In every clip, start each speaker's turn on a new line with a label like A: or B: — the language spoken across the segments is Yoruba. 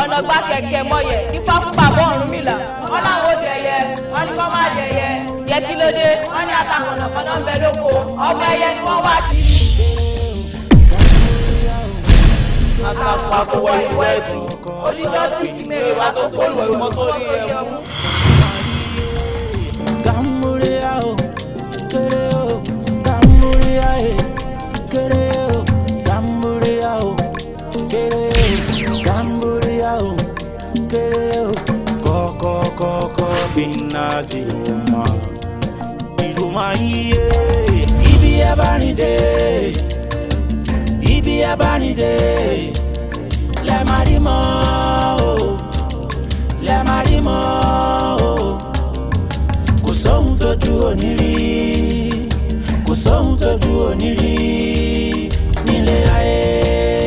A: ọ̀nàgbà kẹ̀kẹ́ mọ́yẹ̀ nípa fún bàbá Ọ̀rúnmìlà wọ́n láwọn ó dẹ̀yẹ wọ́n ní kọ́ máa dẹ̀yẹ yẹ kí ló dé wọ́n ní atakọ̀nàkọ̀nà ń bẹ lóko ọmọ ẹyẹ ni wọ́n wá sí i. àtàkùn àkọwọ́ ìwé ẹ̀sìn olùjọ́ ti mèrè wá tó kó lùwẹ̀ mọ́tò
B: binnaasi yoma ìdùnmá yíyé. ibi ẹ bá ibi ẹ bá rìn dé lẹ má rí mọ́ o lẹ má rí mọ́ o kò sóhun tójú òní kò sóhun tójú òní nílé ayé.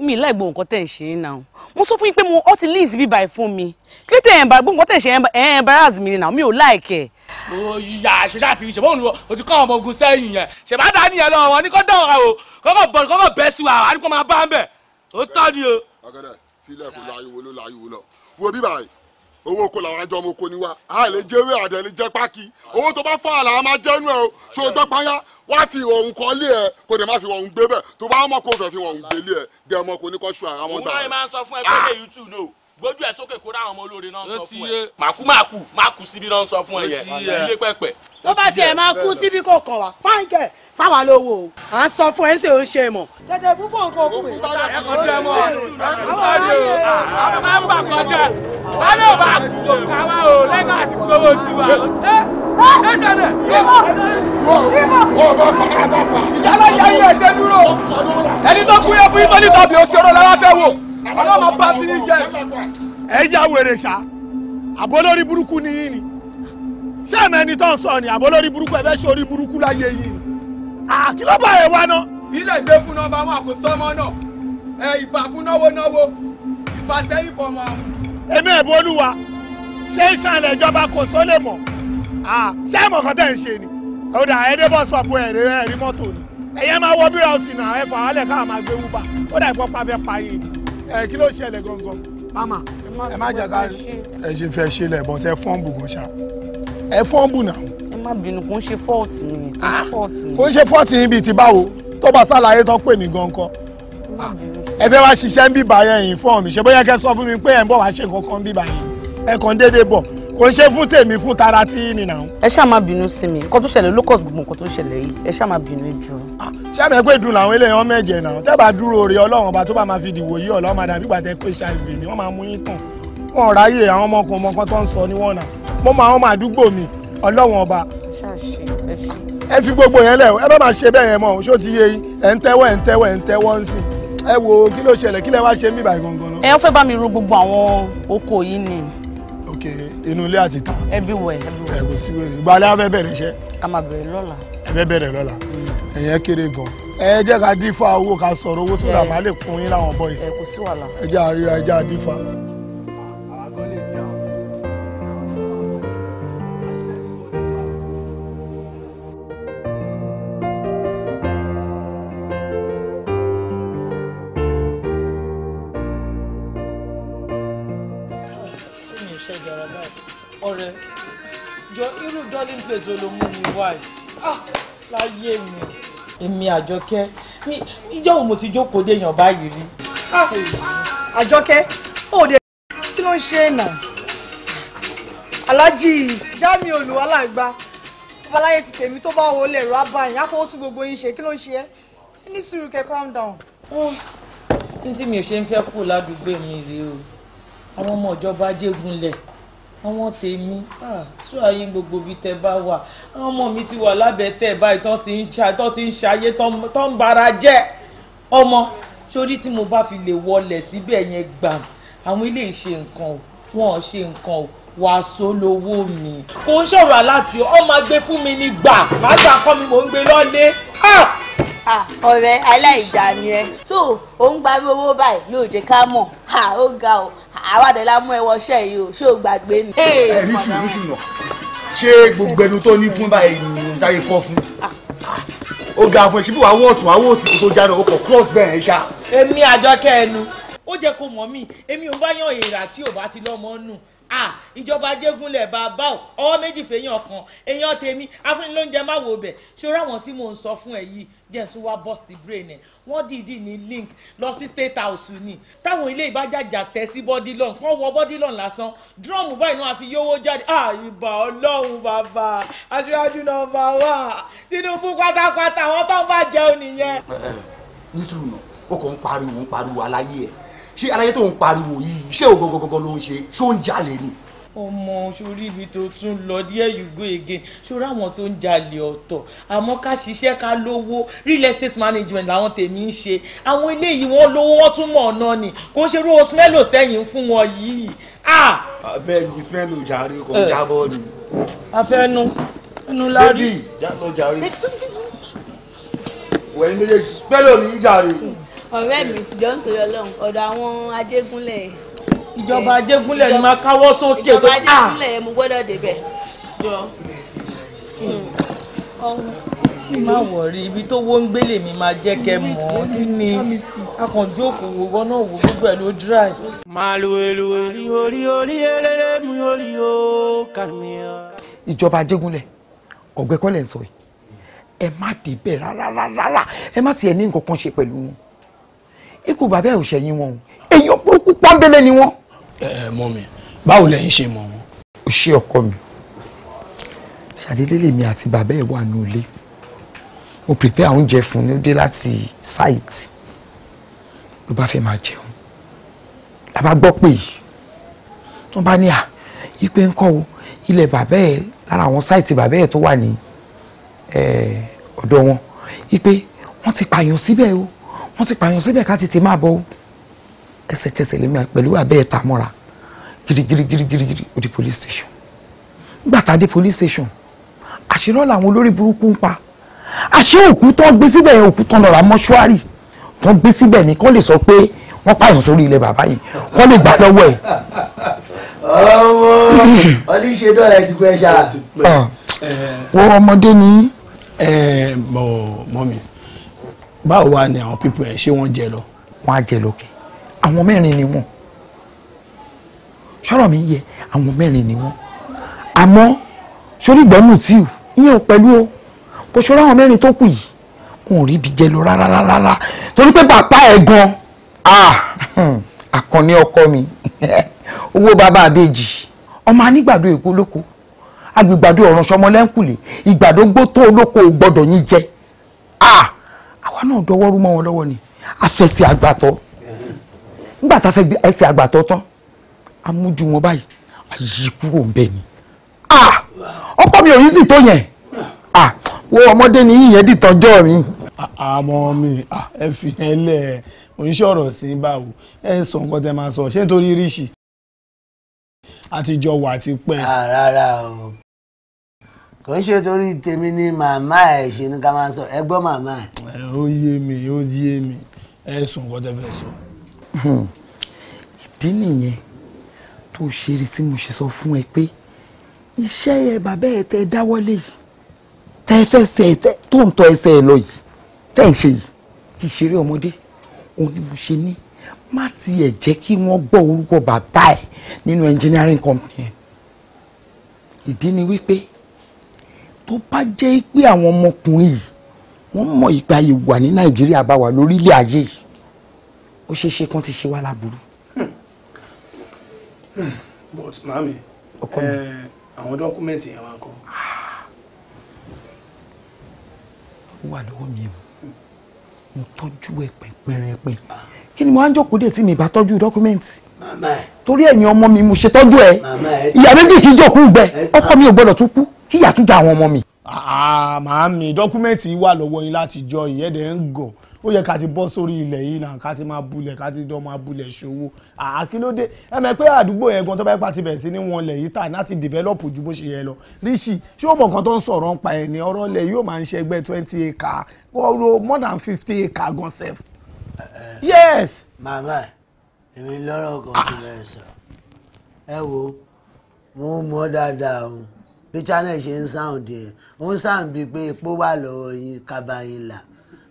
A: mi láì gbọ́ nǹkan tẹ̀ ń ṣe é náà mo sọ fún yín pé mo ọ ti lease bíbá ẹ̀ fún mi kí tẹ̀ ẹ̀ gbọ́ nǹkan tẹ̀ ń ṣe ẹ̀ embarrass mi náà mi ò láìkẹ́. ìyá àṣọṣà ti ṣe bóun
C: lu kọ́ ọmọ ogun sẹ́yìn yẹn ṣèbádà nìyẹn lọ́wọ́ wọn ní kó dán ọ̀rọ̀ o bọ̀ kọ́kọ́ bẹ́ sí wa àdúgbò
D: máa bá ń bẹ̀ ó tọ́ ni o. ọ̀gẹ̀dẹ̀ fílẹ̀ kò láyé wo ló láyé wo bíbá yìí owó oko làwọn àjọ ọmọ oko ni wa a lè jẹ ewé àdẹ lè jẹ pákí owó tó bá fà á làwọn máa jẹnu ẹ o tí o gbẹ pányá wá fi ìwọ̀n kọ́ lé ẹ kó dẹ̀ má fi ìwọ̀n gbé bẹ́ẹ̀ tó bá ọmọ kó fẹ́ fi ìwọ̀n gbé lé ẹ dẹ̀ ọmọ kò ní kọ́ ṣù àwọn gbà. òun náà máa
C: ń sọ fún ẹ pé gbójú ẹ sókè kó ráwọn ọmọ olóore náà sọ fún ẹ màkú màkú màkú síbi náà sọ fún ẹ yẹn ilé pẹpẹ. tó bá tiẹ̀ máa kú
A: síbi kò kàn wá fáńkẹ̀ fáwa lówó o à ń sọ fún ẹ ń ṣe ò ń ṣe mọ̀. tètè bú fún nǹkan òkú ẹ. ẹ̀kọ́
E: jẹ́ mọ́ àwọn àlè
A: àwọn àgbà kọjá wálé
C: ò bá kú káwá o lẹ́ka àti gbowó tiwa. ṣé ṣẹlẹ̀ yíwọ́ yíwọ́ ìyálà yà yí ẹ̀jẹ̀ dúró ẹni tó kú yẹ
D: fún ìtọ́jú tàbí òṣèré làwọn fẹ́ wò ọlọ́mọ bá ti ní jẹ́ ẹ yá wèrè ṣá àbólórí burúkú ni yín ni ṣé ẹ̀mẹ́ ni tó ń sọ ni àbólórí burúkú ẹ fẹ́ ṣe orí burúkú láyé yìí ni àkìlọ́ bá ẹ̀ wá ná. ilé ìgbé fún nọ́mbà wọn kò sọmọ náà ẹ ìbà fún náwó náwó ìfàsẹ́yìn fọmọ àwọn. èmi ẹ̀ bolúwa ṣé ìṣàlẹ̀ ìjọba kò sólè mọ̀ ṣé ẹ̀mọ̀ kan tẹ̀ ń ṣe ni ó dà ẹ̀ dé bọ́ọ̀sì pàpọ̀ ẹ̀rí ẹ̀rí mọ́tò ni ẹ̀yẹ́ máa wọ bí ọ̀tì náà ẹ̀fọ̀ àwọn ẹ̀ka máa gbé wúbà ó dà ìpọ́pá fẹ́ pa yìí ni ẹ eh, kí ló ṣẹlẹ̀ gangan mama
E: ẹ má jẹ́ ká
D: ẹ ṣe fẹ́ ṣe lẹ̀ bọ́tẹ́ fọ́ǹbù gan ṣá ẹ fọ́ǹbù náà. ẹ má bínú kò ń ṣe fọ́ọ̀tì mi kò ń ṣe fọ́ọ̀tì yín bíi ti báwo tó bá sálàyé tó pè mí gan kọ́ ẹ fẹ́ wá ṣiṣẹ́ ń bíbá yẹn yìí fọ́ọ̀mù ṣe bóyá kẹ́ sọ fún mi pé ẹ̀ ń bọ̀ wá ṣe nǹkan kan bíbá yẹn ẹ kàn déédéé bọ̀ kò ṣe fún tèmi fún tara tí nìyà o. ẹ ṣáà má bínú sí mi nǹkan tó ṣẹlẹ̀ ló kọ̀ gbogbo nǹkan tó ṣẹlẹ̀ yìí ẹ ṣáà má bínú jù. Ah, ṣé àmì ẹgbẹ́ ìdùn làwọn eléyàn mẹ́jẹ̀ náà tẹ́ bá dúró oore ọlọ́run ọba tó bá máa fi dìwò yí ọ̀lọ́ máa dàbí gbàtẹ́ pé ṣàìfì ni wọ́n máa mú yín tàn
E: wọn ráyè àwọn
D: ọmọkùnrin ọmọkan tó ń sọ níwọ̀n náà mo máa wọn máa dúgbò mi ọlọ́run ọba. ẹ fi gbogbo yẹn lẹ̀ ẹ bá máa ṣe bẹ́ẹ̀ yẹn mọ́ ṣó ti yé yín ẹ̀ ń tẹ́wọ́ ẹ̀ ń tẹ́wọ́ ẹ̀ ń tẹ́wọ́ ń sìn ẹ wo kí ló ṣẹlẹ̀ kí lẹ wá ṣe mí báyìí gangan. ẹ ń fẹ́ bá mi ro gbogbo àwọn oko yìí ni inú ilé àti ta. everywhere everywhere. ẹ̀kọ́ sí wẹ̀rẹ̀ ìgbà alẹ́ afẹ́ bẹ̀rẹ̀ iṣẹ́. a máa bẹ̀rẹ̀ lọ́la. ẹ fẹ́ bẹ̀rẹ̀ lọ́la ẹ̀yẹ kéré gan. ẹ jẹ́ ká dífá owó ká sọ̀rọ̀ owó sọ̀rọ̀ àmàlẹ́ fún yín láwọn boys. ẹ kò sí wàhálà. ẹ jẹ́ àríra ẹ jẹ́ àdífá.
A: ọ̀rẹ́ jọ irú darling place ló mú mi wá ah, láyé mi èmi àjọkẹ́ mi ìjọ wo mo ti jókòó déèyàn báyìí rí. Ah, àjọkẹ́ òde kí ló ń ṣe é nà aláàjì jámi olùwàlàgbà babaláyé ti tèmi tó bá wọlé ẹ̀rọ abáyìn á tún gbogbo yín ṣe kí ló ń ṣe ẹ́ ní sùúrù kẹ́ calm down. Ah,
D: ní tí mi ò ṣe ń fẹ́ kú ládùúgbò mi rèé o àwọn ọmọ ìjọba jẹ́gunlẹ̀ àwọn tèmi sọ ah, ayé gbogbo bíi tẹ bá wà àwọn ọmọ mi ti wà lábẹ́ tẹ báyìí tó ti ń ṣa tó ti ń ṣayé tó ń bara jẹ́ ọmọ sórí tí mo bá fi lè wọlé síbẹ̀ yẹn gbàm àwọn ilé ìṣe nǹkan o wọn ò ṣe nǹkan o wàásù lówó mi kò ń sọ̀rọ̀ aláàtì ọ máa gbé fún mi ní gbà má gbà kọ́ mi mò ń gbé lọ́lé
A: ọ̀rẹ́ aláìdáni ẹ so ò ń gba owó báyìí yóò jẹ ká mọ̀ ó ga ọ àwàdàlà mú ẹ wọṣẹ yìí o ṣé
D: o gbàgbé mi. ẹ rí sùúrù sùn náà ṣé gbogbo ẹnu tó ní fún báyìí ni o sáré fọ́ fún ah. ó ga fún ìṣubú àwọn ọ̀tún àwọn òsì tó jáde ó cross bẹ́ẹ̀ ẹ ṣá. èmi àjọkẹ́ ẹnu ó jẹ́ kó mọ̀ mí èmi ò bá yàn èrà tí ò bá ti lọ́mọ nù ìjọba jégúnlẹ̀ bàbá ò ọwọ́ méjì fèèyàn kan èèyàn tèmi afúnilóúnjẹ má wo bẹ̀ ṣòro àwọn tí mò ń sọ fún ẹ yìí jẹ́ tún wá bust brain ẹ̀ wọ́n dìídì ní link
A: lọ sí state house ni táwọn ilé ìbájàjà tẹ̀ sí bodilon kàn wọ bodilon lásán
C: drum báyìí náà fi yówó jáde ìbà ọlọ́run bàbá aṣáájú nọ́mbà wà Tinubu pátápátá àwọn tó ń bàjẹ́ ònìyẹn.
D: nítorí náà ó kàn ń pariwo ń pariwo aláyé ẹ̀ ṣé aláyé tó ń pariwo yìí ṣé ògógógógó ló ń ṣe ṣó ń jalè ni. ọmọ sórí ibi tó tún lọ díẹ̀ you go again sórí àwọn tó ń jalè ọ̀tọ̀ àmọ́ ká ṣiṣẹ́ ká lówó real estate management làwọn tèmi ń ṣe àwọn ilé yìí wọ́n lówó wọ́n tún mọ̀ ọ̀nà ni kò ń ṣerú osmelo sẹ́yìn fún wọn yìí. Ah! abeg osmelo jàre kò ń jábọ́ ni. afẹnu
A: ẹnu
C: ládì. bébì
D: lọ jàre wẹ̀yìn méjèèjì osmelo ní jàre
A: ọ̀rẹ́ mi jọ ń torí ọlọ́run ọ̀dọ̀ àwọn ajégúnlẹ̀
E: ìjọba ajégúnlẹ̀ ni máa káwọ́ sókè tó ìjọba ah!
A: ajégúnlẹ̀ mo gbọ́dọ̀ débẹ̀ jọ.
D: má wọ̀rí ibi tó wọ́n ń gbélé mi máa jẹ́ kẹ́ mọ̀ ọ́ kí ni
B: akànjú òkòwò wọn náà wò gbogbo ẹ̀ ló dry. máa lo èlò èlì orí orí eléré mi orí o kàmí.
D: ìjọba ajégúnlẹ̀ ọ̀gbẹ́kọ́lẹ̀ ń sọ yìí ẹ má débẹ̀ rárá rárá ẹ má tiẹ̀ ní nǹkan kan ṣe pẹ̀lú wọn ikú bàbá ẹ̀ ò ṣẹ̀yìn wọn o èèyàn burúkú pọ́ńbélé ni wọ́n. ẹ ẹ mọ mi báwo lẹ̀yin ṣe mọ̀ wọn. o ṣe ọkọ mi ṣàdédé lèmi àti bàbá ẹ̀ wà ní ilé mo prepare oúnjẹ fún un ní ó dé láti site ló bá fẹ́ máa jẹun la bá gbọ́ pé wọ́n bá ní à yí pé ń kọ́ o ilẹ̀ bàbá ẹ̀ lára àwọn sáìtì bàbá ẹ̀ tó wà ní ọ̀dọ̀ wọn yí pé wọ́n ti pààyàn síbẹ̀ o wọ́n ti pààyàn síbẹ̀ ká tètè máa bọ̀ kẹsẹ̀kẹsẹ̀ lèmi pẹ̀lú abẹ́ ẹ̀ta mọ́ra girigirigirigiri ó di police station nígbà tá a dé police station àṣírọ́ làwọn olórí burúkú ń pa àṣé òkú tán gbé síbẹ̀ òkú tán lọ́ra mọ́ṣúárì tán gbé síbẹ̀ ni kán lè sọ pé wọ́n pààyàn sórí ilẹ̀ bàbá yìí kán lè gbà lọ́wọ́ ẹ̀. ọmọ oníṣẹ́dọ̀rẹ́ ti pẹ́ ṣáà. Ah. wọ́n ọmọdé ni. ẹ mọ̀ mọ́ mi báwo wá ni àwọn pípọ̀ yẹn ṣé wọ́n jẹ lọ. wọ́n á jẹ lókè àwọn mẹ́rin ni wọ́n sọ̀rọ̀ mi yẹ àwọn mẹ́rin ni wọ́n àmọ́ sórí ìgbẹ́nu tí ò ìyẹn ò pẹ̀lú o kò ṣọ́ra àwọn mẹ́rin tó kù yìí wọn ò rí ibi jẹ lọ rárá rárá torí pé bàbá ẹ̀ gan ah, àkànní ọkọ mi owó bàbá àbèjì ọmọ anígbàdo èkó lóko agbègbàdo ọ̀ràn ìgbàdo gbótó olóko ò gbọ́dọ̀ yín jẹ ah àwa náà dọwọ́ rú mọ́ wọn lọ́wọ́ ni afẹsẹ̀ àgbàtọ́ nígbà tá a fẹ́ ẹsẹ̀ àgbàtọ́ tán amójú wọn báyìí àyè kúrò ń bẹ ni ọkọ mi ò yí sì tó yẹn wo ọmọdé ni yíyẹn dìtọ́jọ́ mi. àmọ́ mi ẹ fi yẹn lẹ̀ oníṣẹ́ ọ̀rọ̀ sí báwo ẹ sọ nǹkan tẹ máa sọ ṣé nítorí ríṣì àtijọ́ wà ti pẹ́. rárá o kò ń ṣe torí tèmi ni màmá ẹ̀ ṣe ni ká máa sọ ẹ gbọ́ màmá ẹ̀. ó yé mi ó yé mi ẹ sùn kọ́ tẹ́ fẹ́ sọ. Hmm. ìdí nìyẹn tó ṣe rí tí mo ṣe sọ fún ẹ pé iṣẹ́ ẹ bàbá ẹ tẹ dáwọ́lé yìí tẹ fẹsẹ̀ ẹ tó ń tọ ẹsẹ̀ ẹ lọ yìí tẹ ń ṣe yìí kì í ṣeré ọmọdé òun ni mo ṣe ní má tiẹ̀ jẹ́ kí wọ́n gbọ́ orúkọ bàbá ẹ̀ nínú engineering company ẹ̀ ìdí ni wípé tó bá jẹ́ pé àwọn ọmọkùnrin yìí wọ́n mọ ìgbà yìí wà ní nàìjíríà bá wà lórílẹ̀ ayé yìí ó ṣeé ṣe kán ti ṣe wá láburú. but mami eh, àwọn dọ́kúmẹ̀ntì yẹn máa kọ́. ó wà lọ́wọ́ mi o mo tọ́jú ẹ pẹ̀pẹ̀rẹ̀pẹ̀ kí ni mo á ń jókòó dé tí mi bá tọ́jú dọ́kúmẹ̀ntì torí ẹ̀yin ọmọ mi mo ṣe tọ́jú ẹ ìyá méjì kì í jókòó gbẹ ọkọ mi ò gbọdọ̀ tún kú kí ìyà tún já àwọn ọmọ mi.
B: Ah,
D: màámi dọ́kúmẹ́ǹtì wà lọ́wọ́ yín láti jọ ìyẹ́dẹ̀ ń gàn ó yẹ ká ti bọ́ sórí ilẹ̀ yìí náà ká ti máa bulẹ̀ ká ti dán máa bulẹ̀ ṣòwò àkílódé ah, ẹ mọ̀ pé àdúgbò yẹn gan tó bá yẹ pa ti bẹ̀rẹ̀ sí ní wọn lẹ̀ yìí tà láti develop ju bó ṣe yẹ lọ ríṣì ṣé o mọ̀ kan tó ń sọ̀rọ̀ ń pa ẹ̀ ní ọ̀rọ̀ lẹ̀ yóò máa ń ṣe ẹgbẹ́ twenty acre ọ̀rọ̀ more than fifty acre gan sef. Eh, eh. yes. màmá èmi lọ́rọ̀ kan ti bẹ̀rẹ̀ sọ ẹ wo mo mọ̀ dáadáa o bí channel ṣe ń sound yẹn ó ń sound bíi pé epo wà lọ́wọ́ yín kábàáyín là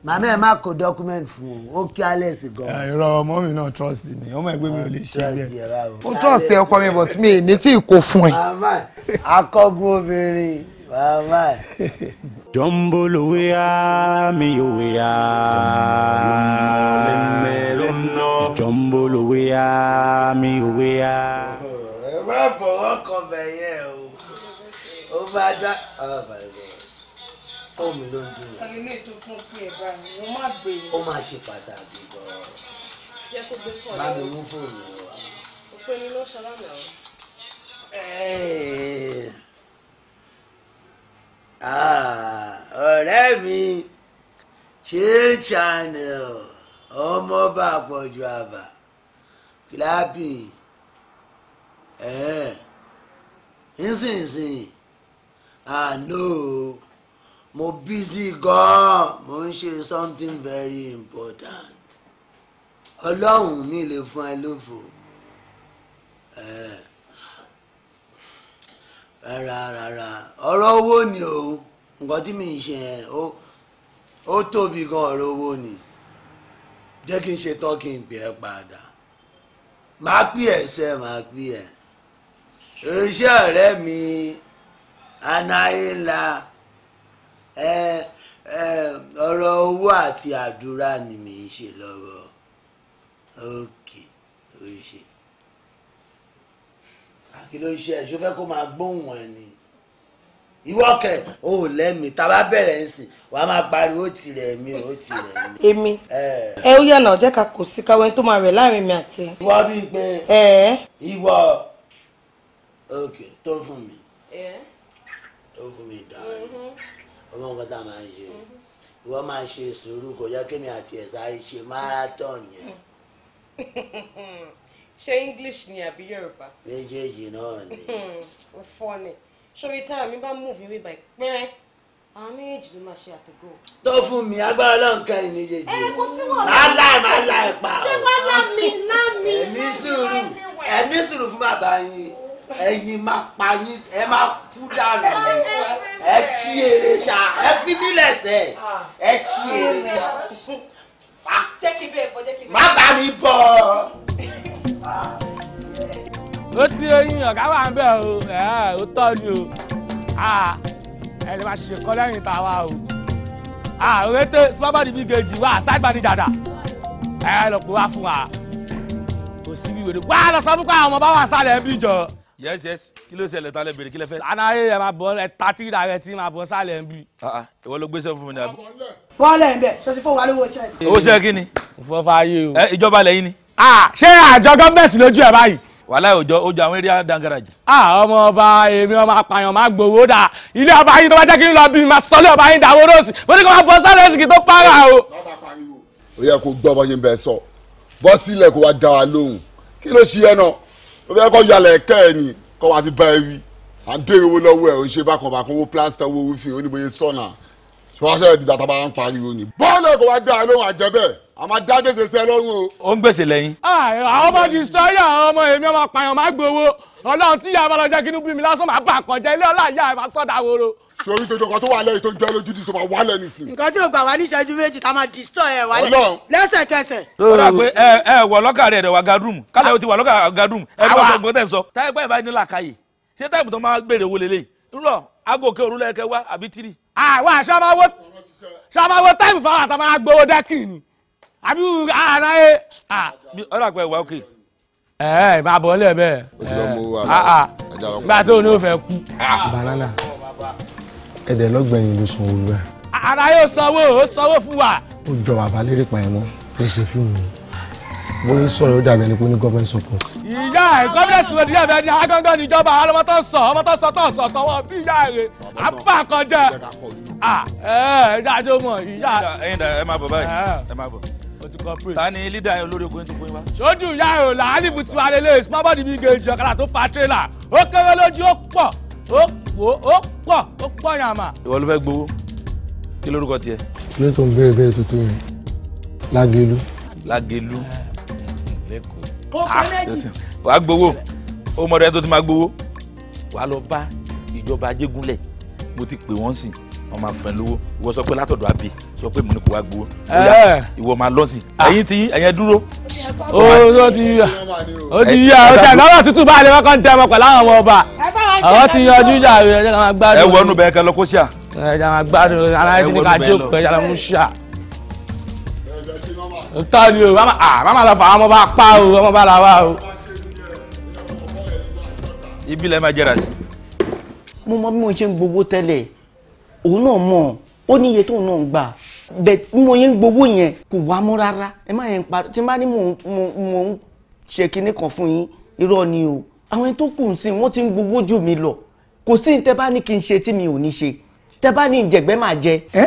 D: màmá ẹ má kó document fún o ó kí alex gan. Ah, irọ́ ọmọ mi náà trust mi ọmọ ẹgbẹ́ mi ò lè ṣe bẹ́ẹ̀ ó trust ẹ ọkọ mi but mi ní tí kò fún ẹ. akọgun obìnrin màmá
B: ẹ. jọ́mbolo wíyá mi yóò wíyá jọ́mbolo wíyá mi yóò wíyá. ẹ má
D: fọwọ́ kan bẹ̀yẹn bá dá ọba ẹ bọ
E: fún mi ló ń dùn yẹn.
D: ẹni tó tún pín ẹ báyìí wọn má gbé e. ó máa
E: ṣe pàtàkì
D: gan-an.
A: jẹ́ kó gbé pọ̀ lọ́wọ́. bá mi mú fóònù yẹn wá. òpè ni ló ṣọlá náà.
B: Ah,
D: ọ̀rẹ́ mi ṣe channel ọmọ bá pọ̀jù àbá kíláàpì ẹ̀ nísinsìnyí àná ah, o mo busy gan-an mo ń ṣe something very important ọlọ́run mi lè fún ẹ lófo eh. rárá rárá ọ̀rọ̀ owó ni o nǹkan tí mi ń ṣe ẹ̀ ó tóbi gan ọ̀rọ̀ owó ni jẹ́ kí n ṣe tán kí n pè ẹ́ padà máa pè ẹ́ sẹ́ máa pè ẹ́ iṣẹ́ ọ̀rẹ́ mi anaila ọ̀rọ̀ owó àti àdúrà ni mi ń ṣe lọ́wọ́ òkè ó ṣe kí ló ṣe ẹ̀ṣọ́ fẹ́ kó máa gbóhùn ẹ̀ ni ìwọ kẹ ò lẹ́mìí tá a bá bẹ̀rẹ̀ ń sìn wà á máa pariwo ó tirẹ̀ mi ó tirẹ̀ mi. èmi ẹ
A: ó yànnà jẹ́ ká kò sí
D: káwọn tó máa rẹ̀ láàrin mi àti. ìwọ bíi pé ìwọ òkè tó fún mi tó fún mi dáa ọmọ nǹkan tá a máa ń ṣe mm-hmm. ìwọ máa ṣe sùúrù kọjá kémi àti ẹ̀sáré ṣe marathon yẹn.
A: ṣé english ni àbí yorùbá.
D: méjèèjì náà ni.
A: ó fọ́ ni sórí tára mi bá move mi bá pẹ́rẹ́ àwọn méjèèjì ló máa ṣe àtúgò. tó fún mi agbára
D: náà nǹkan ẹ̀ méjèèjì. ẹ eh, kò sí wàhálà láì máa láì pa ọ. ṣé wàá lámì lámì. ẹ̀mí sùúrù fún bàbá yín ẹ̀yin máa pa yín ẹ máa kú dànù ẹ tí èrè ṣá ẹ fi nílẹ̀ sẹ́ ẹ tí èrè
A: ṣá. má bá mi bọ̀.
C: ó ti oyin ọ̀gá wà ń bẹ̀ o ó tọ́ ni o ẹ lè máa ṣèkọ́ lẹ́yìn tàwa o òrètè sábàbàdì bí gèjì wá sáìbàdì dàdà ẹ lọ pé wá fún wa kò síbi wèrè wá lọ sọ fún pé àwọn ọmọ bá wà sálẹ̀ ń jọ
F: yes yes kí ló ṣẹlẹ̀ ta lẹ bèrè kí lẹ fẹ́.
C: sanaye ẹ ma bọ ẹ ta tí ìdá rẹ tí máa bọ sálẹ̀ ń bì.
F: Ah, ah. ìwọ ló gbéṣẹ́ fún mi ní abọ.
A: bọ́ọ̀lù ń bẹ̀ sọ́sí fún wa lówó ṣẹ́ẹ̀kì.
F: owó ṣẹ́ẹ̀kì ni. ìfọ̀fàyè o. ẹ ìjọba lẹ́yìn ni.
C: ṣé àjọ gọ́ọ̀mẹ̀ntì lójú
F: ẹ̀ báyìí wàhálà òjò ojú àwọn eré dangaraji.
C: a ọmọ ọba èmi ọmọ apààyàn máa gbowó dà ilé ọba yín tó bá jẹ́ kí n lọ bí màá sọ lé ọba yín dàwó rọ́ọ̀sì mo ní kí wọ́n o.
D: ó yẹ kó gbọ́ bọ́ yín bẹ́ẹ̀ sọ bọ́ ó fẹ́ kọ́ yalẹ̀ ẹ̀kẹ́ ẹ̀ ni kọ́ wa ti bá ẹ wí à ń béèrè owó lọ́wọ́ ẹ̀ ò ń ṣe bákan bákan owó plaster owó wífin oníbòye sọ̀nà ṣọwọ́sẹ̀ dìgbà tá a bá ń pariwo ni bọ́ọ̀lù ẹ̀kọ́ wa dá lóhùn àjẹbẹ́ẹ̀ a máa dá gbèsè sí ẹ lọ́rùn o.
C: ó ń gbèsè lẹ́yìn. Ah, àwọn ọmọ destroyer àwọn ọmọ èmi ọmọ apààyàn máa gbowó ọlọ́run tíyà máa lọ jẹ́ kí inú bí mi lásán máa bà kọjá ilé ọlá ìyá ẹ̀ máa sọ̀dà woro. sori tó dọkọ tó wà lẹ́yìn tó ń jẹ lójú di sọmọ
A: wà
D: lẹ́nu
E: sí.
A: nǹkan tí o gbà wá ní ìṣẹ́jú méjì tá a máa destroy ẹ wálẹ̀ lẹ́sẹ̀kẹsẹ̀.
E: ó rà pé
F: ẹ ẹ wọ lọ́kà rẹ̀ wà gadrum kálẹ̀ o ti wà lọ́kà gadrum ẹ lọ́ sọ gbọ́tẹ̀ sọ táyà pẹ́ ìbá ní làkàyè
C: ṣé táyà tó máa gbèrè wọlé lẹ́yìn rọ agoke òrùlé ẹkẹ wá àbí tírì. àwọn àṣà máa wo táìmù fáwọn àtàwọn agbowó dẹ́kì ni àbí ara ah, ah. ẹ. ọ̀rọ̀ àgbà ìwà òkè. ẹ ẹ máa bọ̀ ọ́lẹ̀ bẹ́ẹ̀. o ti lọ mú ara ajá lọ. Ah, gbà tó ní o fẹ́ kú. banana
D: ẹ̀dẹ̀ lọ́gbẹ̀yìn ló san owó rẹ̀.
C: ara yóò sanwó ó sanwó fún wa.
D: ó jọ bàbá lérè pa ẹ̀ mọ́ kó o ṣe fíìmù wọ́n ń sọ̀rọ̀ ó dàbí ẹni pé ní government support.
C: ìyá ẹ̀ gọ́fẹ̀nẹ̀sì wo nílẹ̀ bẹ́ẹ̀ ni agangan níjọba àwọn ọmọ tó ń sọ ọmọ tó ń sọ tó ń sọ tọwọ́ bí ìyá rẹ̀ àbá kan jẹ́ ẹ̀ ẹ̀ dájọ́ ìyá.
F: ẹ̀yin dà ẹ máa bọ̀ báyìí ẹ máa bọ̀ tani lídà yẹn olórí
C: okòyìn tó kóyin wá. sójú ìyá rẹ̀ là á níbu tiwa lélẹ̀ mi gèjì ọ̀kadà tó fa tírélà ó kéré lójú ó pọ̀ ó pọ̀ ó pọ̀ ó pọ̀ yàmà.
F: ìwọ ló fẹ́ gbowó kí lórúkọ tiẹ̀.
D: kílé tó ń béèrè béèrè tuntun yẹn lágelu.
F: lágelu wàá gbowó ó mọ̀ rẹ tó ti máa gbowó wàá lọ bá ìjọba ajégúnlẹ̀ mo ti pè wọ́n sìn wọ́n máa fẹ́ lówó ìwọ sọ pé látọ̀dọ̀ àbí sọ pé mùnú kò wá gbowó ìwọ máa lọ sí ẹ̀yin ti ẹ̀yẹn dúró.
C: ó ti yíya
F: ó ti yíya ó ti àgbáwọ̀ tútù bá
C: lè kọ́kọ́ ń tẹ́ ọmọ pẹ̀lú àwọn ọba àwọn ti yanjú ìjà rẹ̀ ẹ̀jẹ̀ máa gbádùn. ẹ wọ inú bẹ́ẹ̀ kẹ lọ kó ṣíà. ẹ̀jẹ̀ máa gbádùn aláìsí ní ká jókòó ẹ̀jẹ̀ máa mú ṣíà. ń tọ́ ni o máma
D: lọ fà ọmọ bá pa o ọmọ bá la wá o.
C: ibi
F: lẹ́ẹ̀ máa jẹ́ra sí.
D: mo mọ bí mo ṣe ń gbowó tẹ́lẹ̀ òun náà mọ̀ ó ní iye tóun náà ń gbà bẹ́ẹ̀ bí mo yẹn ń gbowó yẹn kò wá mú rárá ẹ má yẹn parí tí n bá ní mò ń ṣe kinní kan fún yín irọ́ ni o àwọn tó kù sí wọ́n ti ń gbowó jù mí lọ kò sí ní tẹ́ bá ní kí n ṣe tí mi ò ní ṣe tẹ́ bá ní ìjẹ̀gbẹ́ máa jẹ. ẹ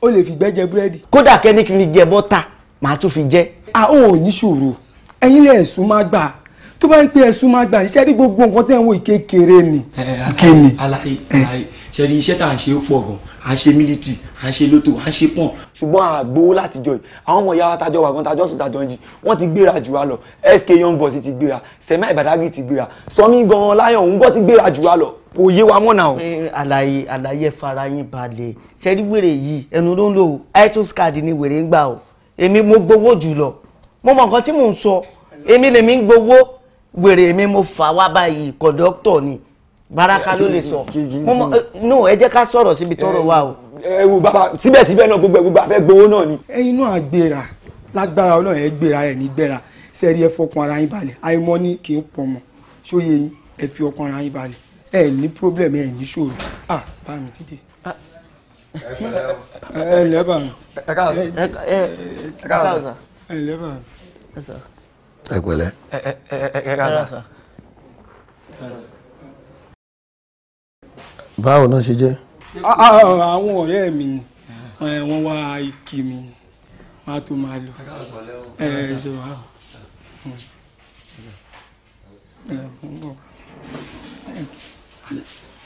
D: o lè fi gbẹ́ jẹ búrẹ́dì. kódà kẹ́ni kí n jẹ bọ́tà màá tún fi jẹ. a ò ní ṣòro ẹ̀yin lè ẹ̀sùn máa gbà tó bá ń pe ẹ̀sùn máa gbà iṣẹ́ rí gbogbo nǹkan tẹ́ ń wo ìkékeré ni. ẹ ẹ alaye alaye ṣẹ́rí iṣẹ́ tá à ń ṣe pọ̀ gan à ń ṣe mílítì à ń ṣe lótò à ń ṣe pọ̀n. ṣùgbọ́n àgbowó láti jọ yìí àwọn ọmọ ìyá tajọ wà gan tajọ sùn tajọ yìí wọ́n ti gbéra jù wá lọ sk young boys ti gbéra sẹ́mà ìbàdàgì ti gbéra sọmi gan láyọ̀ òun gan ti gbéra jù wá lọ kò yé wa mọ́nà o. àlàyé àlàyé ẹ fara yín balẹ̀ ṣẹ́rí wèrè yìí ẹnu ló ń lò ó itunes card ni wèrè ń gbà o èmi mo gbowó jù lọ mo mọ nǹkan tí mò ń sọ èmi lèmi ń gbowó wèrè mi mo fà wá báyìí kọ̀dọ́tọ̀ ni baraka ló lè sọ mo mọ ẹ jẹ́ ká sọ̀rọ̀ síbi tọ́rọ̀ wà o. ẹ wo bàbá síbẹ̀síbẹ̀ náà gbogbo ẹ̀gbogbo àfẹ́ gbowó náà ni. ẹ̀yin náà gbéra lágbára ọlọ́run ẹ gbéra ẹ ní gbéra sẹ́ẹ̀rí ẹ fọkàn ara yín balẹ̀ àìmọ́ ni kì í pọ̀ mọ́ sóye yín ẹ fi ọkàn ara yín balẹ̀ ẹ ní problem ẹ ní ṣòro ah bá mi ti dé.
E: ẹ lẹ́bà mi. ẹ káàsán
D: ẹ lẹ́bà mi. ẹ pẹ̀lẹ́. ẹ káàsán báwo náà ṣe jẹ́. àwọn ọ̀rẹ́ mi wọ́n wá kí mi wọ́n á tó máa lò ẹ̀ ẹ̀ ṣe wá.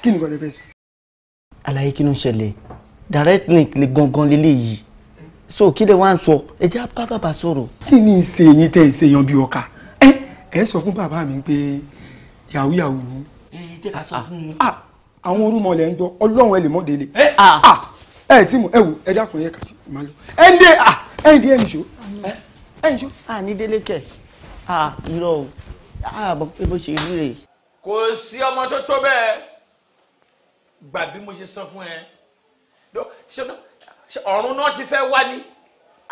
D: kí ni kọ́lẹ́ fẹ́ sọ. àlàyé kí ló ń ṣẹlẹ̀ direct link lè gangan lélẹ́yìí so kí lè wá ń sọ ẹ jẹ́ bá bàbá sọ̀rọ̀. kí ni ìṣe yín tẹ́ ìṣe yan bí ọkà ẹ ẹ sọ fún bàbá mi pé yahoo ni. ẹ jẹ́ ká sọ fún un àwọn orúmọ lẹ ń gbọ́ Ọlọ́run ẹ lè mọ délé ẹ tí mo ẹ wò ẹ dákun yẹ kà má lọ ẹ ń dé ẹ ń dé ẹ ń ṣó ẹ ń ṣó. a ní délé kẹ a irọ́ o a bọ pé bó ṣe rí rèé.
C: kò sí ọmọ
D: tó tó bẹ́ẹ̀ gbà bí mo ṣe sọ fún ẹ ọ̀run náà ti fẹ́ wá ní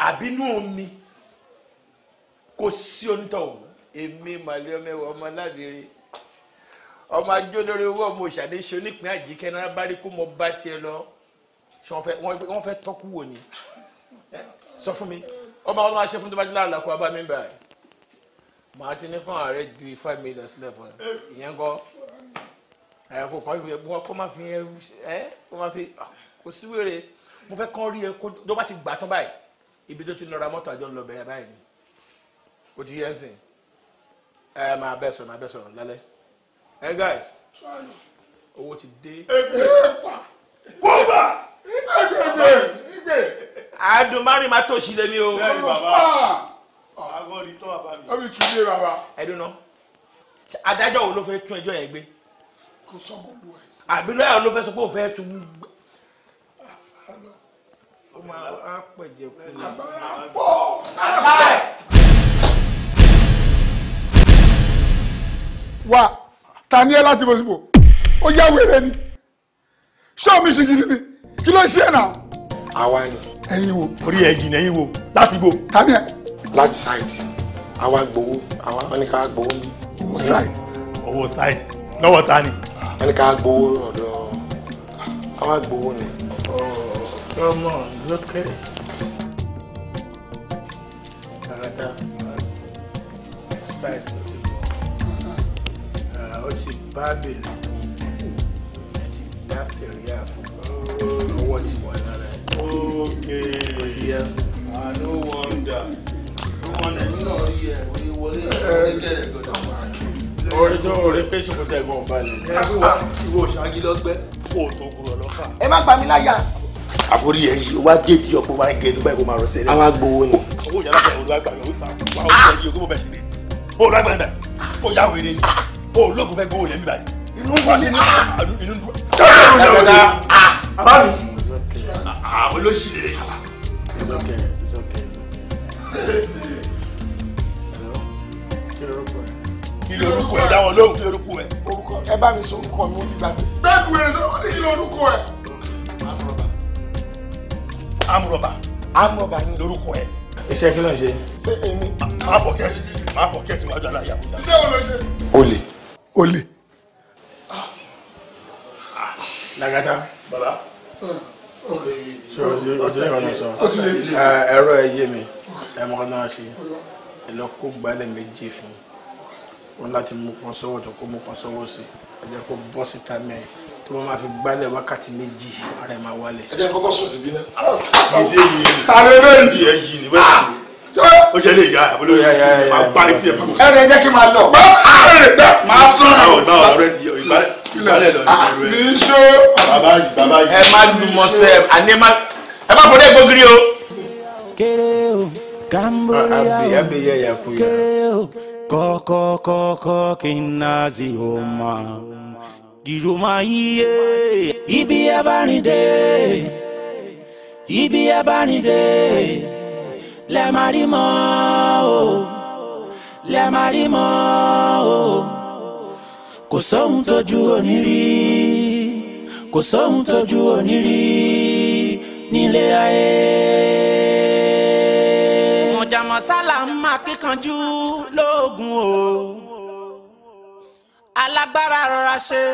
D: àbínú omi kò sí onítọ̀ èmi màlẹ́ ọmọ ẹ̀wọ̀ ọmọ alábìrin ọmọ ajó lórí owó ọmọ òṣàdé ṣe onípín àjíkẹ́ náà bá rí kó mọ bá tiẹ̀ lọ ṣé wọ́n fẹ́ tọ́kú wò ni sọ fún mi ọmọ ọmọ aṣẹ fún tó bá jẹ́ láàlá kó abá mi bá yìí màá ti ní fún ààrẹ ju five million sílẹ̀ fún ẹ ìyẹn kọ́ ẹ̀ kò kọ́ ìwé wọn kó má fi ẹ kó má fi ah, kò sí wèrè mo fẹ́ kọ́ rí ẹ kó tó bá ti gbà tán báyìí ibi tó ti lọ ra mọ́tò àjọ ń lọ bẹ̀rẹ̀ báyìí ni kò ti yẹ ẹ sìn ẹ máa bẹ́ sọ̀rọ̀ máa bẹ́ sọ̀rọ̀ lálẹ́. Hey guys, owó ti dé.
E: Kúmbà!
D: Adùnmárì máa tó sílẹ̀ mi o. Agọ́rin adájọ́ wo ló fẹ́ tún ẹjọ́ yẹn gbé? Àbí lọ́yà ló fẹ́ sọ pé òun fẹ́ tún gbé.
E: Ó máa pẹ̀jẹ̀ kúlẹ̀. Àbọ̀! Àbọ̀!
D: ta ni ẹ láti bọ̀sibọ̀ ó yá wèrè ni ṣọ́ọ̀mù ṣì gidi ni kí ló ṣe náà. àwa ni. ẹ̀yin wo. orí ẹ̀yin ẹ̀yin wo láti bo. tani ẹ. láti ṣáìtì àwa gbowó àwa wọn ni ká gbowó mi. owó ṣáìtì. owó ṣáìtì lọ́wọ́ ta ni. Ah. wọn ni ká gbowó ọ̀dọ̀ àwa gbowó ni. ọmọ lókè. Right bábìlì ẹ dá sẹ̀ríà fún ọwọ́ ti wà lára
G: ẹ̀. okay ah, no wonder ọmọ nàìjíríà náà rí ẹ orí
D: wọlé ẹ kẹrẹ gbọ́dọ̀ wà kí. orí tó orí pé ṣòkòtò ẹ̀gbọ́n balẹ̀. ẹ bí wà ìwọ ṣáájú lọ́gbẹ́ kó o tó gbúrọ̀ lọ́kà. ẹ má gbà mí láyà àbórí ẹ yìí wá dé tí ọ̀pọ̀ máa ń gẹnu báyìí kó máa rọ sẹ́lẹ̀. àwa gbowó ni. owó ni. owó ló wá gbà o ológun fẹ́ gbowó lẹ́mí báyìí inú ń wọlé ah! Ah! inú inú ń dùn. Ah! sọ́kè ló dá àbá mi olóṣì lèrè. kí orúkọ ẹ dáwọn lóhùn kí orúkọ ẹ. orúkọ ẹ bá mi sọ orúkọ mi ó ti gbàgbé. bẹ́ẹ̀ kú èrè sọ́kọ́ ní kí orúkọ ẹ. amúrọ̀bà. amúrọ̀bà. ni lórúkọ ẹ iṣẹ́ kí ló ń ṣe. ṣé èmi. máa bọ̀ kẹ́sì máa bọ̀ kẹ́sì máa jọ aláya. iṣẹ́ wo ló ṣe. olè olè. lagata baba olè yìí ti ẹ̀rọ ẹ̀ yé mi ẹ̀ mọ́ náà ṣe ẹ̀ lọ kó gbalẹ̀ méjì fún wọn láti mú kan sọ́wọ́ tó kó mú kan sọ́wọ́ sí ẹ̀ jẹ́ kó bọ́ síta mẹ́rin tó bá máa fi gbálẹ̀ wákàtí méjì ara ẹ̀ máa wálẹ̀.
E: ẹ jẹ́ kọ́kọ́ sùn síbí náà.
D: tàbí èyí ni tàbí èyí ni wẹ́ẹ̀sì ó jẹ́ lè yá àbúrò máa bá etí ẹ̀ pàmò. ẹ̀rẹ̀ jẹ́ kí n máa lọ. máa sọ̀rọ̀ rẹ̀ gbà. máa sọ̀rọ̀ náà náà ọ̀rẹ́ ti yọ ìbálẹ̀ ìbálẹ̀ lọ ah, ìbálẹ̀ rẹ̀. mi ṣó. bàbá yìí bàbá yìí. ẹ má lu mọ́sẹ̀ àní ẹ má ẹ má fọdẹ́ gbógiri o.
B: kéré o kamboria ah, o abiyẹ yakuya. kéré o kọ́kọ́kọ́kọ́ kí n náà sí o máa gírùmá yíyé. ibi abánidé ibi abánidé. Le má le mọ́ o lẹ má rí mọ́ o kò sóhun tójú òní rí kò sóhun tójú òní rí nílé ayé. mọ̀jàmọ́sálà ń máa kíkanjú lóògùn o alágbára rọra ṣe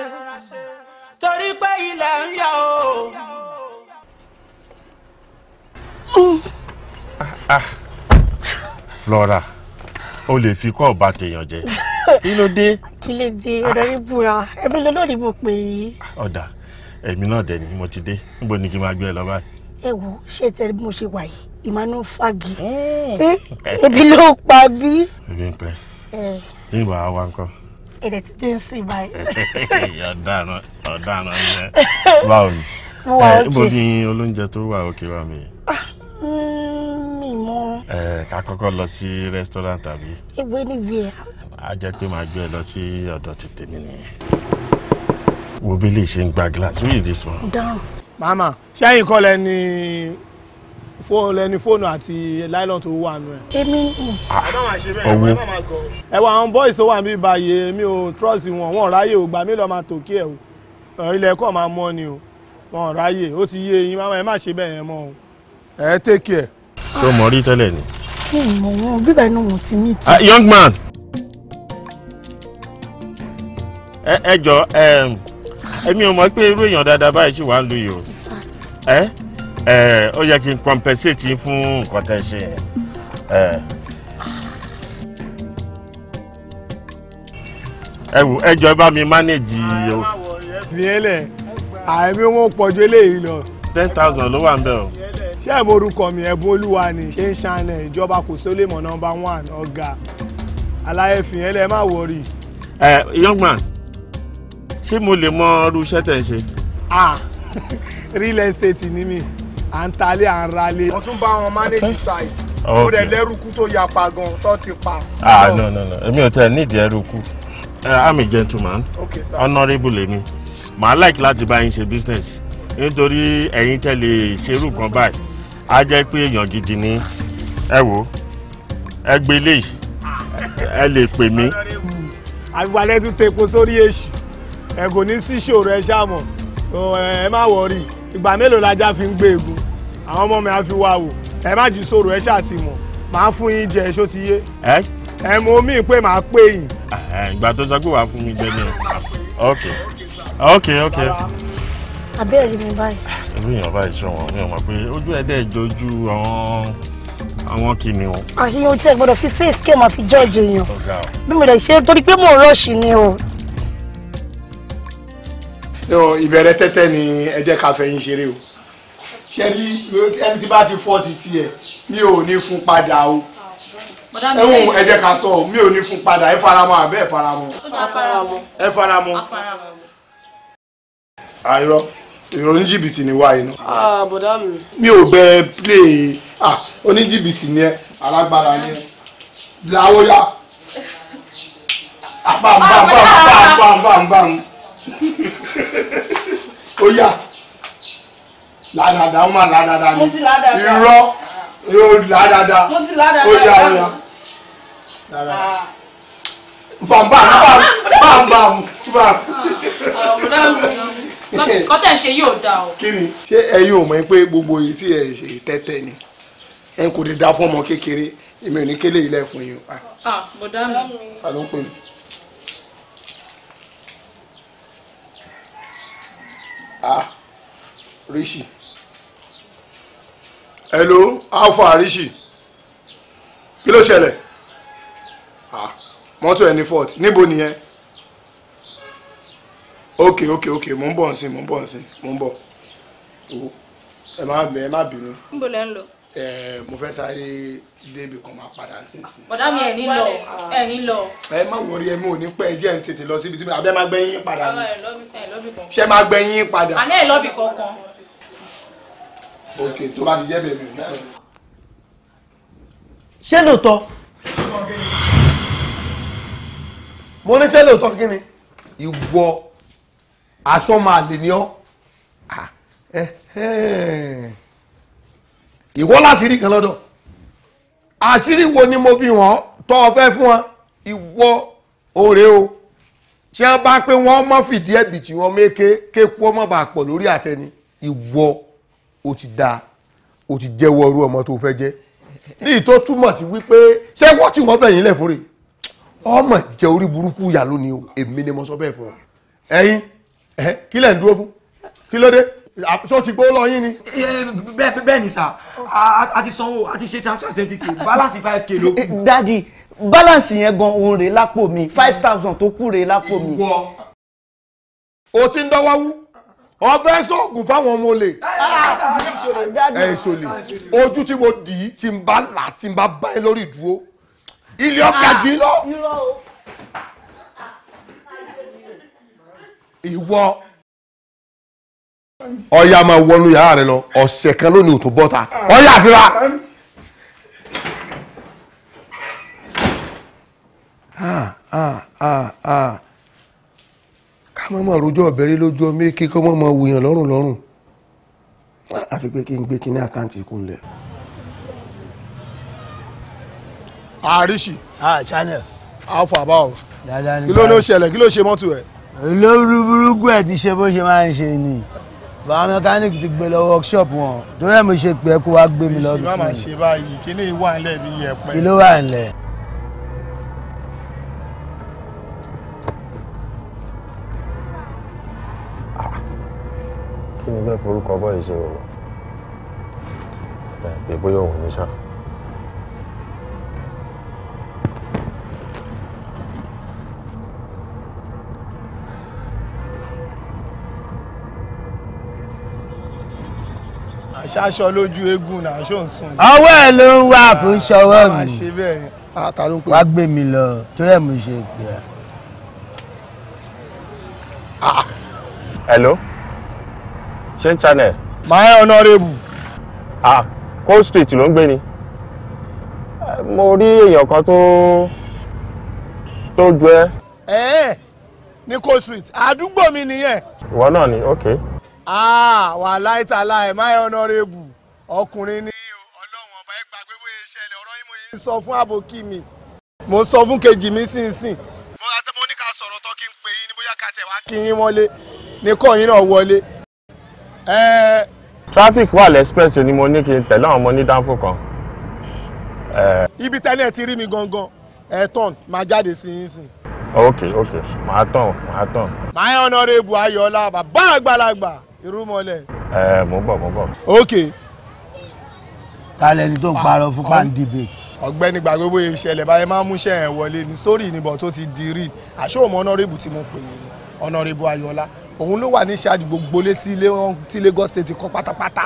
B: torí pé ilẹ̀ ń yọ o.
A: Mm
E: ah Flora
D: o lè fi kọ́ ọba tèèyàn jẹ kí ló dé.
A: kí ló dé ọ̀dọ̀ yín búra ẹbí lọ́dọ̀ ni mo pè é.
D: ọ̀dà èmi náà dẹ̀ ni mo ti dé níbo ni kí n máa gbé ẹ lọ báyìí.
A: ẹ wo ṣé tẹ bí mo ṣe wà yìí ìmánú fagi hmm. eh, ebi ló pa bí.
G: ebi ń pẹ tí ìwà wa ń kọ.
A: èdè ti dé ń sìn báyìí.
C: ọ̀daràn ọ̀daràn ni ẹ
G: báwo ni. mo wà ókè. Eh, níbo ni olóúnjẹ tó wà ókè wà mí gan. ẹ ká kọ́kọ́ lọ sí restaurant tàbí.
D: ewé níbi ẹ.
G: a jẹ́ pé màá gbé ẹ lọ sí ọ̀dọ̀ ti tèmi nìyẹn. wo bí lè ṣe ń gba glass who is this one.
E: dáhùn.
D: màmá ṣẹ́yìn kọ́ lẹ́ni fóònù ẹni fóònù àti láìlọ́n tó wà nù ẹ. èmi ni.
E: ọwọ́ ah,
D: ẹ wà àwọn boys tó wà níbi báyìí mi ò trust wọn wọn ráyè ò gbà mí lọ́ọ́ máa tòkí ẹ̀ o ilẹ̀ ẹ̀kọ́ máa mọ́ ni o wọn ráyè ó ti yé eyín máa ẹ má ṣe bẹ́ẹ̀ yẹn mọ́ o ẹ take care
E: tó
G: mọ̀ rí tẹ́lẹ̀ ni.
E: mi ò mọ̀ wọn bíbá iná wọn ti mí
D: tí. Ah, young man ẹ jọ èmi ò mọ̀ pé irú èèyàn dáadáa báyìí ṣì wà ń lu yìí o ẹ ẹ ó yẹ kí n compensate fún nǹkan tẹ́ ṣe yẹn. ẹ wò ẹ jọ ẹ bá mi manage o. fi ẹ àìmí wọn pọ̀ eléyìí lọ. ten thousand ló wà ń bẹ̀ o ṣé ẹ̀ borúkọ mi ẹ̀bùn olúwa ni ṣé ń ṣanẹ̀ ìjọba kò sólè nọmba one ọ̀gá aláyẹ̀fì yẹn lẹ má wọrí. ẹ young man ṣé mo lè mọ irú iṣẹ́ tẹ̀ ń ṣe. ah real estate ni mi à ń talé à ń ralé. wọ́n tún bá wọn manage site. ó dẹ̀ lẹ́rùkú tó yapa gan tó ti pa.
G: ah no no no èmi ò tẹ nídìí ẹrùkú i'm a gentleman okay, honourable lèmi màá like láti bá yín ṣe business nítorí ẹ̀yin tẹ̀lé ìṣerú kan
D: báyìí á jẹ́ pé èèyàn gidi ni ẹ wò ẹ gbé lè ẹ lè pè mí. àgbàlẹ̀ tún tepo sórí èṣù ẹ kò ní sí ṣòro ẹ ṣàmọ̀ ẹ má wọrí ìgbà mélòó lajá fi ń gbé egun àwọn ọmọ mi á fi wá wò ẹ má jù sòrò ẹ ṣàtìmọ̀ màá fún yín jẹ ẹṣó ti yé ẹ mọ omi pé màá pè yín. ìgbà tó sọ pé wàá fún mi jẹ ni ok
G: ok ok. abẹ́rẹ́ mi báyìí irú èèyàn báyìí ṣọ̀wọ́n mi ò mọ̀ pé ojú ẹ̀ dẹ̀ jojú àwọn àwọn kìnìún.
A: àyè ojú ẹ gbọ́dọ̀ fi face cam àfi jọọjì èèyàn bí mo lè ṣe torí pé mò ń rọọṣì ni o.
D: yóò ìbẹ̀rẹ̀ tẹ́tẹ́ ni ẹ jẹ́ ká fẹ̀yìn ṣeré o ṣẹ́ni ẹni tí bá ti fọ́ ti tiẹ̀ mi ò ní fún padà o ẹ̀hún ẹ jẹ́ ká sọ mi ò ní fún padà ẹ faramọ́ àbẹ́ ẹ faramọ́ ẹ faramọ́. àìrọ́ ìròyìn jìbìtì ni wá iná. àbùdá ah, mi. mi ò bẹ play ah oníjìbìtì ni ẹ alágbára ni ẹ làwọyà àbàmbàmbàmbàmbàmbàm ah, ó yà ládàdà ó máa ládàdà ni irọ́ yóò ládàdà ó yà ó yà bàmbàm bàmbàm bàmbàm
A: kọ́tẹ̀ ṣe yóò da o.
D: kí ni ṣé ẹ yóò mọ̀ pé gbogbo èyí tí ẹ ṣe tẹ́tẹ́ ni ẹ kò lè da fún ọmọ kékeré èmi ò ní kélé ilé fún yín. Ah. bọ̀dá mi. a ló ń pè mí. ah rishi hello alpha rishi kí ló ṣẹlẹ̀ ah mọ́tò ẹni fort níbo nìyẹn ok ok ok mò ń bọ̀ nsìn mò ń bọ̀ nsìn mò ń bọ̀ o ẹ má ẹ má bínú. ń bò lẹ́ ń lọ. ẹ mo fẹ́ sáré débi kan máa padà sí sí. bọ̀dá mi ẹ̀ ní
A: lọ ẹ̀ ní lọ.
D: ẹ má wọrí ẹ mi ò ní pẹ́ jẹ́ ẹ tètè lọ síbi tí abẹ́ máa gbẹ́yìn padà
A: ni ṣé máa
D: gbẹ́yìn padà. àná
A: ẹ̀ lọ́bì kankan.
D: ok tó bá ti jẹ́ bẹ̀rẹ̀ mi ò ní. ṣé lóòótọ́ mo ní ṣé lóòótọ́ kí ni ìwọ asọ́mọ àlè ni ọ́ ah, ìwọ láṣìírí kan lọ́dọ̀ àṣírí wo ni mo fi wọ́n tọ́ ọ fẹ́ fún wọn ìwọ òrè o tí wọ́n bá pé wọ́n mọ́ fìdí ẹ̀bì tí wọ́n méke kéku ọmọ bá pọ̀ lórí àtẹni ìwọ o ti da o ti jẹ́wọ́ ọrú ọmọ tó fẹ́ jẹ́ ní ìtó túmọ̀ sí wípé ṣé wọ́n ti wọ́n fẹ̀yìn lẹ̀ fún rè ọmọ jẹ́ orí burúkú yà lónìí o èmi ni mo sọ bẹ́ẹ̀ fún ọ ẹ̀yin ẹ kí lẹ̀ ń dúró fún kí ló dé tó ti gbó lọ yín ni. bẹ́ẹ̀ bẹ́ẹ̀ a ti sanwó a ti ṣe transfer twenty k balance five k ló kù. dadi balance yẹn gan òun rèé lápò mi five thousand tó kù rèé lápò mi. ìwọ o ti ń dánwá wú ọfẹ sọọgùn fáwọn ọmọ olè ẹ ìṣòlè ojú tí mo dì í ti ń bá là ti ń bá bá ẹ lórí ìdúró ilé ọkà ah, jì lọ. ìwọ ọ̀yà máa wọnú yàrá rẹ lọ ọ̀sẹ̀ kan lónìí ò tó bọ́ta ọ̀yà àfihàn. Ah, ah, ah, ká má máa rojọ́ ọ̀bẹ̀rẹ̀ lójú ọmọ èké kọ́ má máa wùyàn lọ́rùn lọ́rùn àfi pé kí n gbé kíní àkáǹtì kúnlẹ̀. àríṣì. ah channel. alpha about. kí ló ló ṣẹlẹ̀ kí ló ṣe mọ́tò ẹ̀ olórí burúkú ẹ̀ ti ṣe bó ṣe máa ń ṣe ni bàbá mẹkáníìkì ti gbé lọ workshop wọn torí ẹ̀ mo ṣe pé ẹ kó wá gbé mi lọ́dún fún mi. èsì máa ṣe báyìí kí ni ìwà ńlẹ̀ mi yẹ kí ló wà ńlẹ̀.
G: kí ni fẹ́ forúkọ bọ́ọ̀lù ṣe wọ̀ bóyá òun ní sáà.
D: aṣáṣọ lójú eégún náà aṣọ ń ọwọ́ ẹ̀ ló ń wá fún ah, ṣọwọ́ ah, mi ah, wá gbé mi lọ torí ẹ̀ mo ṣe pè
G: hello ṣé channel.
D: my honourable.
G: ah cold street ló ń gbé ni
B: mo rí èèyàn kan tó
G: tó ju ẹ. ẹ eh, ẹ
D: eh, ní cold street àdúgbò mi nìyẹn.
G: ìwọ náà ni ok
D: wàhálà ìtàlá ẹ̀ máa ọ̀nàrẹ́bù ọkùnrin ni ọlọ́run ọba ẹ̀ gbàgbé bóyá ìṣẹ̀lẹ̀ ọ̀rọ̀ yìí mo yìí ń sọ fún àbòkí mi mo sọ fún kejì mi sínsìn mo ra tẹ́mọ́ ní ká sọ̀rọ̀ tán kí n pè yín ní bóyá ká tẹ̀ wá kí yín wọlé ní kọ́yìn náà wọlé. traffic wà
G: lẹ́sprẹ́sì ni mo ní kí n tẹ̀lé àwọn ọmọ ní dánfò kan.
D: ibi tẹ́lẹ̀ ti rí mi gangan ẹ̀ tán máa jáde sí yín sìn.
G: ok ok màá tán màá tán.
D: my honourable irúmọlẹ̀. ẹ mò ń bọ̀ mò ń ok. kálẹ̀ ni tó ń parọ́ fún pan debate. ọ̀gbẹ́ni gbàgbogbo ìṣẹ̀lẹ̀ báyẹn máa ń múṣẹ́ ẹ̀ wọlé ní sórí ìnìbọ̀ tó ti di rí àṣọ òmò ọ̀nàrẹ́bù tí mo pè é ni ọ̀nàrẹ́bù ayọ̀lá òun ló wà ní ṣáàjì gbogbo lé tí Lagos State kọ́ pátápátá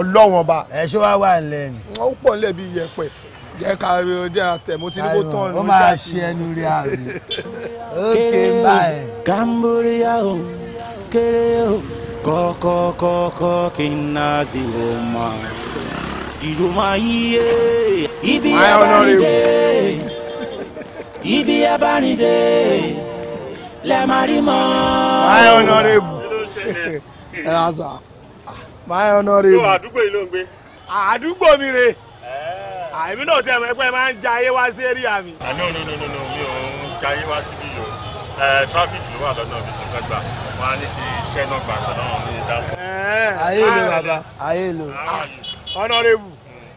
D: ọlọ́wọ̀n ọba. ẹ ṣé wàá wà nílẹ̀ ni. ó pọ̀ nílẹ̀ bí iyẹ̀pẹ̀ jẹ́ ká rí ọdẹ àtẹ̀ mo ti ní kó
E: tán ní oúnjẹ àti. ó máa ṣe ẹnu rí àárẹ̀. ókè báyìí. kéré
B: o kàmbóríyá o kéré o kọ́kọ́ kọ́kọ́ kí n náà sì ó mọ̀ ìlú máa yíyé. ibi abánidé ibi abánidé lẹ máa rí mọ́. my honourable
D: ẹ ra sa
B: my honourable. so àdúgbò
D: yìí ló ń gbé. àdúgbò mi rè àìmí náà tẹ̀ mọ́ ẹgbẹ́ máa ń ja ayé wá sí eré àmì. Ah, no no no no mi ò ń ja wá síbi Traffic. ló wà lọ́nà ibi tí wọ́n gbà
G: wọ́n á ní kí iṣẹ́ náà gbà tán náà ní ìdásí.
D: ayé lo bàbá ayé lo. ọ̀nàrẹ́bù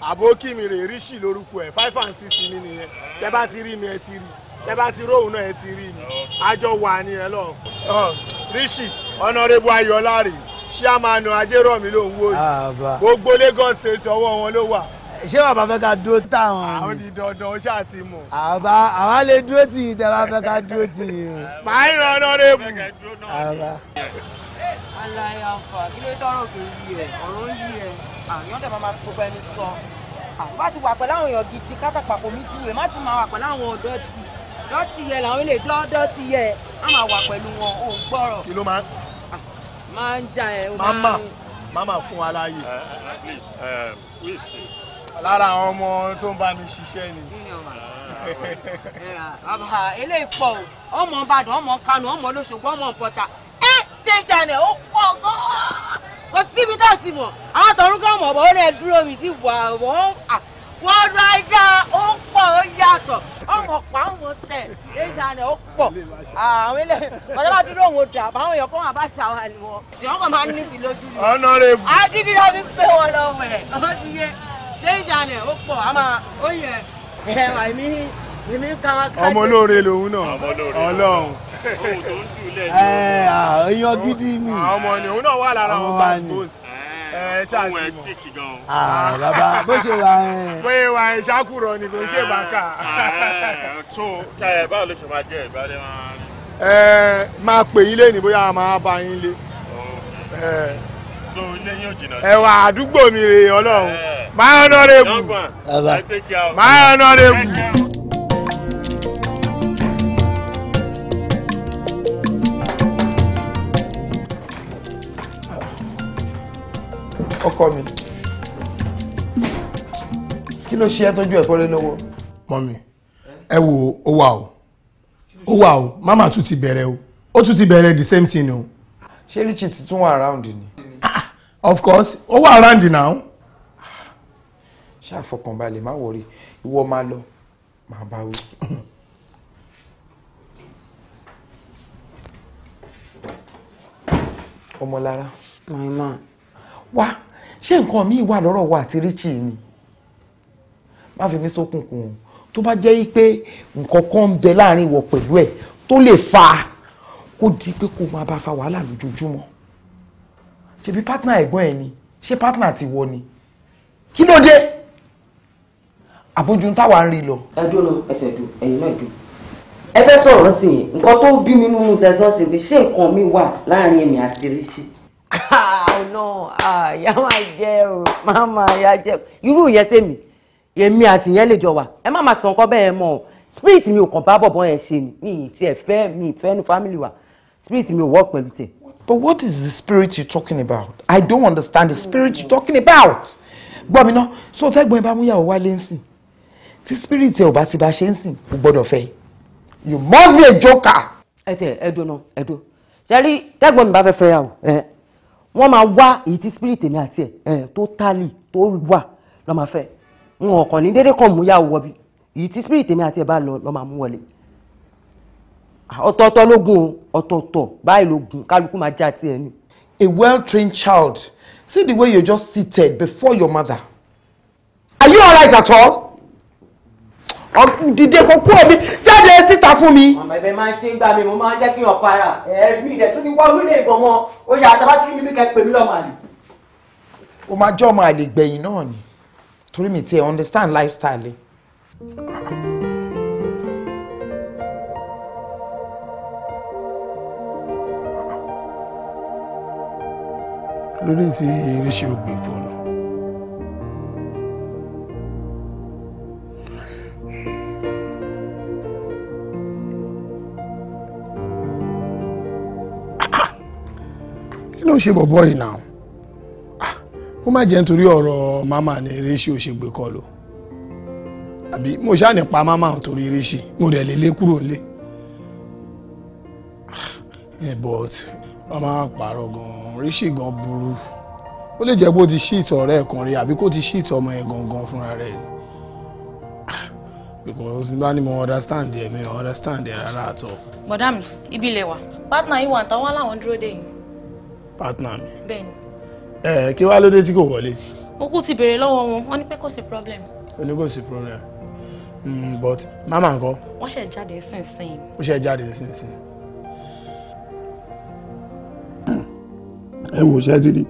D: àbókí mi rè ríṣì lórúkọ ẹ̀ five and six mi nìyẹn tẹ́ bá ti rí mi ẹ ti rí tẹ́ bá ti róhùn náà ẹ ti rí mi àjọ wà ní ẹ lọ. ríṣì ọ̀nàrẹ́bù ayọ̀lá rè ṣíàmánu ajérọ̀mí ló ń wò yìí ah, gbogbo Lagos state ọwọ́ wọn ló wà ṣé bàbá fẹ́ ká dúró táwọn ni. àwọn ti dandan ó ṣáà ti mọ̀. àbá àwa lè dúró tì yín tẹ́ bá fẹ́ ká dúró tì yín o. màá ń ran ọ̀nà rẹ̀ bù. àbá.
A: aláì àǹfà kí ló tọrọ kò yí ẹ ọ̀rọ̀ ń yí ẹ àyàn tẹ máa fi gbogbo ẹni sọ àbá ti wà pẹ̀lú àwọn èèyàn gidi kátàpàpọ̀ mi júwe má ti máa wà pẹ̀lú
D: àwọn ọ̀dọ́ ti dọ́tì yẹ làwọn ilé dọ́tì yẹ á máa wà pẹ̀lú wọn ò gbọ́rọ̀. kí ló máa máa ń jà ẹ. máma máma fún wa láàyè.
E: at least
G: uh, we see lára àwọn ọmọ
D: tó ń bá mi ṣiṣẹ́ ni.
A: Ah, bàbá eléyìí pọ̀ ọmọ ìbàdàn ọmọ kánò ọmọ olóṣogbo ọmọ ìpọ̀tà ẹ tẹ̀jà rẹ̀ ó pọ̀ gan-an kò síbi tó ti mọ̀ àwọn tọ̀rún kan mọ̀ bọ́ ó lè dúró mi ti wà wọ́n ah, wọ́n rájà ó pọ̀ ó yàtọ̀ ọmọ pa ọmọ tẹ̀ tẹ̀jà rẹ̀ ó pọ̀ ah, àwọn eléyìí ọ̀dọ́ bá ti òun dà báwọn èèyàn kọ́ wọn bá ṣàwà ni wọn tí wọ́n kàn máa ní ti
E: lójú ni. ọ̀nà rẹ̀ bù. agídí náà pé wọn lọ
A: wẹ̀ ọ́ ṣé ìṣàní ẹ̀ ó pọ̀ a máa ó yẹ
D: ẹ̀ wà mí èmi ká wá ká. ọmọ olóore lòun náà ọlọ́run. ohun tó ń dùlẹ̀ ni. èèyàn gidi ni. àwọn ọmọ ni òun náà wà lára àwọn passport ẹ ṣáà ti mọ bàbá bó ṣe wà ẹ. bó ṣe wà ẹ ṣàkùrọ̀ ni kò ṣe bàkà. tó ẹ báwo ló ṣe máa jẹ ìbálẹ̀ máa. ẹ máa pè yín lé bóyá a máa bá yín lé ẹwà àdúgbò mi rè ọlọ́run eh. máa ọ̀nàrẹ́bù máa ọ̀nàrẹ́bù. ọkọ mi kí ló ṣe ẹ tọ́jú ẹ kọ́lé lọ́wọ́. mọ́mi ẹ wo ó wà o ó wà o mama tún ti bẹ̀rẹ̀ o ó tún ti bẹ̀rẹ̀ the same thing o. ṣé richie ti tún wà around ni of course ó wà around now. ṣàfọkànbalẹ̀ má wọrí ìwọ máa lọ máa bá wí. ọmọlára. màmá. wá ṣé nǹkan mi wà lọ́rọ̀ wa àti richie ni má fi mí sókùnkùn o tó bá jẹ́ pé nǹkan kan ń bẹ láàrin ìwọ pẹ̀lú ẹ̀ tó lè fa kó di pé kó máa bá fa wàhálà lójoojúmọ́ ṣebí partner ẹ̀gbọ́n ẹ̀ ni ṣé partner ti wọ ni kí ló dé àbójú táwa ń rí lọ. ẹ dúró ẹ tẹ̀ dùn ẹ̀yin náà dùn ẹ fẹ́ sọ̀rọ̀ sí i nǹkan tó bí mi nínú tẹ̀sán ti fi ṣé nǹkan mi wà
A: láàrin èmi àti ríṣì. ọ̀nà àyà máa jẹ o máa máa yà jẹ irú ìyẹn sẹ́mi èmi àti ìyẹn lè jọ wà ẹ má máa sọ nǹkan bẹ́ẹ̀ mọ́
D: spirit mi ò kàn bá bọ̀bọ̀ yẹn ṣe ni mi ì tiẹ̀ fẹ́ mi ì fẹ́ nu family wa spirit mi ò wọ́ pẹ̀lú tiẹ̀. But what is the spirit you're talking about? I don't understand the spirit you're talking about. Gbọ́ mi ná, so tẹ́gbọ́n ẹ bá mú ìyàwó wálé ń spirit ẹ ò bá ti bá ṣe ń sìn, kò gbọ́dọ̀ fẹ́. You must be a joker. Ẹ tẹ ẹdùn náà ẹdùn. Ṣẹ́rí tẹ́gbọ́n mi bá fẹ́ fẹ́ yàwó. Wọ́n máa wá èyí tí spirit mi àti ẹ̀ tó tálì tó wà lọ́ máa fẹ́. Wọn ò kàn ní dédé kàn mú ìyàwó wọbi. Èyí tí spirit mi àti ẹ̀ bá lọ lọ́ máa mú wọlé ọ̀tọ̀ọ̀tọ̀ lógun ọ̀tọ̀ọ̀tọ̀ báyìí lógun kálukú máa jẹ́ àti ẹni. a well-trained child see the way you just seated before your mother are you alright at all. dìde kò
A: kúrò mi jáde síta fún mi. màmá ẹbẹ máa ń ṣe ń gbà mí mo máa ń jẹ́ kí ọ̀pá ara ẹ̀ẹ́dì ìdẹ̀tí ni wọ́n lóde ìbọn mọ́ ó yà àtàbá tí mímí kẹ́ pè mí lọ́mọ àlè.
D: o máa jọ́ ọmọ àlè gbẹ̀yìn náà ni torí mi ti understand lifestyle ẹ̀. lórí ti irisẹ ògbìn fọnà. kí ló ń ṣe bọ̀bọ̀ yìí náà ah, ó má jẹ́ nítorí ọ̀rọ̀ màmá ni irisẹ òṣègbè kọ lò àbí mo ṣáà ní pa màmá àwọn torí mo rẹ̀ lé lé kúrò nílé. Ah, eh, but wọ́n máa pààrọ̀ gan-an ríṣì gan burú ó lè jẹ́ pé ó ti ṣíìtì ọ̀rẹ́ kan rí àbí kó ti ṣíìtì ọmọ yẹn gangan fúnra rẹ̀ because nígbà ni mo understand ẹ̀ mi understand ẹ̀ rárá àtọ̀.
A: bọ̀dá mi ibi ilẹ̀ wa partner yìí wà táwọn aláwọn dúró dé yìí. partner mi. bẹ́ẹ̀ni.
D: ẹ kí wàá lóde tí kò wọlé.
A: mo kú ti béèrè lọ́wọ́ wọn wọ́n ní pé kò sí problem.
D: ó ní kò sí problem mm, but mama ńkọ́.
A: wọ́n ṣẹ̀ jáde sínsìn.
D: ó ṣẹ̀ jáde sínsìn. ẹ wò ṣẹ́ ti rí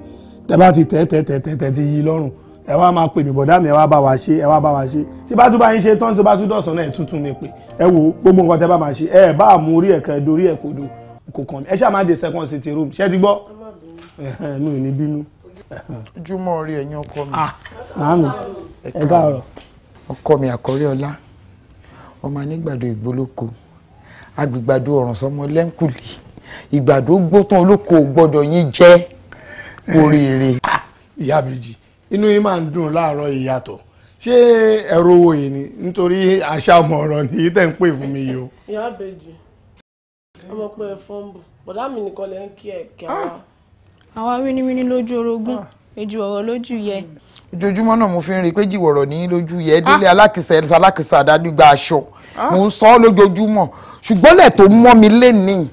D: tẹ bá ti tẹ tẹ tẹ tẹ tẹ ti yí lọ́rùn ẹ wá máa pè mí bọ̀dá mi ẹ wá bá wa ṣe ẹ wá bá wa ṣe tí bá tún bá yín ṣe tán tí bá tún dọ̀sán náà ẹ tuntun mi pé ẹ wo gbogbo nǹkan tẹ bá máa ṣe ẹ bá mú orí ẹ̀ka ẹ dorí ẹ̀ kodo kò kàn mí ẹ ṣáà má de second city room ṣé ti gbọ́ mi ò ní bínú. júmọ́ orí ẹ̀yin ọkọ mi. Ah, màámi ẹ káàárọ̀. ọkọ mi àkọ́rí ọlá ọmọ anígbàdo ìgbólóko agbègbàdo ọ̀rànṣọ́mọ lẹ́ńkùlì ìgbàdo gbótán olóko gbọ́dọ̀ yín jẹ́ oríire. Ah, ìyá méjì inú yín máa ń dùn láàárọ̀ ìyàtọ̀ ṣé ẹ̀rọ owó yìí ni nítorí àṣà ọmọ ọ̀rọ̀ ni yìí tẹ̀ ń pè fún mi yìí o.
A: ìyá àbèjì ọmọ pé ẹ fọ́n bù bọ̀dá mi nìkan lè ń kí ẹ kí àwa. Ah, àwa wíníwíní lójú orogún èjì ah. ọ̀rọ̀ lójú yẹ
D: ojoojúmọ́ náà mo fi ń rí i pé jìwọ̀rọ̀ ní lójú yẹ délé alákìsà ẹ̀rọ alákìsà àdádúgba aṣọ mo ń sọ ọ́ lójoojúmọ́ ṣùgbọ́n lẹ̀ tó mọ́ mi lénìí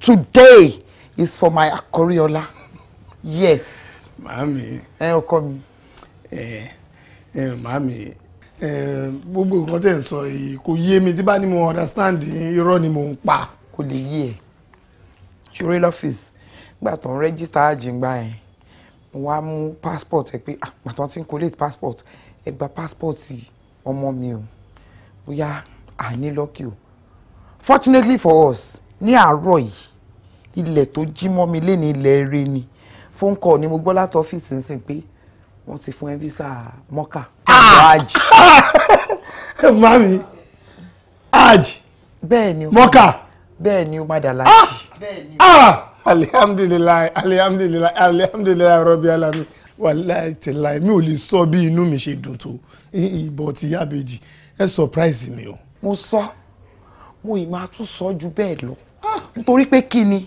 D: today is for my Akoriola yes. màámi. ẹ ọkọ mi. ẹ ẹ Eh, gbogbo nǹkan tẹ̀ ń sọ yìí kò yé mi tí bá ní mo understand irọ́ ni mo ń pa. kò lè yé ẹ ṣòro lọ́fíìsì gbà tó ń rẹ́gísítà àjìngbà yẹn mo wá mú passport ẹ pé àpàtàn tí ń collate passport ẹ gba passport ọmọ mi o bóyá àní lọ́kì o fortunately for us ní àárọ̀ yìí ilẹ̀ tó jí mọ́ mi lé ní ilẹ̀ eré ni phone call ni mo gbọ́ láti ọ́fíìsì ń sìn pé wọ́n ti fún ẹ visa mọ́kà ah! àjì. mami àjì bẹ́ẹ̀ni o mọ́kà bẹ́ẹ̀ni o má dà láàjì. Ah! Ah! alihamdulilayi alihamdulilayi alihamdulilayi rọbi alami wàláì tẹ̀láì mi ò lè sọ bí inú mi ṣe dùn tó ìbọn ti yábejì ẹ surprise mi o. mo sọ mo ì máa tún sọ ju bẹ́ẹ̀ lọ nítorí pé kí ni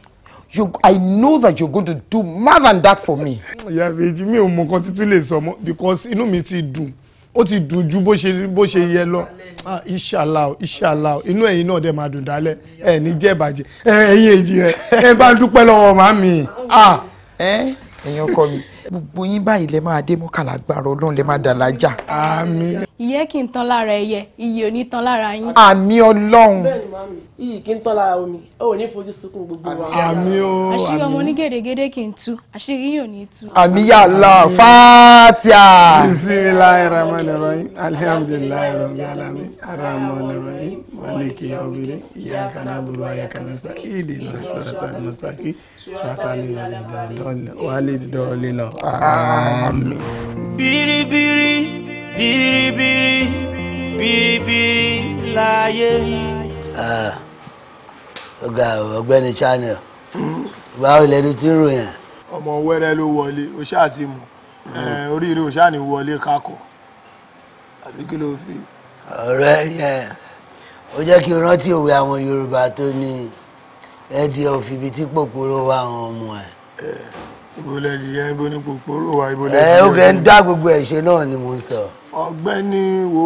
D: you i know that you're going to do more than that for me. ìyá ìbejì mi ò mọ nǹkan títún lè sọ mọ́ because inú mi ti dùn ó ti dùn ju bó ṣe bó ṣe yẹ lọ ah, inshallah inshallah inú ẹ̀yin náà dẹ̀ máa dùn dálẹ̀ ẹ̀ ní jẹ́ ìbàjẹ́ ẹ̀yin èjì rẹ̀ ẹ̀ bá ń dúpẹ́ lọ́wọ́ màmí. Ah. ẹ̀yin ọkọ mi gbogbo yín báyìí lè máa dé mọ́kànlá gbàrọ̀ ọlọ́run lè máa dà lájà
A: ìyẹ́ kì í tán lára ẹyẹ iyì ò ní tán lára yín.
D: àmì ọlọ́run. bẹ́ẹ̀ni
A: màmí iyì kì í tán lára omi ó ò ní fojú sunkún gbogbo wa. àmì o àmì. àṣírí ọmọ ní gèdègèdè kì í tú àṣírí yìí ò ní tú. àmì yàrá
D: fàtíà. bisimilayi rahman rahim alihamdulilayi rabbil alamin arahman rahim maliki obìnrin ìyá kaná burú ayé kaná saki ìdí náà sọ̀rọ̀tà náà saki sọ̀rọ̀tà nínú wàlídọ́ọ̀lì náà biribiri biribiri láyé yìí. ọ̀gá ọ̀gbẹ́ni channel báwo lẹni tí ń ròyìn. ọmọ wẹ́rẹ́ ló wọlé o ṣáà ti mọ̀ hmm. oríire o ṣáà ní wọlé kakọ̀ àbí kí ló fi. ọ̀rẹ́ yẹn ó jẹ́ kí n rántí òwe àwọn Yorùbá tó ní ẹ̀ẹ́dì òfìbí tí pòpòrò wà àwọn ọmọ ẹ̀ ìbòlẹ̀ ìdíyẹ ibo ní pòpòrò wà ìbòlẹ̀ ìdíyẹ. ẹ obìnrin dá gbogbo ẹ̀ ṣe náà ni mo ń sọ ọ̀gbẹ́ni wo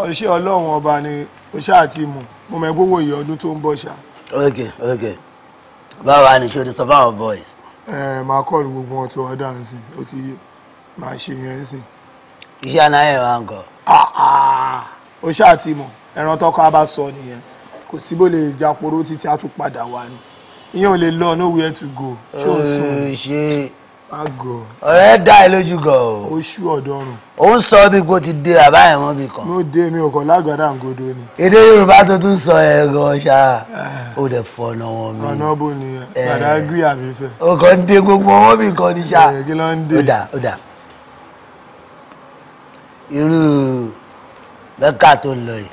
D: ọṣẹ Ọlọ́run ọba ni o ṣáà ti mọ̀ mo mọ̀ gbówó iye ọdún tó ń bọ̀ ṣá. ok ok báwa ni ṣe o ti sọ fáwọn boys. ẹ máa kọ́ lu gbogbo wọn tó ọ̀dà ń sìn ó ti máa ṣe yẹn ń sìn. iṣẹ́ anáyẹ̀ wa ń kọ. Ah, ah. o ṣáà ti mọ̀ ẹran tọkọ a bá sọ nìyẹn kò síbò lè jáporó títí a tún padà wá ni ìyẹn ò lè lọ nowhere to go ṣé o sùn àgọ. ọ̀rẹ́ dá ẹ lójú gan o. oṣù ọ̀dọ́rùn. ó ń sọ bí kò ti dé àbá ẹ̀ mọ́ bí kan. mo dé mi ò kàn lágbàdá ngodo ni. èdè yorùbá tó tún sọ ẹ gan ṣá eh. ó dẹ̀ fọnà wọn mi. ọ̀nà bò ni gbàdágì eh. àbífẹ́. o kàn ń dé gbogbo wọn bí kan ni ṣá. Eh, kí ló ń dé. ó dà ó dà. irú mẹ́kà tó lọ yìí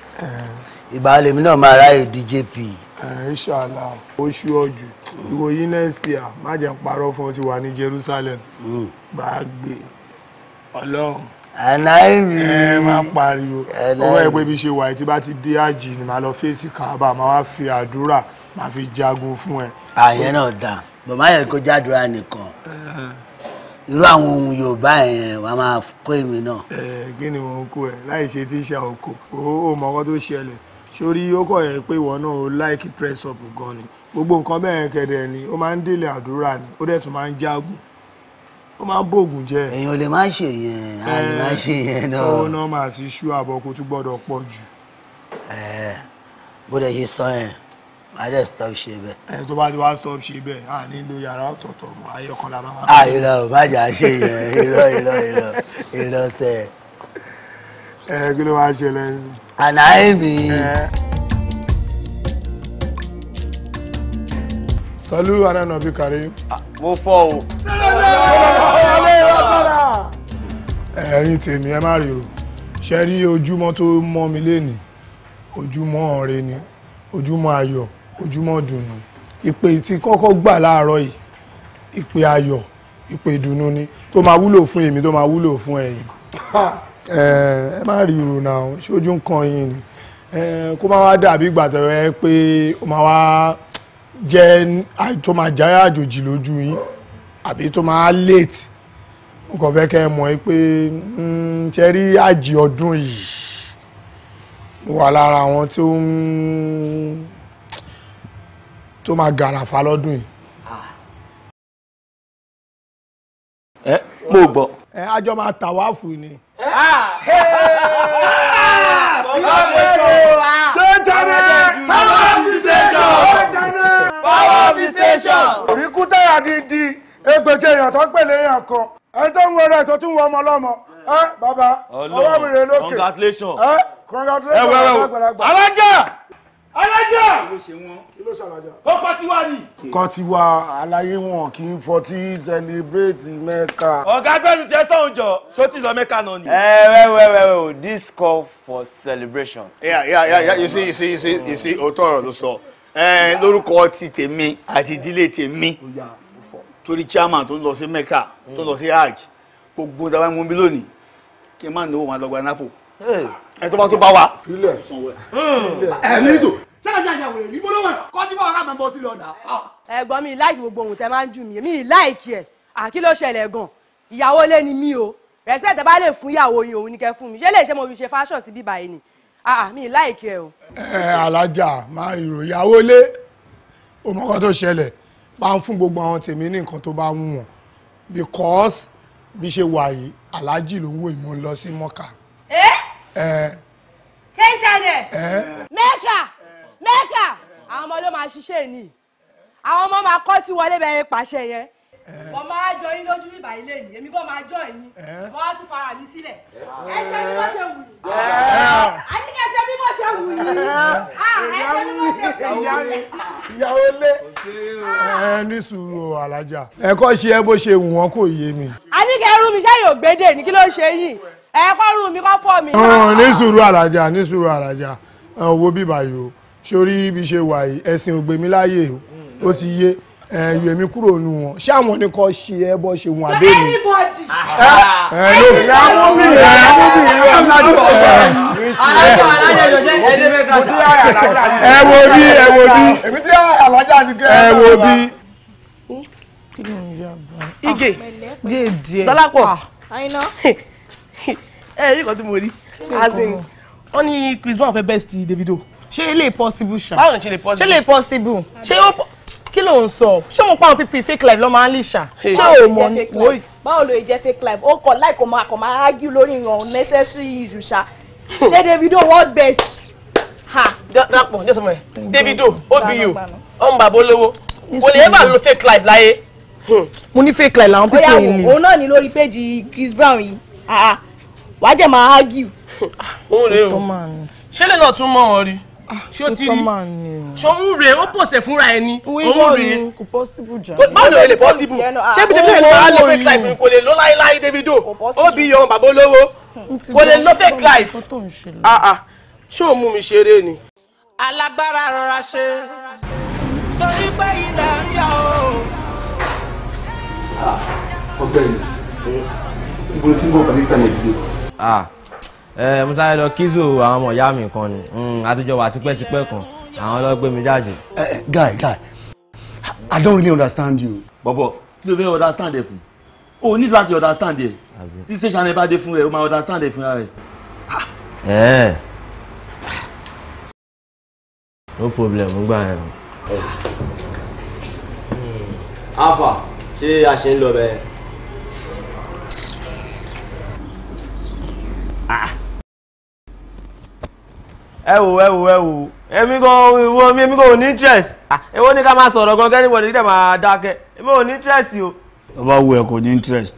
D: ìgbà lèmi náà máa ráyè djp yìí Eh, inshallah oṣù ọjù ìwòyí nẹ́ẹ̀sì à má jẹ́ ń parọ́ fún ọ ti wà ní Jerusalem gbàgbé hmm. ọlọ́run àláìwí ẹ eh, máa pariwo ọwọ́ ẹ pé bí ṣe wà tí bá ti dé àjì ni màá lọ fèsì káàbà màá wá fi àdúrà màá fi jagun fún ẹ. àyẹn ah, náà dà bàbá yẹn kó jádùúrà nìkan
E: eh.
D: irú àwọn ohun yorùbá yẹn wà á máa kó èmi náà. ẹ kí ni mò ń kó ẹ láì ṣe tíṣà oko ó mọ ọkọ tó ṣẹlẹ̀ sórí ó kọ̀ yẹn pé ìwọ náà ó láìkí press up gan ni gbogbo nǹkan bẹ́ẹ̀ kẹ̀dẹ̀ ni ó máa ń délé àdúrà ni ó dẹ̀ tún máa ń jágùn ó máa ń bògùn jẹ. èèyàn lè má ṣe yẹn a má ṣe yẹn náà. owó náà máa ti ṣú àbọ̀ kó tún gbọ́dọ̀ pọ̀ jù. bó dẹ̀ ṣe sọ yẹn máa dẹ̀ stop ṣe bẹ́ẹ̀. ẹ tó bá ti wá stop ṣe bẹ́ẹ̀ a nílò yàrá ọ̀tọ̀ọ̀tọ̀ ayọ̀kan la àìlọ ah, má jà ṣe yẹn irọ́ irọ́ sẹ́ẹ̀ ẹ kí ló wá ṣẹlẹ̀ sí. àlàyé mi. sọlú ananabi kari. mo fọ o. ẹ̀yin tèmi ẹ má rí o ṣe rí ojúmọ́ tó mọ́ mi lénìí ojúmọ́ ọ̀rẹ́ ni ojúmọ́ ayọ̀ ojúmọ́ dùnú ìpè tí kọ́kọ́ gbà láàárọ̀ yìí ìpè ayọ̀ ìpè ìdùnnú ni tó máa wúlò fún èmi tó máa wúlò fún ẹ̀yin ẹ má rí irun náà ṣojú ń kan yín ni kó má wá dàbí ìgbà tó rẹ pé ó má wá jẹ́ tó máa jáyà àjòjì lójú yín àbí tó máa late mo kàn fẹ́ kẹ́ ẹ mọ̀ hmm, ẹ pé ṣe rí àjì ọdún yìí mo wà lára àwọn tó ń tó máa gàràfà lọ́dún yìí. ẹ mo gbọ́. ẹ àjọ máa tàwáàfù ni òríkú táyà dídí egbèje èèyàn tó ń pèlè èèyàn kan ẹni tó ń wọ ẹrẹ tó tún wọ ọmọ ọlọmọ ẹ bàbá ọwọ́ mi rè lókè congratulations eh, congratulations eh, àgbàlagbà. alájà alájà. kí ló ṣe wọn. kí ló ṣàlàjà. kó fọtí wá ni. kọ́ ti wá àlàyé wọn kì í fọtí sẹlẹbírẹ́tì mẹ́ka. ọ̀gá gbẹ́rù tiẹ̀ sọ̀hún jọ ṣó ti lọ mẹ́ka náà ni. ẹ wẹ wẹ wẹ o this call for celebration. yeah yeah yeah you see you see you see you see òótọ́ ọ̀rọ̀ ló sọ lórúkọ ti tèmi àti ìdílé tèmi torí chairman tó ń lọ sí mẹ́ka tó ń lọ sí hajj gbogbo dábàá mú mi lónìí kí n má náwó máa lọ gba nápò ẹ tó bá tó bá wa. Hmm. ẹ ní sùn ṣáàjà ìyàwó rẹ̀ níbo ló wà kọ́ńtínbọ̀ ọ̀rá máa bọ́ sílẹ̀ ọ̀dà. Ah. ẹ̀gbọ́n mi láìkì gbogbo ohun tẹ máa ń jù
A: mí mi láìkì ẹ̀ àkí ló ṣẹlẹ̀ gan ìyàwó lé ni mí o rẹ̀sẹ̀ tẹ bá lè fún ìyàwó yìí òun ni kẹ́ fún mi ṣé lè ṣe mo fi ṣe fashion sí bíbá yìí ni ah, ah, mi láìkì ẹ̀ o. ẹ
D: alájà máa rò ìyàwó lé òmùkọ́ tó ṣẹlẹ̀ bá ń fún gbogbo àwọn tèmi ní nǹkan tó bá wù wọ́n because bí ṣe wà yìí alájì ló ń wò ìmọ̀ ń lọ sí mọ́kà. ẹ́ eh? ten
A: eh. channel eh. mẹ́fà mẹ́fà àwọn ọmọ ló máa ṣiṣẹ́ ni àwọn ọmọ máa kọ́ tí wọlé bẹ́ẹ̀ pàṣẹ yẹn wọ́n eh. máa jọ yín lójú bíbá ilé mi èmi kò máa jọ yín wọ́n á tún fara mi sílẹ̀ ẹ ṣe bí mo ṣe wù
E: yìí
A: àti kí ẹ ṣe bí mo ṣe wù yìí
D: ah, ẹ ṣe bí mo ṣe wù yìí. ìyàwó lé ẹ ah. ní sùúrù alájà ẹ̀kọ́ ṣe ẹ bó ṣe wù wọ́n kò yé mi. a ní kẹ́ ẹrú mi ṣáà yóò gbédè ní kí ló ṣe yìí
A: ẹ kọ́rùn mi kọ́ fọ́ mi. ní sùúrù
D: alájà ní sùúrù alájà wo bí báyìí o sórí ibi ṣe wà yìí ẹ̀sìn ògbémi láyè o ó ti yé ẹ̀yọ̀ èmi kúrò nù wọn ṣé àwọn ni kò ṣe ẹ bọ́ ṣe wọn àbẹ́ mi.
A: ẹ ló fi àwọn obìnrin rẹ
D: àwọn obìnrin rẹ ọ̀làjú ọ̀gá ẹ wo bí ẹ wo bí ẹ wo bí.
A: ige dèdè ah, dọ́lápọ̀. Ah,
D: ẹ ẹ eh, nǹkan tí mo rí as in ní Chris Brown fẹ́ best Davido. ṣé ilé possible ṣá báwo ṣe lè possible ṣé ilé possible ṣé ó kí ló ń sọ ṣé mo pa àwọn pp fake life lọ máa ń lè ṣá ṣé o mọ wọ́ọ̀yì.
A: báwo ló jẹ́ fake life ó kọ̀ láì kò máa kò máa argue lórí ìyàn necessary issue ṣá hmm. ṣé Davido world best. dapò ní
C: ọ̀sán mọ̀ Davido obu ọmọ bàbá olówó kò lè ever lo fake life láyé.
A: Hmm. mo ní fake life làwọn pp yìí ni. òun náà ni lórí péjì Chris Brown yìí wàá jẹ́ máa argue. òun rèé o ṣẹlẹ̀ náà tún mọ̀ wọn rí ah, ṣé o ti
C: rí ṣé òun rèé ó pòsè fúnra ẹni òun rèé
A: kò possible jà. báwo ló lè possible ṣé bí david máa lè fake life
C: kò lè lọ láéláé davido ó bí yọ̀hún bàbá olówó
B: kò lè lọ fake life
D: ah, ah. ṣé o mú mi ṣeré ni.
B: alágbára rọra ṣe torí pé ilẹ̀ ń yà ó.
D: ọ̀gbẹ́ni ìgboro tí mo bá ní sàmì ìdílé mo sáré lọ kízo àwọn ọmọ ìyá mi kan ni àtijọ́ hmm, wà tipẹ́tipẹ́ kan àwọn ló mi jáde. guy guy i don't really understand you. bọ̀bọ̀ kí ló fẹ́ understand ẹ fún o ní láti understand ẹ tí station ẹ bá dé fún ẹ o máa understand ẹ fúnra rẹ. no problem n gbà yẹn.
B: Hmm. alfa ṣé a ṣe ń lọ bẹ́ẹ̀.
D: Ah. ẹ wò ẹ wò ẹ wò èmi kò ìwọ mi èmi kò ní interest ah, èwo ni ká máa sọ̀rọ̀ gan kẹ́ni bọ̀dé dẹ̀ máa dákẹ́ èmi ò ní interest o. ó bá wù ẹ kò ní interest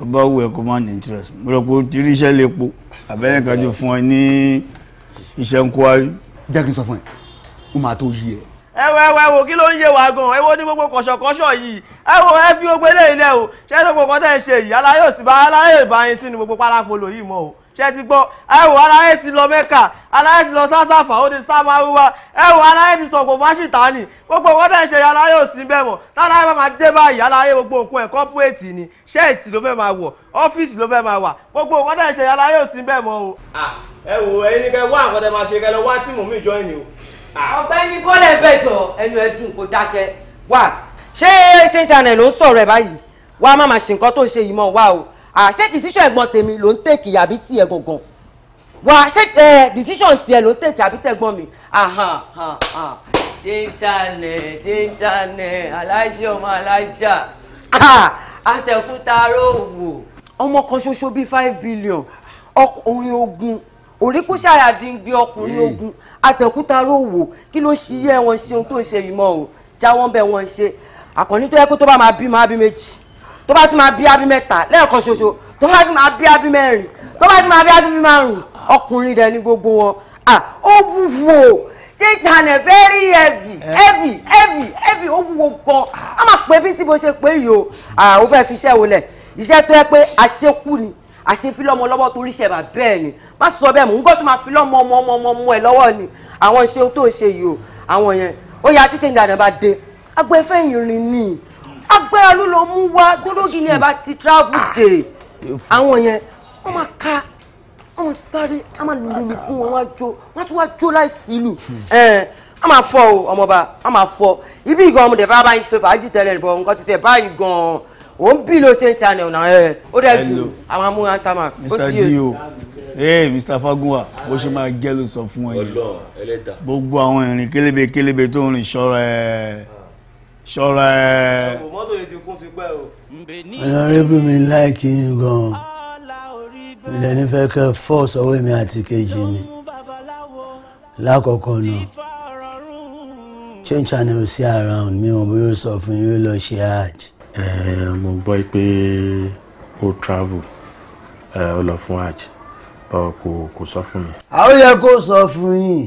D: ó bá wù ẹ kò má ní interest mo rò pé o ti rí iṣẹ́ lépo àbẹ́yẹn kan ti fún ẹ ní iṣẹ́ ń jẹ́ kí n sọ fún ẹ ó máa tó yí ẹ. ẹ wo ẹ wo ẹ wo kí ló ń yé wa gan ẹ wo ní gbogbo kọ̀ṣọ̀kọ̀ṣọ̀ yìí ẹ wo ẹ fi gbogbo eléyìí lẹ o ṣé gbogbo kan tẹ̀ ń ṣe yìí aláyọ̀ sí bá aláyọ̀ ìbáyín sínú gbogbo pálápolo yìí mọ́ o ṣe ti gbọ́ ẹ wò aláyé ti lọ mẹ́kà aláyé ti lọ sásàfà ó ti sá máa wíwá ẹ wò aláyé ti sọ̀kò fáṣítà ni gbogbo wọ́n dẹ̀ ṣe aláyé ò sí bẹ́ẹ̀ mọ̀ táláyé bá máa dé báyìí aláyé gbogbo nǹkan ẹ̀kọ́ fún ètì ni ṣẹ́ẹ̀tì ló fẹ́ máa wọ̀ ọ́fíìsì ló fẹ́ máa wà gbogbo wọ́n dẹ̀ ṣe aláyé ò sí bẹ́ẹ̀ mọ́ o. ẹ wò ẹ̀yin ni kẹ wá nǹkan tẹ máa ṣe kẹ lọ wá tíìmù mi jọ ẹni o. ọ̀gbẹ́ni bọ́lẹ̀ bẹ̀jọ ẹnu ẹ̀dùn kò dákẹ́ wá
A: ṣé ṣé channel ló ń sọ̀rọ̀ ẹ̀ báyìí wá má máa ṣe àṣẹ decision ẹ̀gbọ́n tèmi ló ń tèkì àbí tiẹ̀ gangan wà ṣe decision tiẹ̀ ló ń tèkì àbí tẹ̀gbọ́n mi tíńtànẹ̀ tíńtànẹ̀ alájí ọmọ alájà àtẹ̀kúta róòwò. ọmọ kan ṣoṣo bíi five billion ọkùnrin ogun òríkúṣà àdíngbé ọkùnrin ogun àtẹ̀kúta róòwò kí ló ṣiyẹ́ wọn ṣe ohun tó ń ṣe yìí mọ́ o jáwọ́ bẹ́ẹ̀ wọ́n ṣe àkànní tó yẹ kó tó bá máa bí máa bí méjì tó bá tún máa bí abí mẹ́ta lẹ́ẹ̀kan ṣoṣo tó bá tún máa bí abí mẹ́rin tó bá tún máa bí abí márùn ọkùnrin dẹ̀ ní gbogbo wọn ó wúwo jíjà nẹ very heavy heavy heavy heavy ó wúwo gan a máa pè bí tí mo ṣe pé yìí o ó fẹ́ fi iṣẹ́ wo lẹ̀ iṣẹ́ tó yẹ pé àṣekú ni àṣefilọ́mọ lọ́wọ́ torí ṣẹ̀bà bẹ́ẹ̀ ni má sọ bẹ́ẹ̀ mò ń gbọ́ tó máa fi lọ́mọ ọmọ ọmọ ọmọ ọmọ ẹ̀ lọ́wọ́ ni àwọn iṣẹ́ tó ń ṣe yìí o àwọn yẹn ó yẹ àtìṣe ìdàdàn bá dé agbẹ́fẹ́ ìrìn ni agbára
D: ló lọ mú wá dólógì ni ẹ bá ti travel
A: ah, dé àwọn
D: yẹn wọ́n máa ka wọ́n sáré a máa lùlù fún wọn wá jó wọ́n tún wá jó láìsí ìlù
A: a máa fọ o ọmọba a máa fọ ibi gan ọmọdé bá bá ń ṣe fàájì tẹ́lẹ̀ bọ̀ nǹkan ti tẹ̀ báyìí gan ò ń bí lo ṣe ń channel náà ẹ ó dẹ ju àwọn amúhàn tá a ó ti yé o.
D: ee Mr. Fagunwa bó ṣe máa jẹ́ ló sọ fún ẹ yìí gbogbo àwọn ìrìn kélébé kélébé tó ń rìn ṣọ́ra ẹ̀ ṣọ́ra ẹ̀. mọ́tò yìí ti kún ti pẹ́ o. ọlọ́rẹ́bù mi láìkí yín gan-an ilẹ̀ nífẹ̀ẹ́ kẹ́ fọ́ sọ́wọ́ mi àti kejì mi lákọ̀ọ́kọ́ náà change channel sí around mi ò bóyá sọ fún yín lọ ṣe hajj.
G: ẹ mo gbọ́ pé ó travel ó lọ fún hajj báwo kò sọ fún mi.
D: àwọn yẹ kó sọ fún yín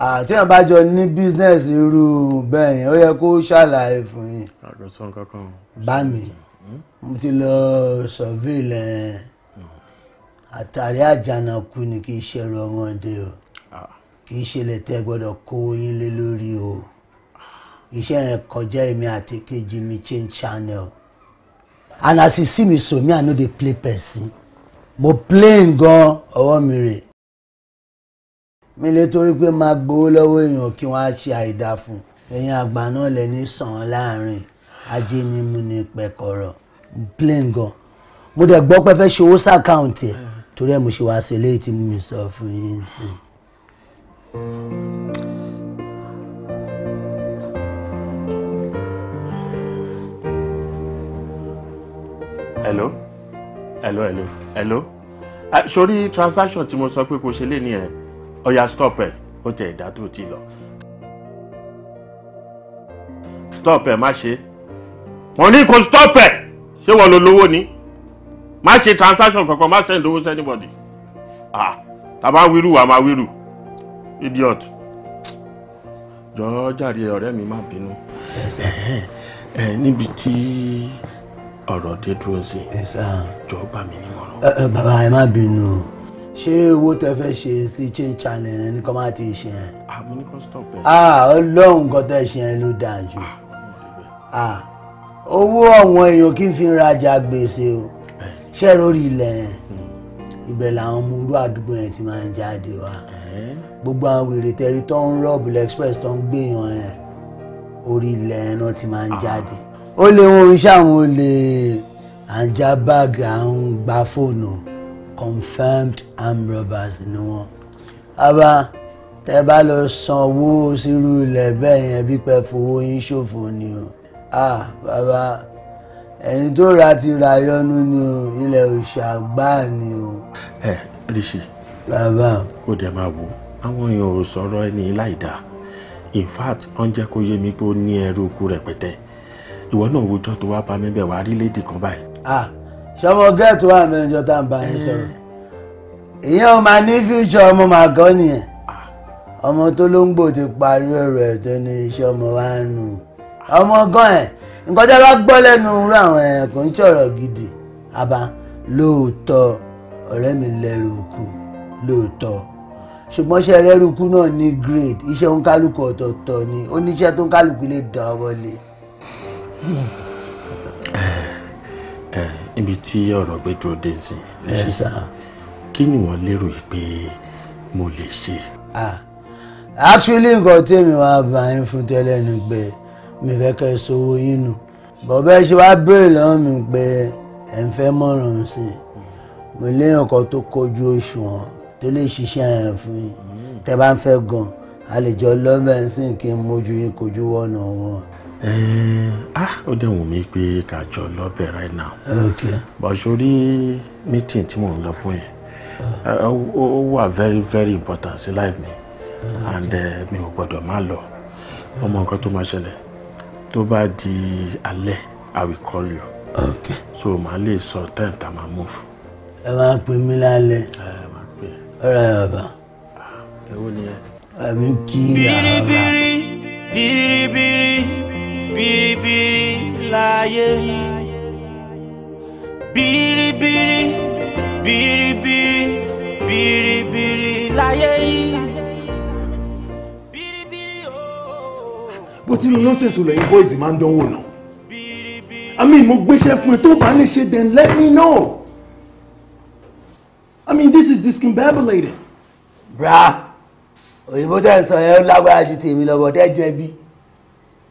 D: Ah, àti ẹ̀ bá jọ ní business irú bẹ́ẹ̀ yẹn ó yẹ kó ṣàlàyé fún yín. àgbẹ̀sọ̀ nǹkan
E: kan. bá mi
D: hmm? mo ti lọ sọ̀vílẹ̀ àtàrí àjànàkú ni kì í ṣẹ̀rù ọmọdé o ah. kì í ṣẹlẹ̀ tẹ́ gbọ́dọ̀ kówó yín lé lórí o iṣẹ́ yẹn kọjá èmi àti kejì mi change channel and as you see me so me i no dey play person mo plain gan ọwọ́ mi rè mi torí pé máa gbowó lọ́wọ́ èèyàn kí wọ́n á ṣe àìdá fún ẹ̀yin àgbà náà lẹ ní sàn láàrin ajé ni mo ní pẹ̀kọ̀rọ̀ plain gan mo dẹ̀ gbọ́ pé fẹ́ ṣe owó sàkáùntì ẹ̀ torí ẹ̀ mo ṣe wàá sí eléyìí tí mo sọ fún yín sí
E: hello
G: hello hello hello ah, sórí transaction tí mo sọ pé kò ṣe lé ní ẹ ọ̀yà stop ẹ̀ ó tẹ̀ ẹ̀dá tó ti lọ stop ẹ̀ má ṣe
D: wọ́n ní kò stop ẹ̀ ṣé wọ́n lo lówó ni má ṣe transaction kankan má send owó sí anybody ah tàbá wíru wà má wíru idiot jọ̀ọ́ jàre ọ̀rẹ́ mi má bínú níbi tí ọ̀rọ̀ dé dúró sí jọ̀ọ́ gbà mí nímọ̀ràn. bàbá ẹ má bínú o ṣé owó tẹ fẹ́ ṣe sí chain challenge ẹni kan máa ti ṣe yẹn. àmì ní kò stop ẹ. ọlọ́run nǹkan tẹ ṣe yẹn ló dáa jù. owó àwọn èèyàn kí n fi rajà gbèsè o ṣé lórí ilẹ̀ yẹn ibẹ̀ làwọn ọmọ orú àdúgbò yẹn ti máa ń jáde wá gbogbo àwọn wèrè tẹ̀rí tó ń rọ́ọ̀bù express tó ń gbèyàn yẹn orí ilẹ̀ yẹn náà ti máa ń jáde ó lé wọn ṣáwọn olè à báàgì à ń gba fóònù confirmed armed robbers ni wọn. àbá tẹ bá lọ sanwó sírú ilẹ̀ bẹ́ẹ̀ yẹn bí pẹ́ fowó yín ṣòfò ni o. ah bàbá ẹni tó ra ti ra yọnu ni o ilẹ̀ òòṣà gbá ni o.
G: ẹ ríṣì. bàbá. ó dẹ̀ máa wò àwọn èèyàn ò sọ̀rọ̀ ẹni láì
D: dáa in fact wọ́n jẹ́ kó yé mi pé ó ní ẹrú ikú rẹpẹtẹ ìwọ náà wùjọ tó wá pa mí bẹ́ẹ̀ wá rí lédì kan báyìí. ah ṣọmọ gẹ́ẹ̀tì wà mẹ́jọ tá à ń bá yín sọ̀rọ̀ ìyẹn ọmọ ní fíjọ ọmọ màgọ́ nìyẹn ọmọ tó ló ń gbò ti parí ọ̀rọ̀ ẹ̀ tó ní iṣẹ́ ọmọ wa nù ọmọ gan ẹ̀ nǹkan a bá gbọ́ lẹ́nu irú àwọn ẹ̀ kò ń ṣọ̀rọ̀ gidi àbá lóòótọ́ ọ̀rẹ́ mi lẹ́rù kù lóòótọ́ ṣùgbọ́n ṣe rẹ́rùkú náà ní grade iṣẹ́ òǹkálùkù ọ̀tọ̀ọ̀tọ̀ ni oníṣẹ́ tó ń kálùkù lè dá ọ wọlé ibi tí ọ̀rọ̀ gbé dúró dé sí ẹ ṣe kí ni wọ́n lérò yìí pé mo lè ṣe. actually nǹkan tí èmi wá bá yín fún tẹ́lẹ̀ ni pé mi fẹ́ kẹ́ sówó yín nù bọ́bẹ́ ṣe wá béèrè lọ́wọ́ mi pé ẹ̀ ń fẹ́ mọ̀ràn sí i mo léèyàn kan tó kojú òṣùwọ̀n tó lè ṣiṣẹ́ yẹn fún yín tẹ́ bá ń fẹ́ gan a lè jọ lọ́bẹ̀ sí kí n mójú yín kojú wọ́nà wọn. Eh, ah ó dẹ̀ wù mí pé ká jọ lọ́bẹ̀ right now. okay. But bọ̀sọ̀rí meeting tí mò ń lọ fún yẹn eh, ó wà very very important sí life mi and eh, mi ò gbọ́dọ̀ má lọ ọmọ nǹkan to máa ṣẹlẹ̀ tó bá di alẹ́ i will call you. okay. so màá lè sọ time tá a move. ẹ máa pè mí lálẹ́. ẹ máa pè. ọ̀rẹ́ bàbá. ẹ wo ni ẹ. àmì kí
B: àwọn. bìrìbìrì bìrìbìrì. Biri biri yìí Biri biri, biri láyé biri
D: biri ooo. bó ti nu nọ́sẹ̀sì lọ yín boys máa ń dánwò náà àmì mo gbéṣẹ́ fún ẹ tó bá lè ṣe then let me know. I mean, this is discombobulated. Bra, òyìnbó tẹ̀ sọ yẹn lágbára ju tèmi lọ bọ̀ dẹ́jọ́ ẹbí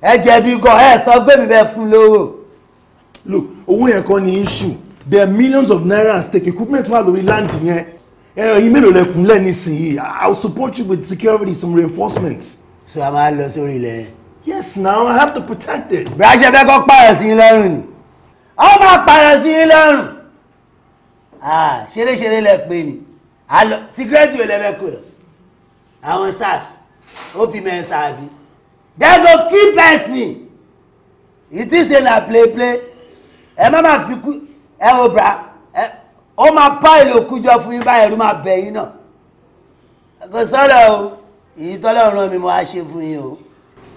D: ẹ jẹ̀bi gan ẹ sọ pé mi bẹ fún lówó. look owó yẹn kan ní issue there are millions of naira at stake equipment wà lórí land yẹn ẹyin mélòó lẹ kúnlẹ̀ nísìnyí i will support you with security some reinforcements. so a máa lọ sórí ilẹ̀. yes now i have to protect it. bí a ṣe fẹ́ kọ́ pààyàn sí lẹ́rùn ni a máa pààyàn sí lẹ́rùn ṣeréṣeré lẹ pé ni security wo lẹ fẹ́ kó lọ àwọn sars ó fi mẹ́sàá bíi dem go kill person you think say na play play ẹ má má fi kú ẹ wo bra ẹ ó máa pa ìlòkú jọ fún yín báyìí ẹrú máa bẹ yín náà kò sọ̀rọ̀ o èyí tọ́lọ́run rán mi mo á ṣe fún yín o.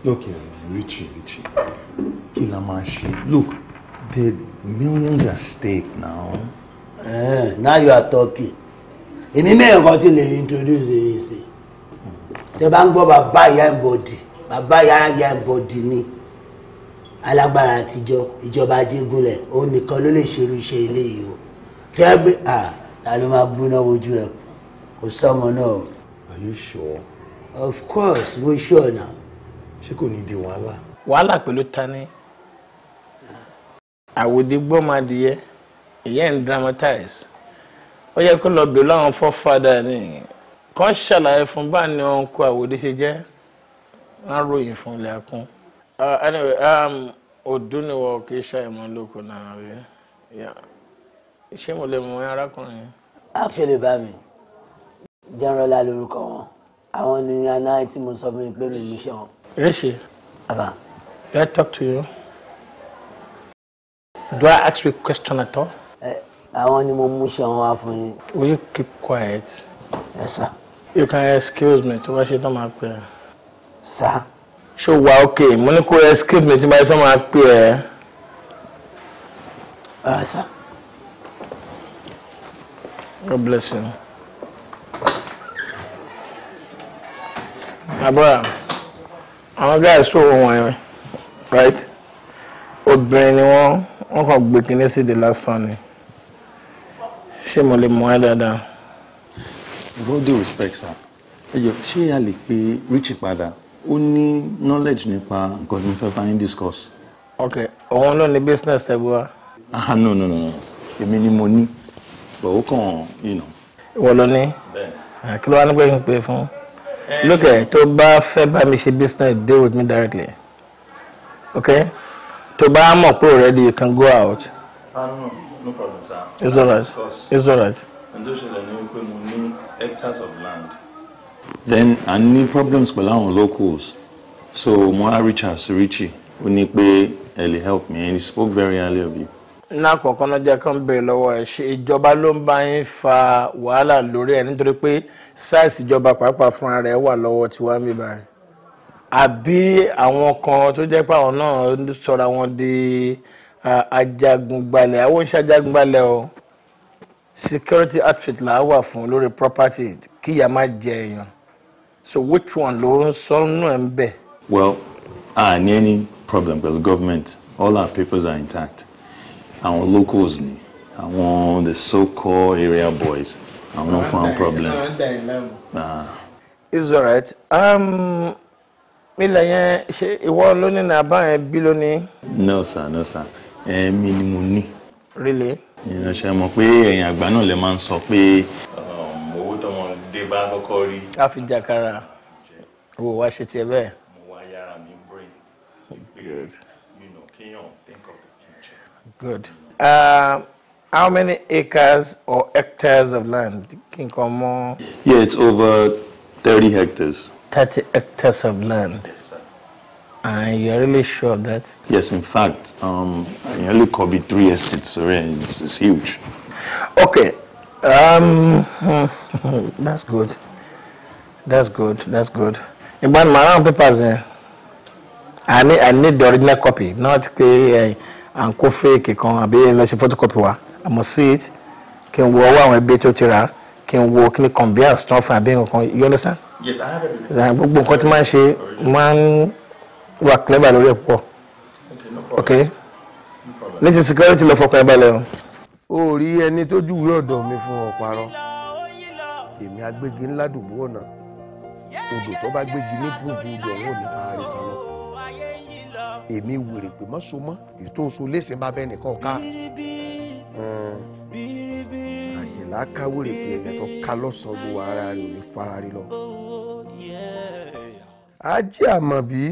D: look eh, richie richie kí la máa ṣe look the millions at stake now. Uh, now you are talking èmi mẹ́rin kan ti lè introduce èyí sí tẹ bá ń gbọ́ bàbá ìyá ìbòdì bàbá yàrá ya bọ̀dì ni alágbára àtijọ́ ìjọba ajégúnlẹ̀ òun nìkan ló lè ṣerú iṣẹ́ ilé yìí o kí wọ́n gbé à ta ló máa gbóná wojú ẹ kò sọmọ náà. are you sure. of course mo sure na. ṣé kò ní di wàhálà. wàhálà pẹ̀lú ta ni àwòdì gbọ́madìyẹ ìyẹn ń dramatize ó yẹ kó lọ bèèrè láwọn fọ́fadà ni kàn ṣàlàyé fún báà ní ọ̀hún kó àwòdì ṣe jẹ́
G: wọ́n ròyìn fún lẹ́kún.
D: Uh, anyway ọdún um, ni wọ́n kì í ṣe àìmọ́ lóko náà rí ṣé mo lè mọ arákùnrin. àfẹlẹ bá mi jẹrọlá lórúkọ wọn àwọn ni aná tí mo sọ fún mi pé mi níṣẹ́ wọn. rishi baba may I talk to you do I ask you a question at all. àwọn ni mo mú ṣe wọn wá fún yín. will you keep quiet. yes sir. you can excuse me tó bá ṣe tán máa pè é sá ṣó wà ókè mo ní kó script, mi tí mo bá yẹ tó máa pè ẹ́. Ah, sir. God bless you. My brother, àwọn guys tó wọ wọn yẹn, right? Obìnrin ni wọ́n, wọ́n kàn gbé kinní sí the last Sunday. Ṣé mo lè mọ ẹ́ dáadáa?
G: With all due respect, sir, ẹ jọ ṣé a lè pe Richie padà? ó ní knowledge nípa nǹkan tí mo fẹ́ bá discourse. discuss. ok òun ló ní business ẹ̀ wá. ah no no no no èmi ni mo ní but ó kàn yín nà.
D: ìwọ ló ní ah, kí ló wá nígbà yín pé fún lókè eh, tó bá fẹ́ bá mi ṣe business deal with me directly ok tó bá mọ̀ pé already you can go out.
G: ah no no problem sir. it's all right. it's all right. And those are the new ní hectares of land then a ní problems pẹ̀lú àwọn locals so mo á reach out sí Richie ó ní pé ẹ help me and he spoke very early of you.
D: ná kọ̀ọ̀kan náà jẹ́ kán béèrè lọ́wọ́ ẹ̀ ṣe ìjọba ló ń bá yín fa wàhálà lórí ẹ̀ nítorí pé SARS ìjọba pàápàá fúnra rẹ̀ wà lọ́wọ́ tiwa ń bí báyìí àbí àwọn kan tó jẹ́ pé àwọn náà sọ̀rọ̀ àwọn di ajagunbalẹ̀ àwọn ajagunbalẹ̀ o security outfit là á wà fún lórí property kíyà má jẹ èèyàn so which one ló ń sọ nù ẹ̀ ń bẹ̀.
G: well a ní any problem pẹ̀lú government all our papers are intact àwọn locals ni àwọn the so-called area boys àwọn no farm problem.
D: Ah. it's alright um, ilẹ̀ yẹn ṣe ìwọ lónìí ní abáyẹn bí lónìí.
G: no sir no sir èmi ni mo ní. really. ìránṣẹ́ mọ̀ pé ẹ̀yin àgbà náà lè máa ń sọ pé dé bá kọ́kọ́ rí.
D: a fi jàkàrà wo wá ṣe tiẹ̀ bẹ́ẹ̀. mo wá yára mi brain good
G: you know kéèyàn think of the
D: future. good uh, how many acres or hectares of land kí n kàn mọ̀.
G: yeah it's over thirty hectares.
D: thirty hectares of land. Yes. And you're really sure of that?
G: Yes, in fact, um, I only covered three estates, so it's, it's huge.
D: Okay, Um, that's good. That's good. That's good. Ìgbà ni màá rán papers I need I need the original copy not pé ẹ eh, à ń kó fake kan àbí ẹ lọ ṣe photocopy wa. I must see it. Kí n wo owó àwọn ẹbí tó ti rà kí n wo kí ni conveyance tán fún àbí nǹkan you understand? Yes, I have everything. Gbogbo nǹkan tí máa ń ṣe máa ń wà clever lórí ẹ̀ púpọ̀. Okay,
G: no problem. Ní ti security lọ fọkàn ẹ balẹ̀ o
D: ó rí ẹni tó júwèé ọ̀dọ̀ mi fún ọ̀parọ́ èmi agbégi ńlá dùbú ọ̀nà odò tó bá gbégi ní gbogbo odò ọ̀hún ní máa rí sálọ èmi wèrè pé mọ́so mọ́ ètò oṣù lẹ́sìn bá bẹ́ẹ̀ nìkan ká àjìlá káwèrè pé ẹ̀yẹ tó ká lọ́sàn-án lu ara rẹ̀ ò ní fara rí lọ. ajé àmọ̀bí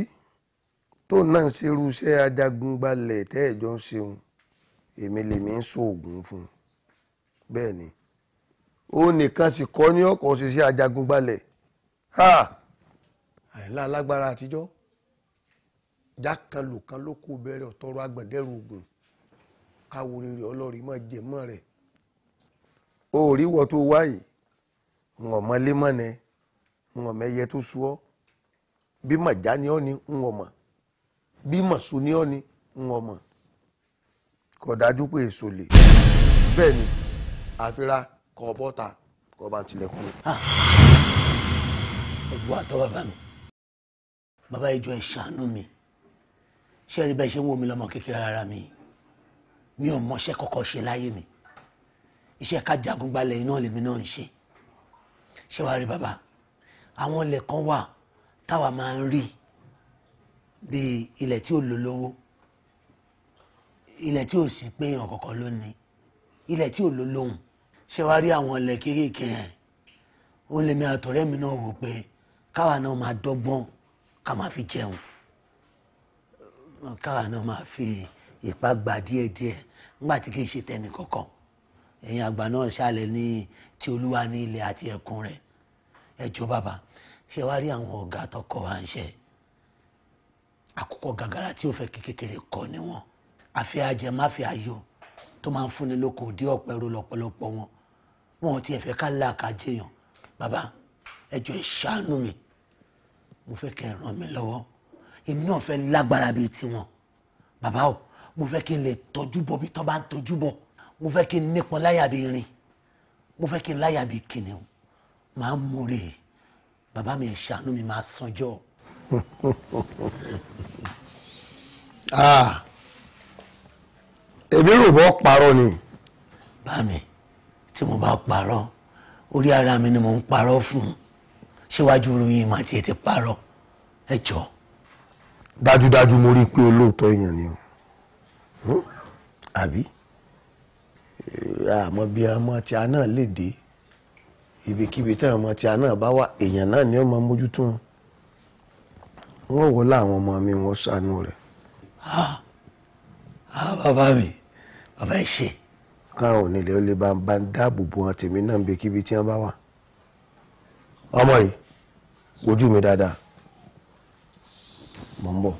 D: tó náà ń ṣerú iṣẹ́ ajagun gbalẹ̀ tẹ́ ẹ̀ jọ ń ṣeun èmi lèmi ń ṣoògùn fún un bẹ́ẹ̀ ni ó nìkan sì kọ́ ní ọkọ̀ òṣìṣẹ́ ajagun gbalẹ̀ ha àìlá alágbára àtijọ́ jákàlù kan ló kó bẹ̀rẹ̀ ọ̀tọ́rọ̀ agbẹ̀dẹ́rù ogun káwòrè rẹ̀ ọlọ́rìí mọ̀ jẹ̀mọ́ rẹ̀ o ò rí wọ́ tó wáyìí ń ọ̀mọ lémọ́nẹ ń ọ̀mọ ẹyẹ tó sú ọ́ bí màjá ni ọ́ ni ń ọ̀mọ bí màsú ni ọ́ ni ń ọ̀mọ. kò dájú pé èso lè bẹ́ẹ̀ ni àfira kọ bọ́ta kọ bá ń tilẹ̀kùn. ọgbọ́n àtọ́ bàbá mi bàbá ìjọ ẹ̀ ṣàánú mi ṣé rí bẹ́ẹ̀ ṣe ń wo mi lọ́mọ kékeré rárá mi mi ò mọṣẹ́ kọ́kọ́ ṣe láyé mi iṣẹ́ ká jagun gbalẹ̀ iná lèmi náà ń ṣe ṣé wàá rí bàbá àwọn ilẹ̀ kan wà táwa máa ń rí bíi ilẹ̀ tí ò lólówó ilẹ̀ tí ò sí pé èèyàn kọ̀ọ̀kan ló ní ilẹ̀ tí ò lólóhùn ṣé wàá rí àwọn ilẹ̀ kéékèèké yẹn ó lèmi àtọ̀rẹ́ mi náà wò pé káwa náà máa dọ́gbọ́n ká máa fi jẹun káwa náà máa fi ìpá gbà díẹ̀díẹ̀ nígbà tí kì í ṣe tẹnì kọ̀ọ̀kan ẹ̀yin àgbà náà ṣàlẹ̀ ní ti olúwa ní ilẹ̀ àti ẹ̀kún rẹ̀ ẹjọ́ bàbá ṣé wàá rí àwọn ọ̀gá tọkọ̀ wá àkókò gàgàrà tí ò fẹ́ kékeré kọ́ ni àfi ajẹmáfi ayọ tó máa ń fúnni lóko òdí ọ̀pẹ ro lọ́pọ̀lọpọ̀ wọn wọn ò tiẹ̀ fẹ́ ká láàka jẹyàn bàbá ẹjọ́ ẹ ṣàánú mi mo fẹ́ kẹ́ ẹ ràn mí lọ́wọ́ èmi náà fẹ́ lágbára bíi tiwọn bàbá o mo fẹ́ kí n lè tọ́jú bọ̀ bí tọ́ bá ń tọ́jú bọ̀ mo fẹ́ kí n nípọn láyà bíi irin mo fẹ́ kí n láyà bíi kìnìún máa ń múre bàbá mi ẹ ṣàánú mi máa sanjọ́. ah èmi rò bọ́ parọ́ ni. bá mi tí mo bá parọ́ orí ara mi ni mo ń parọ́ fún síwájú ròyìn màá tiẹ̀ ti parọ́ ẹ jọ. dájúdájú mo rí i pé olóòótọ́ èèyàn ni o hmm? àbí àmọ́ bí ọmọ tí a náà lè dé ibikíbi tí ọmọ tí a náà bá wà èèyàn náà ni ó máa mójútó wọn wọ́n wọ́n láwọn ọmọ mi wọ́n ṣàánú rẹ̀. ah ah bàbá mi bàbá ẹ ṣe káwọn onílẹ̀ ó lè bá ń bá ń dáàbò bo wọn tèmi náà ń bẹ kíbi tí wọ́n bá wà ọmọ yìí ojú mi dáadáa mò ń bọ̀.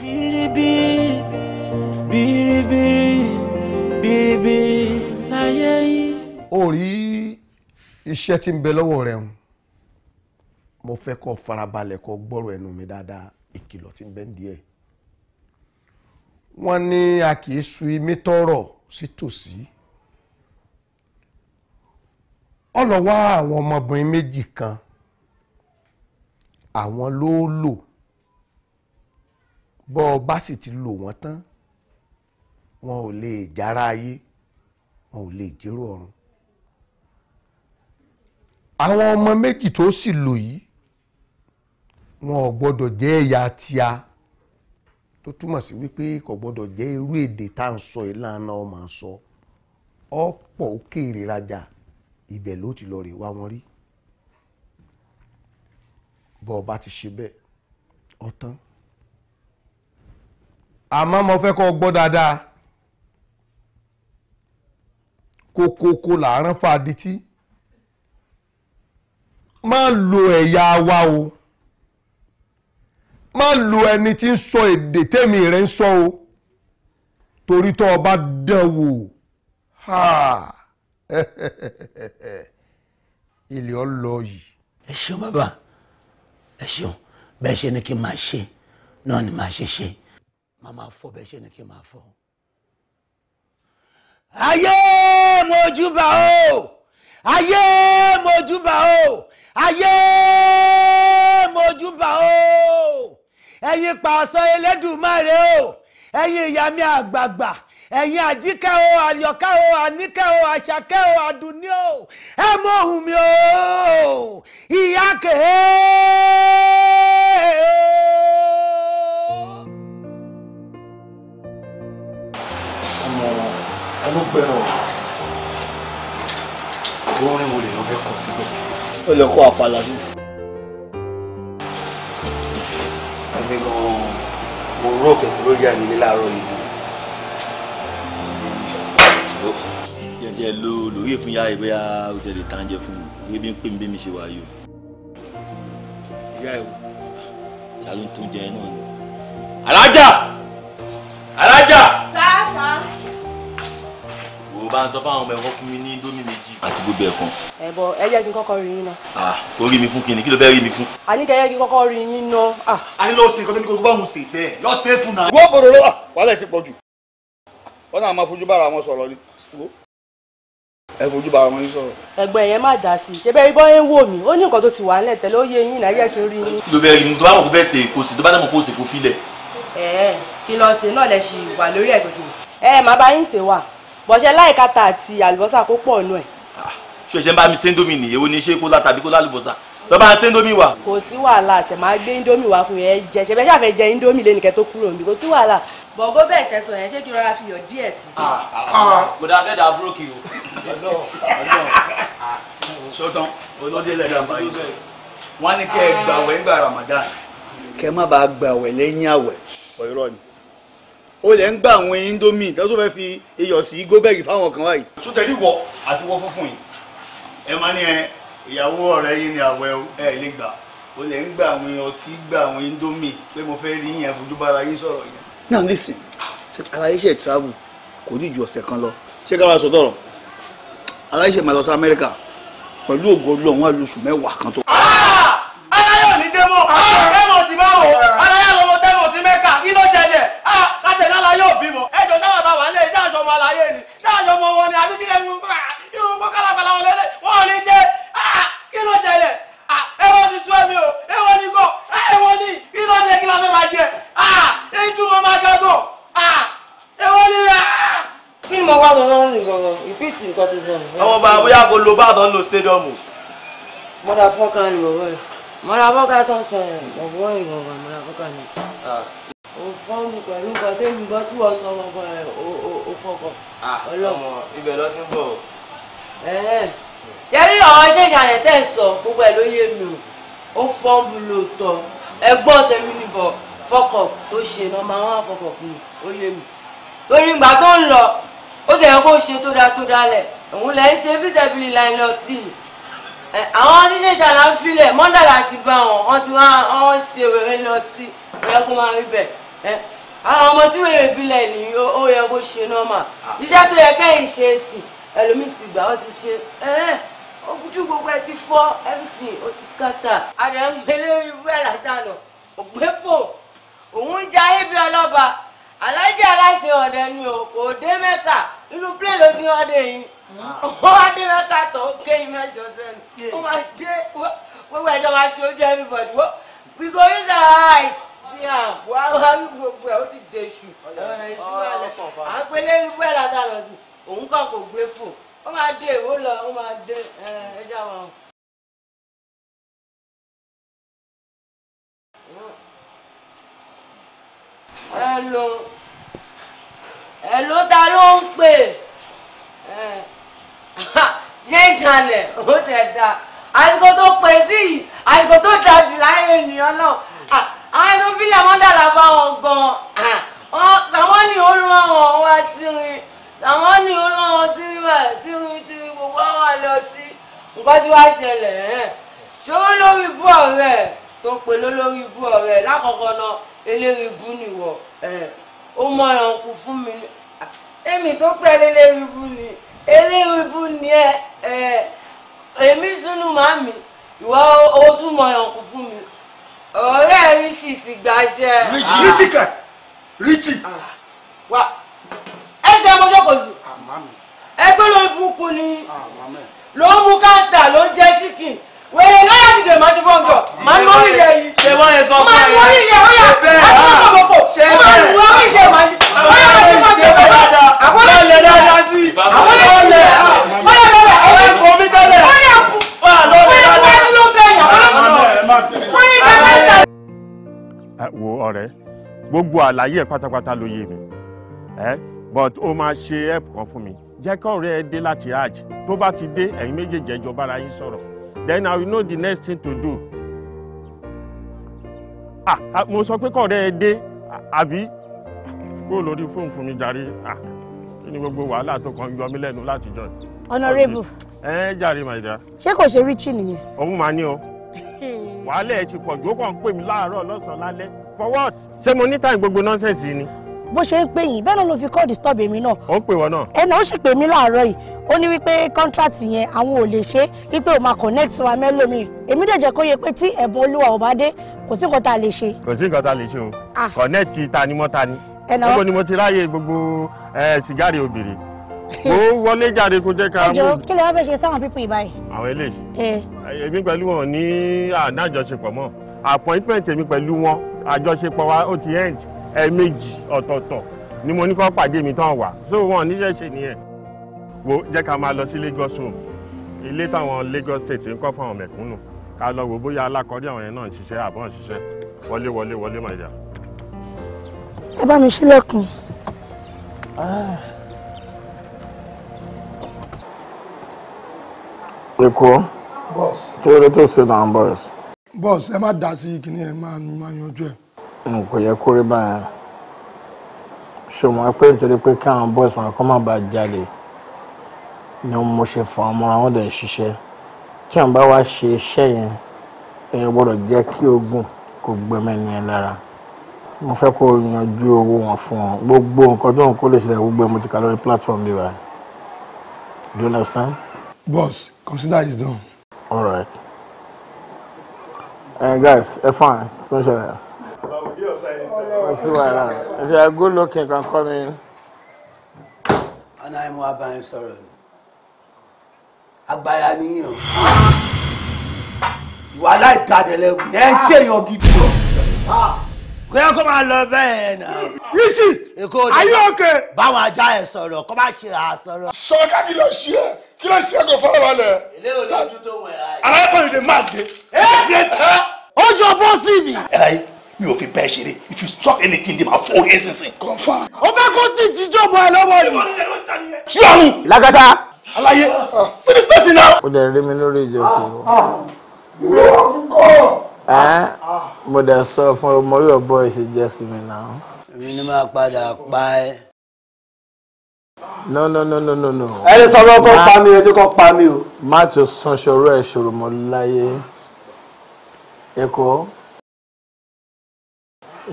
D: bìrìbìrì bìrìbìrì bìrìbìrì láyé yìí. ó rí iṣẹ́ tí ń bẹ lọ́wọ́ rẹ̀ ń mo fẹ́ kó farabalẹ̀ kó gbọ́rọ̀ ẹnu mi dáadáa ìkìlọ̀ tí ń bẹ ń díẹ̀ wọ́n ní a kì í su imí tọrọ sí tòsí ọlọ́wọ́ àwọn ọmọbìnrin méjì kan àwọn ló lò bọ́ ọ bá sì ti lò wọ́n tán wọn ò lè jára ayé wọn ò lè jẹ́rò ọ̀run àwọn ọmọ méjì tó sì lò yìí wọn ò gbọ́dọ̀ jẹ́ ẹ̀yà tíya tó túmọ̀ sí wípé kò gbọ́dọ̀ jẹ́ irú èdè tá à ń sọ ìlànà ọmọ à ń sọ ọ̀pọ̀ òkèèrè rajà ibẹ̀ ló ti lọ rè wá wọn rí bọ́ ọ ti ṣe bẹ́ẹ̀ ọ̀tán àmọ́ mo fẹ́ kọ́ gbọ́ dáadáa kókókó làárọ̀ fàdítí máa lo ẹ̀yà wa o má lu ẹni tí ń sọ èdè tèmi rẹ̀ ń sọ o torí tó o bá dán wò ilé ọ lọ yìí. ẹ ṣeun bàbá ẹ ṣeun bẹ́ẹ̀ ṣe ni kí n máa ṣe náà ni màá ṣe ṣe màá máa fọ bẹ́ẹ̀ ṣe ni kí n máa fọ. ayé mojúbà o ayé mojúbà o ayé mojúbà o ẹ̀yin pàṣọ Elédùmarè o ẹ̀yin ìyá àgbààgbà ẹ̀yin àjíkẹ́ o àyọ̀ká o àníkẹ́ o àṣàkẹ́ o àdùnní o ẹ mọ ohùn mi o ìyá kèé o.
E: ọmọ ẹnu gbẹ
D: orin wo lèèyàn fẹ́ kọ síbẹ̀. ó lè kó àpàlà sí èmi gan mo rò kẹ̀kọ́ lórí àyèlé láàárọ̀ yìí
G: ni. yẹn tiẹ̀ lóye fún yá ìwé àwùjọ lè tàn jẹ fún mi ìwé bí ń pè mí bí mi ṣe wà yìí
D: ìyá ẹ̀ wò. ìyá ló jẹ náà ni. alájà alájà.
A: sáà sáà
D: bá ń sọ fáwọn ọmọ ẹ̀kọ́ fún mi ní dómi méjì. àti gbogbo ẹ̀kan.
A: ẹ̀bọ ẹ jẹ́ kí n kọ́kọ́ rin yín ná.
D: ah o rí mi
G: fún kí ni kí ló fẹ́ rí mi fún.
D: a ní kẹ́yẹ́ kí n kọ́kọ́ rin yín ná. a ní lọ́ọ́ sìn kọ́tọ́ ní kókó bá òun ṣe ìṣe ẹ̀ lọ́ọ́ ṣe é fún náà. wọ́n bọ̀rọ̀ lọ́wọ́ wàhálà ti pọ̀ jù wọ́n náà máa fojú bára wọn sọ̀rọ̀ ni ẹ fojú bára wọn sọ̀rọ̀. ẹ̀gbọ́n yẹn má dà sí i ṣe bẹ́ẹ̀ rí bọ́yẹn wò mí ó ní nǹkan tó ti
A: wà nílẹ̀ tẹ́lẹ̀ ó yé yín náà yẹ kí n rí yín.
D: ló bẹ rí mu tó bá mọ̀ kó fẹ́ ṣe kó sì tó bá dà mọ̀ kó ṣe kó filẹ̀.
A: ẹ kí lọ ṣe náà lẹ ṣì wà lórí ẹgbẹgbẹ ẹ má bá yín ṣe wà bọ̀ṣẹ́ láìka ta àti àlùbọ́sà kó pọ̀ nù ẹ̀. Ah,
D: ṣé o ṣe ń bá mi ṣe ń dómi nìyẹn o ní ṣé kó láta àbí kó lálùbọ́sà lọ bá ń ṣe ń dómi wá.
A: kò sí wàhálà àṣẹ máa gbé índómì wá fún yẹn jẹ ṣẹfẹ ṣàfẹ jẹ índómì lé nìkẹ tó kúrò níbi kò sí wàhálà. bọ̀gọ́ bẹ́ẹ̀ tẹ̀sán yẹn ṣé kí rọra fi yọ díẹ̀ sí.
D: Ah, ah, kò kẹ́dà búrókì o. sọ́tàn olóde lẹ́dà máa wọ́n ní kẹ́ ẹ gbàwẹ̀ gbà Ramadan kẹ́ má bàa gbàwẹ̀ lẹ́yìn àwẹ̀ ọ̀yọ́rọ̀ ni o lè ń gba àwọn indomie tó tó fẹ́ fi iyọ̀ sí góbẹ́gì fáwọn kan wáyìí. tó tẹ̀lé wọ àti wọ funfun yìí ẹ máa ní ẹ ìyàwó ọ̀rẹ́ yín ni àwẹ̀ ẹ lè gbà o lè ń gba àwọn ọtí gba àwọn indomie pé mo fẹ́ rí yẹn fojú bára yín sọ̀rọ̀ yẹn. now listen aláyéṣe travel kò ní ju ọ̀sẹ̀ kan lọ ṣé ká wá sọ tọrọ aláyéṣe máa lọ sí amẹ́ríkà pẹ̀lú ògo ọlọ́run àlùsù mẹ́wàá kan tó. Ah! aláyọ̀ tán lo stadiumu. mọ́ra fọ́kà ni
A: bọ̀bọ́ yìí mọ́ra fọ́kà tó ń sọ yẹn bọ̀bọ́ yìí gangan mọ́ra fọ́kà ni. Ah. o fọ́ọ̀mù pẹ̀lú nǹkan tó ń gbọ́ wọ́n sọ ọmọ rẹ̀ o fọ́kọ̀. Ah, ọmọ ibẹ̀ lọ sí ń bọ̀. ṣé rí ọ̀rọ̀ ṣe ìṣàlẹ̀ tẹ̀ sọ gbogbo ẹ̀ ló yé mi o ó fọ́ọ̀mù lóòótọ́ ẹgbọ́n tẹ̀mí nìbọ̀ fọ́kọ̀ tó ṣe náà máa wá fọ́kọ̀ kù ó yé mi torí ìgbà tó ń lọ ó sì yẹ kó ṣe tó dáa tó dáa lẹ̀ òun lẹ ń ṣe bíṣẹ́bìlì láìlọ tì àwọn ṣíṣe ṣàlàfilẹ̀ mọ́dàlá ti bá wọn wọn ti wá wọn ṣe wèrè lọ tì ó yẹ kó máa rí bẹ́ẹ̀ àwọn ọmọ tí wèrè bílẹ̀ ni ó yẹ kó ṣe nọ́mà ah. iṣẹ́ tó yẹ kẹ́yìn ṣe é sì ẹlòmíì ti gbà ó ti ṣe ojú gbogbo ẹ ti fọ́ everything ó ti scatter àrẹ ń gbélé irú ẹ̀ látànà ògbéfò òun jẹ́ ayé bí ọlọ́ba alájẹ́ aláṣẹ ọ̀dẹ ni o kò dé mẹ́kà inú plẹ̀ ló ti hàn dé yìí ó wá dé mẹ́ta tó kéyìn mẹ́jọ sẹ́nu ó wá dé gbogbo ẹ̀jọ̀ wá ṣe ojú everybody wọ́n we go use our eyes see gbogbo ẹ̀ ó ti dé ṣù ẹ̀rọ ìṣú à ń pélé wípé làtà lọ sí òun kàn kò gbé
E: fò ó máa dé èwo lọ ó máa dé ẹjọ́ àwọn.
A: Hello. Hello ta ló ń pè yé ìjànlẹ̀ ó tẹ̀ da àsìkò tó pè sí yìí àsìkò tó da jù láyé ènìyàn náà àwọn tó fi lẹ́wọ́n dàda bá wọn gan-an làwọn ni ó lọ́ wọn wá tirin làwọn ni ó lọ́ wọn tirin wá tirin tirin gbogbo àwọn àlọ́ tí nǹkan tí wàá ṣẹlẹ̀ ẹ̀ ṣé ó lórí ibú ọ̀rẹ́ ẹ̀ tó pe lólórí ibú ọ̀rẹ́ ẹ̀ lákọ̀ọ́kọ́ náà eléri ibú nìwọ̀ ẹ̀ ó mọ ẹ̀ràn kù fún mi èmi tó pẹ́ lélẹ́rìí ibú ni eléwìbú ni ẹ ẹ èmi sunu màmí ìwọ owó tún mọ ẹ̀hún fún mi ọ̀rẹ́ ríṣì ti gbàṣẹ. ríṣì kẹ ríṣì. wa ẹsẹ̀ ọmọdé kò sí
C: ah,
A: ẹgbẹ́ lórí burúkú ni ah, ló ń mú káńtà ló ń jẹ́ síkìn wèrè náírà dìde máa ti fọ́n gọ̀ máa ń mọ́rí yẹ yìí ṣe wọ́n yẹ sọ fún ẹ máa ń mọ́rí yẹ ọ̀yà àtúntò ṣe bẹ́ẹ̀ máa ń mọ́rí yẹ máa ń ọ̀yà àti máa ṣe bẹ́ẹ̀ dáadáa àkọlẹ̀ lè dáadáa sí i àkọlẹ̀ lè ọ̀yà bẹ̀rẹ̀ ọ̀yà kọ̀ọ̀mí tẹ́lẹ̀ ọ̀yà kú ọ̀yà kú ẹni ló bẹ̀ yàn
D: ọ̀yà kú wo ọ̀rẹ́ gbogbo àlàyé ẹ pátápátá ló yé mi ẹ but ó máa ṣe help kan fún mi jẹ́ kí ọ̀rẹ́ ẹ dé láti hajj tó bá ti dé ẹ̀yin méjèèjì ẹ jọ bára yín sọ̀rọ̀ then I will know the next thing to do. Ah, ah mo sọ pé kọ̀ọ̀dẹ́ ẹ dé àbí kúrò lórí fóònù fún mi jàre ah kí ni gbogbo wàhálà tó kàn yọ mí lẹ́nu láti jọ. honourable. ẹ jàre my dear. ṣé kò ṣe rí chi nìyẹn. òun máa ní o wàhálà ẹ ti pọ̀ jù ń pè mí láàárọ̀ lọ́sàn-án lálẹ́ for what ṣé mo ní time gbogbo nonsense yìí ni bó ṣe ń pè yín bẹ́ẹ̀ náà ló fi kọ́ disturb èmi náà. ó ń pè wọ́n náà. ẹnà ó sì pè mí láàárọ̀ yìí
A: ó ní wípé contract yẹn àwọn ò lè ṣe wípé ó máa connect wa mẹ́lòmíì èmi dẹ̀ jẹ́ kó yẹ pé tí ẹ̀bùn olúwa ò bá dé kò sí nǹkan tá a lè ṣe.
D: kò sí nǹkan tá a lè ṣe o ah. connect ta ni mọ́ ta ni. ẹnà ó gbogbo ni mo ti ráyè gbogbo sìgárì obìnrin mo wọlé
G: jáde kó jẹ́ ká. ẹjọ kí lè wá fẹ́ ṣe sáwọn pípọ̀ ìbáyìí. àwọn eléyìí èmi pẹ̀lú wọn ní àná àjọṣepọ̀ mọ́ appointment èmi pẹ̀lú wọn ẹ̀ẹ̀mejì ọ̀tọ̀ọ̀tọ̀
D: ni mo ní kó pàdé mi tán wà
G: so wọn níṣẹ́ ṣe nìyẹn wo jẹ́ ká máa lọ sí Lagos home ilé táwọn Lagos state ń kọ́ fún àwọn mẹ̀kúnnù ká lọ wò bóyá
D: alákọ̀ọ́rí àwọn yẹn náà ń ṣiṣẹ́ àbọ̀ ń ṣiṣẹ́ wọlé wọlé wọlé màjà.
E: ẹ bá mi ṣílẹ̀kùn.
D: èkó kí ló dé tó ṣe náà bọ́ọ̀sì. bọ́ọ̀sì ẹ má dá sí kí ni ẹ máa yanjú ẹ kò yẹ kó rí báyẹn ṣùgbọ́n pé nítorí pé káwọn boys wọn kọ́ má ba jalè ni mo ṣe fọ àwọn ọmọ wọn dẹ̀ ṣiṣẹ́ tí wọn bá wá ṣe iṣẹ́ yẹn èèyàn gbọ́dọ̀ jẹ́ kí ogun kò gbẹmẹ́ni ẹ lára mo fẹ́ kó yanjú owó wọn fún wọn gbogbo nǹkan tó ń kó lè ṣẹlẹ̀ gbogbo mo ti kà platform bí wa do you understand. boss consider it done. all right. Uh, guys ẹ fún wa tó ń ṣẹlẹ̀.
E: That's why. If you are
D: good looking, you can come in. And I'm wá bá yín sọ̀rọ̀ ni. Àgbáyà níyàn. Ìwà aláìdádẹ́lẹ̀ wù. Ẹ ń ṣèyàn gidi o. Kóyá kó máa lọ bẹ́ẹ̀ náà. Yíṣì, ayé òkè. Báwọn ajá ẹ̀ sọ̀rọ̀, kó má ṣe àsọ̀rọ̀. Sọ̀rọ̀ ká kí ló ṣe é, kí ló ṣe é kó fọ́nrán balẹ̀. Ilé olójú tó wẹ̀ ayé. Arákùnrin lè má dé. Ó jọ bọ́ọ̀sì mi mi ò fi bẹ́ẹ̀ ṣeré if you talk anything dey ma fọ orí ẹ̀sìnsìn. confam. o fẹ́ kó ti jíjọ́ bọ ẹ lọ́wọ́ mi. ṣé àwọn.
E: alaye see this person now.
D: ó dẹ̀ rí mi lórí
G: ìjókòó. Ah, ah.
E: ìwé àkókò. ẹ ah.
D: mo dẹ̀ sọ fún ọmọ yóò bọ́ ìṣe jẹ́ sí mi náà. èmi ni máa padà pa ẹ. no no no no no no. ẹ lè sọ fún ọkọ pa mi o tí kò pa mi o. má tún sanṣọ rẹ ṣòro mọ láyé
G: ẹkọ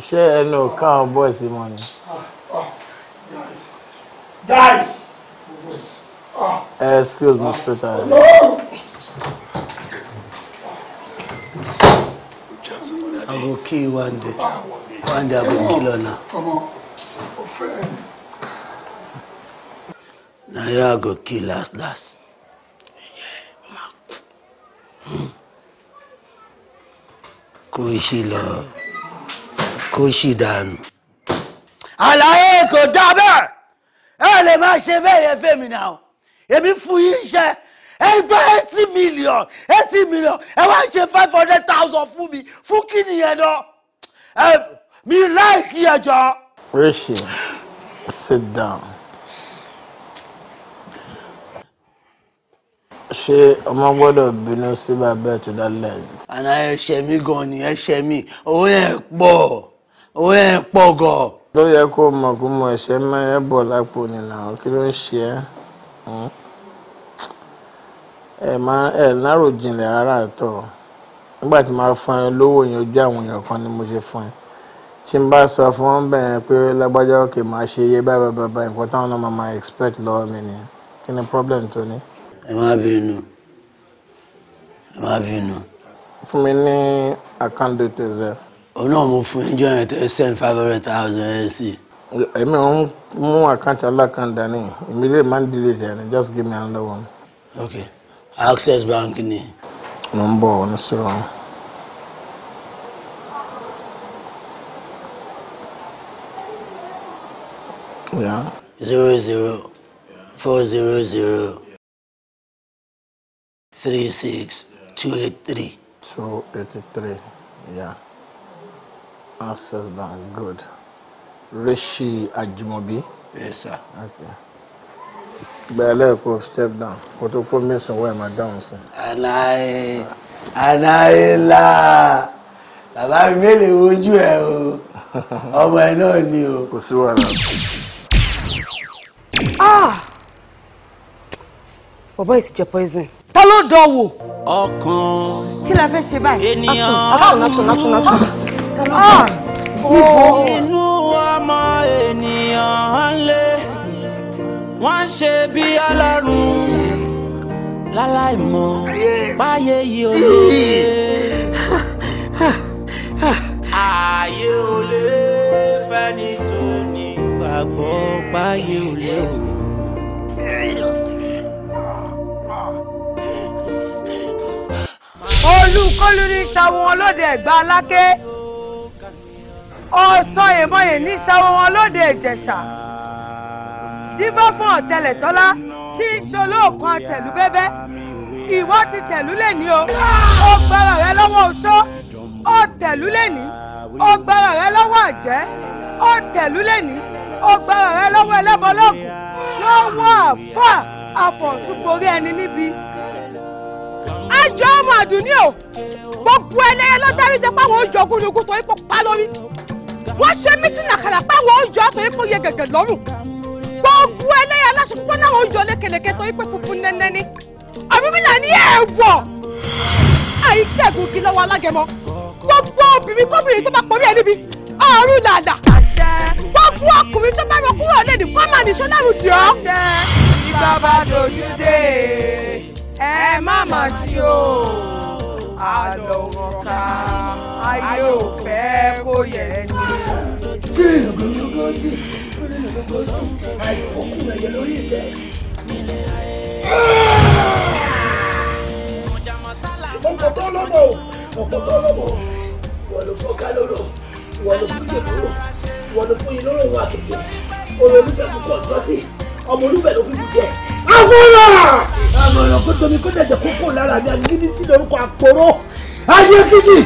G: ṣé ẹnu ká ọ bọ́ sí ni.
D: Eh, excuse me spiritual. No. I go kill you one day. One day I go kill her now. Now you I go kill last last. Yeah, Kò ṣe lọ kó sì dànù. àlàyé kò dá bẹ́ẹ̀ ẹ lè máa ṣe bẹ́ẹ̀ yẹn fẹ́mi náà èmi fún yín iṣẹ́ ẹ gba eighty million eighty million ẹ wá ṣe five hundred thousand fún mi fún kí nìyẹn náà ẹ mi láìkí ẹjọ. Rishi, sit down. ṣé ọmọ gbọ́dọ̀ bínú sí bàbá ẹ̀ tó dá lẹ́yìn. àná ẹ ṣe mí gan ni ẹ ṣe mí owó yẹn pọ̀ òun ẹ̀ pọ̀ gọ̀. ló yẹ kó mọ̀ kó mọ̀ ẹ̀ṣẹ̀ mẹ́rẹ̀ bọ̀ lápò nìlà kí ló ń ṣe ẹ́ hmm? ẹ̀ máa ẹ̀ lárò jinlẹ̀ rárá tọ̀ nígbà tí máa fún ẹ lówó yẹn ojú àwọn èèyàn kan ni mo ṣe fún ẹ tí n bá sọ fún wọn bẹ́ẹ̀ pé lágbájá òkè máa ṣe iye báyìí báyìí nǹkan táwọn náà máa expect lọ́wọ́ mi nìyẹn kí ni problem tó ní. ẹ má bínú ẹ má bínú. fún mi ní account details òun náà mo fún ẹjọ́ yẹn tẹ́ send five hundred thousand ẹ̀ sí. èmi ò ń mú àkáǹtì alákan dání èmi lè máa ń delete ẹ̀ just give me another one. ok access bank ni.
G: mo ń bọ̀ wọ́n sọ̀rọ̀.
E: Yeah. Zero zero four zero zero three six two eight three. Two
G: eighty three. Yeah. Access Bank, good.
D: Rishi Ajimobi. Yes, sir. Okay. Bẹ̀rẹ̀ kò step down, kò tó kó mẹ́sàn wẹ̀ máa dáhùn sí. Àlàyé Àlàyé là bàbá mi mélòó wojú ẹ o, ọmọ ẹ náà ni o. Kò sí wàhálà. Ah!
A: Bọ̀bọ̀ yìí ti jẹ poison. Ta ló dán wò? Ọkàn. Kí la fẹ́ ṣe báyìí?
D: Ènìyàn. Action, action, action, action inú ọmọ
B: ènìyàn lé wọ́n ṣe bí ọlọ́run láláìmọ̀ báyé yìí ò lè ààyè ò lè fẹ́ni tó nígbàgbọ́ báyé ò lè wò.
E: olùkọ́lù ní
A: sàwọn ọlọ́dẹ ẹ̀gbá aláké ọ̀sọ́ ìmọ̀ye níṣàwọ̀ wọn lóde ìjẹ̀ṣà dífá fún ọ̀tẹlẹ̀tọ́lá tí í ṣolóòkan tẹ̀lú bẹ́bẹ́ ìwọ ti tẹ̀lú lẹ́ni o ó gbára rẹ lọ́wọ́ oṣó ó tẹ̀lú lẹ́ni ó gbára rẹ lọ́wọ́ àjẹ́ ó tẹ̀lú lẹ́ni ó gbára rẹ lọ́wọ́ ẹlẹ́bọlọ́gùn lọ́wọ́ àfà àfọ̀túnborí ẹni níbi ayọ̀ ọmọ àdùnní o gbogbo ẹlẹ́yẹ lọ́tàrí jẹ́ pé àwọn oṣù ọ̀gùn ni ogun tó ń pa lórí wọ́n ṣe mítínà kàlà pé àwọn oúnjẹ ọkùnrin kò yẹ gẹ̀gẹ̀ lọ́rùn gbogbo ẹlẹ́yà aláṣẹ púpọ̀ náà oúnjẹ olékeleke torí pé funfun nẹ́nẹ́ ni Ọ̀rúnmìlà ní ẹ̀wọ̀ àìkẹ́gùnkì lọ́wọ́ alágẹmọ gbogbo obìnrin kóbìnrin tó bá pọ̀ ní ẹ níbi ọ̀run làlà gbogbo ọkùnrin tó bá rọ kúrò lẹ́nu kọ́ máa nìṣó lárùn dì ọ́. ìgbà bá dojú dé ẹ má mà sí o àlọ́ wọn ká ayé ò fẹ́ kó yẹ ni. kílíọ̀nù lọ́bọ̀
E: ọkọ̀
D: lọ́bọ̀ wọ́n ló fún ká lóró wọ́n ló fún jẹ̀kúrò wọ́n ló fún yín lóró àkèké olólùfẹ́ púpọ̀ tọ́sí ọmọ olúfẹ́ ló fi mi jẹ. afúnà. àwọn ọ̀rọ̀ kó kó dẹ̀jẹ̀ kó lára mi àgbélé tí lórúkọ àpòrò ayé kíkì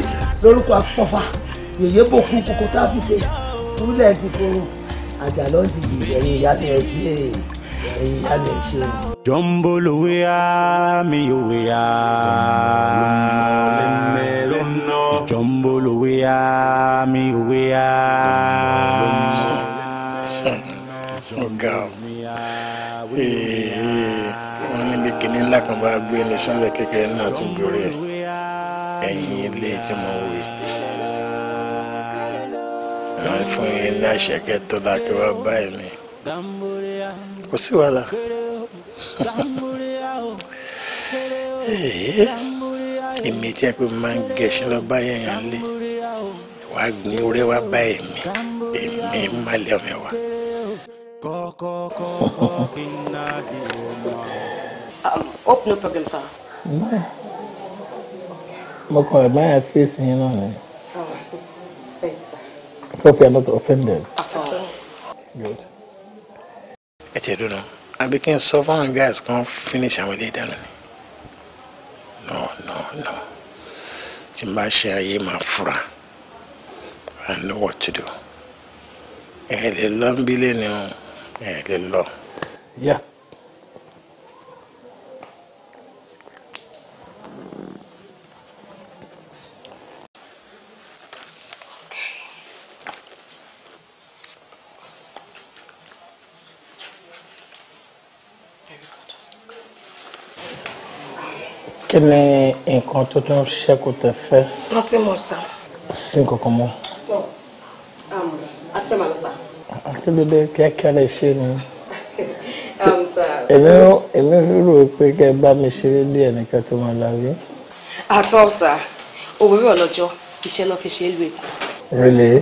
D: lórúkọ àpọ̀fà yèyé bò kókó tá a fi ṣe orílẹ̀ ti kóró àjà lọ́ọ́ di ẹ̀yìn ìyá mi ẹ̀ ẹ̀yìn ìyá mi ẹ̀ ṣe.
B: jọ́ńbóló wíyá mi yóò wíyá lọ́nà jọ́ńbóló wíyá mi yóò wíyá. ọ̀gá o.
D: ńlá kan bá gbé ní sílẹ̀ kékeré náà tún gorí ẹ̀ ẹ̀yìn ilé tí mo wí. àwọn fún yín ní àṣẹkẹ
G: tó lákẹ́ wá báyìí mi kò sí wàhálà.
D: èmi tí a pè máa ń gẹ̀ṣin lọ báyìí yẹn lé wàá gbin orí wa báyìí mi èmi má lẹ́ọ̀mẹ́wàá.
B: kọ́kọ́ kọ́kọ́ kí n náà ti wọ̀ mọ́.
D: Um, no problem, sir.
G: No. Mo kàn admire face yín náà ni. Hope you are not offended. At all.
D: Good. Ẹ ti dùn náà. Àbí kí n sọ fáwọn guys kan finish àwọn ilé ìdáná ni. No, no, no. Tí n bá ṣe ayé máa fura. I know what to do. Ẹ lè lọ ń bí lé ni o. Ẹ lè lọ.
E: Yeah.
G: Quel est un compte tún ṣẹ́kù tẹ fẹ́.
A: wọ́n ti mọ̀ sá.
D: kò sí nǹkan kan mọ́.
A: tọ́ um, a ti fẹ́ máa tu sá.
D: akíndélé kíákíá lè tu ni.
A: Um,
D: èmi èmi
G: rò pé kẹ́ ẹ bá mi ṣeré díẹ̀ nìkan tó máa láyé.
A: àtọ́ sá òwúrọ̀ ọlọ́jọ́ iṣẹ́ ló fi ṣe é lu èkó. Really?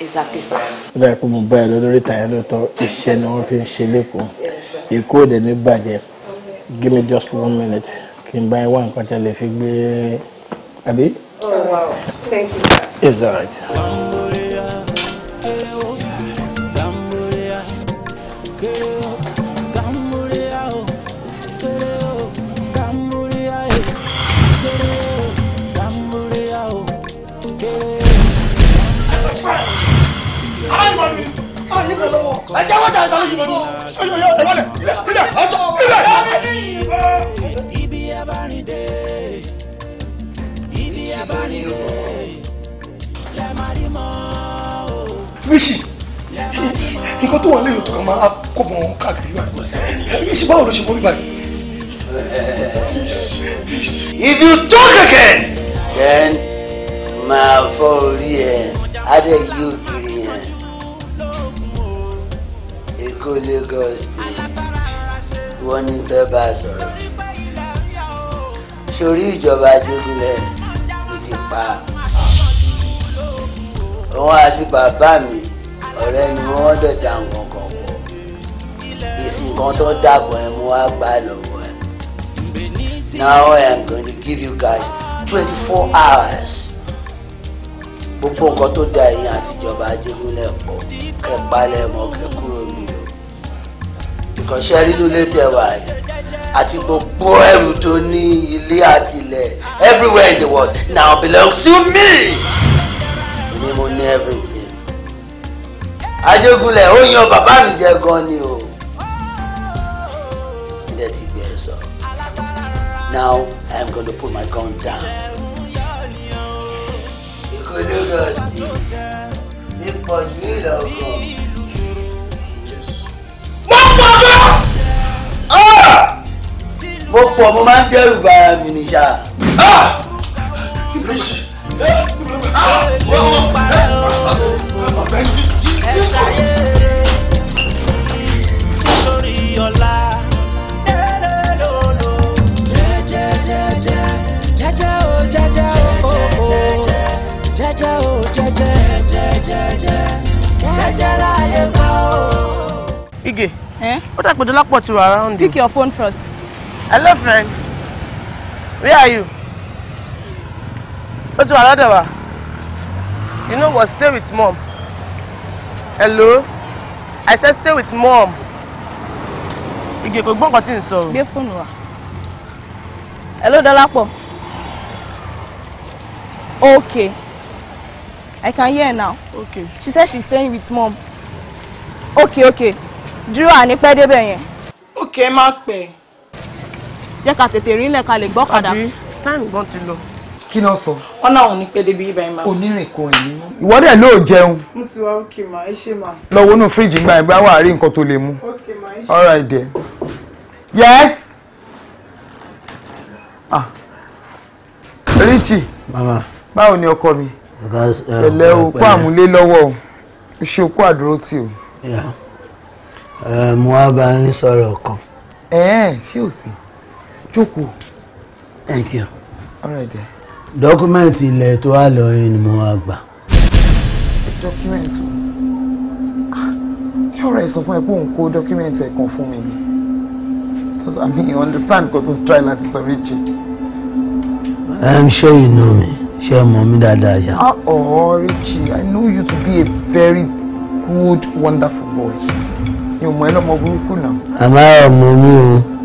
A: Exactly sir. ó
D: dàbí pé mo bá ẹ lórí ìtàn yẹn lóòótọ́ iṣẹ́ ni wọ́n fi ń ṣe lẹ́kọ̀ọ́ èkó ò give me just one minute kí n bá yín wá lè fi gbé àbí.
E: oh wow thank you sir.
D: it's alright.
A: ẹ jẹ́ wọ́n jà ìdánilẹ́yìn lọ́dún. ẹ jẹ́ wọ́n ilẹ̀ ilẹ̀ ọjọ́ ilẹ̀.
B: bá o lẹ máa rí mọ́ o. ríṣì
D: nǹkan tó wà lẹ́yìn tó kàn máa kó mọ káàkiri báyìí ríṣì báwo ló ṣe mọ bíbáyìí. if you talk again then máa fọ́ orí ẹ̀ á dẹ̀ yí ògiri yẹn Èkó Lagos State wọ́n ní fẹ́ bá a sọ̀rọ̀ sórí ìjọba ajógúnlẹ̀ ti pa òun àti bàbá mi ọ̀rẹ́ ni wọ́n dẹ̀dà nǹkan kan pọ̀ ìsìn kan tó dàpọ̀ ẹ̀ mú wá gbà lọ́wọ́ ẹ̀ now I am going to give you guys twenty four hours gbogbo nǹkan tó da ẹ̀yìn àtijọba ajégúnlẹ̀ pọ̀ kẹ́ palẹ̀ mọ́ kẹ́ kúrò mi o ìkànṣẹ́ rírú létẹ̀ wáyé àti gbogbo ẹrù tó ní ilé àtìlẹ̀ everywhere in the world now belongs to me. èmi mo ní everything. Ajégúnlẹ̀ ó yan bàbá mi jẹ gan ni o. ilé ti gbé sọ. now I am going put my gun down. ìkọlẹ́gà sí i ipò yìí lọ́gàn.
E: mo pọ̀ gan
D: mo pọ̀ mo máa ń dẹ́rù ba ara mi nìyà. Ah!
A: Ige, eh? what happened to Lakpot you around? Pick your phone first
D: hello friend where are you Go to wà lọ́dọ̀ you know what stay with mom hello
A: i said stay with mom igi èkó gbọ́ nǹkan tí n sọ hello Dalapo. okay i can hear now okay she said she's staying with mom okay okay I need pẹ́ débẹ̀ yẹn. okay mark pay jẹ́ ká tètè rìn lẹ̀ ká lè gbọ́kadà. táìmù gan ti lọ kí náà sọ. ọ̀nà òun ni pé débi ibà ìmọ̀.
D: onírìnkùnrin ni mọ́. ìwọ dẹ̀ ló jẹun.
A: mo ti wá òkè mà ẹ ṣe mà.
D: lọ wọnú fíríjì gba ìgbà wà á nǹkan tó lè mu. òkè mà ẹ ṣe. yes. ah richie. mama. báwo ni ọkọ mi. Eh, ẹlẹ́ o kó àmúlé lọ́wọ́ o ṣe okó àdúró tì o. Eh, mo wá bá yín sọ̀rọ̀ kan. ẹ ẹ ṣé o sì jókòó. thank you. All alright then. dọ́kúmẹ́ǹtì ilẹ̀ tó wà lọ́yìn ni mo wá gbà. dọ́kúmẹ́ǹtì o ṣọ́ọ̀rọ̀ ẹ̀ sọ fún ẹ pé òun kó dọ́kúmẹ́ǹtì ẹ̀ kan fún mi ni because i mean you understand kò tún try láti sọ ríjì. ṣé you know me ṣé mọ̀ mi dáadáa yá. ọ̀ọ́ Richie i know you to be a very good wonderful boy mi ò mọ ẹ lọ́mọ burúkú náà.
E: àmọ́ ọmọ mi o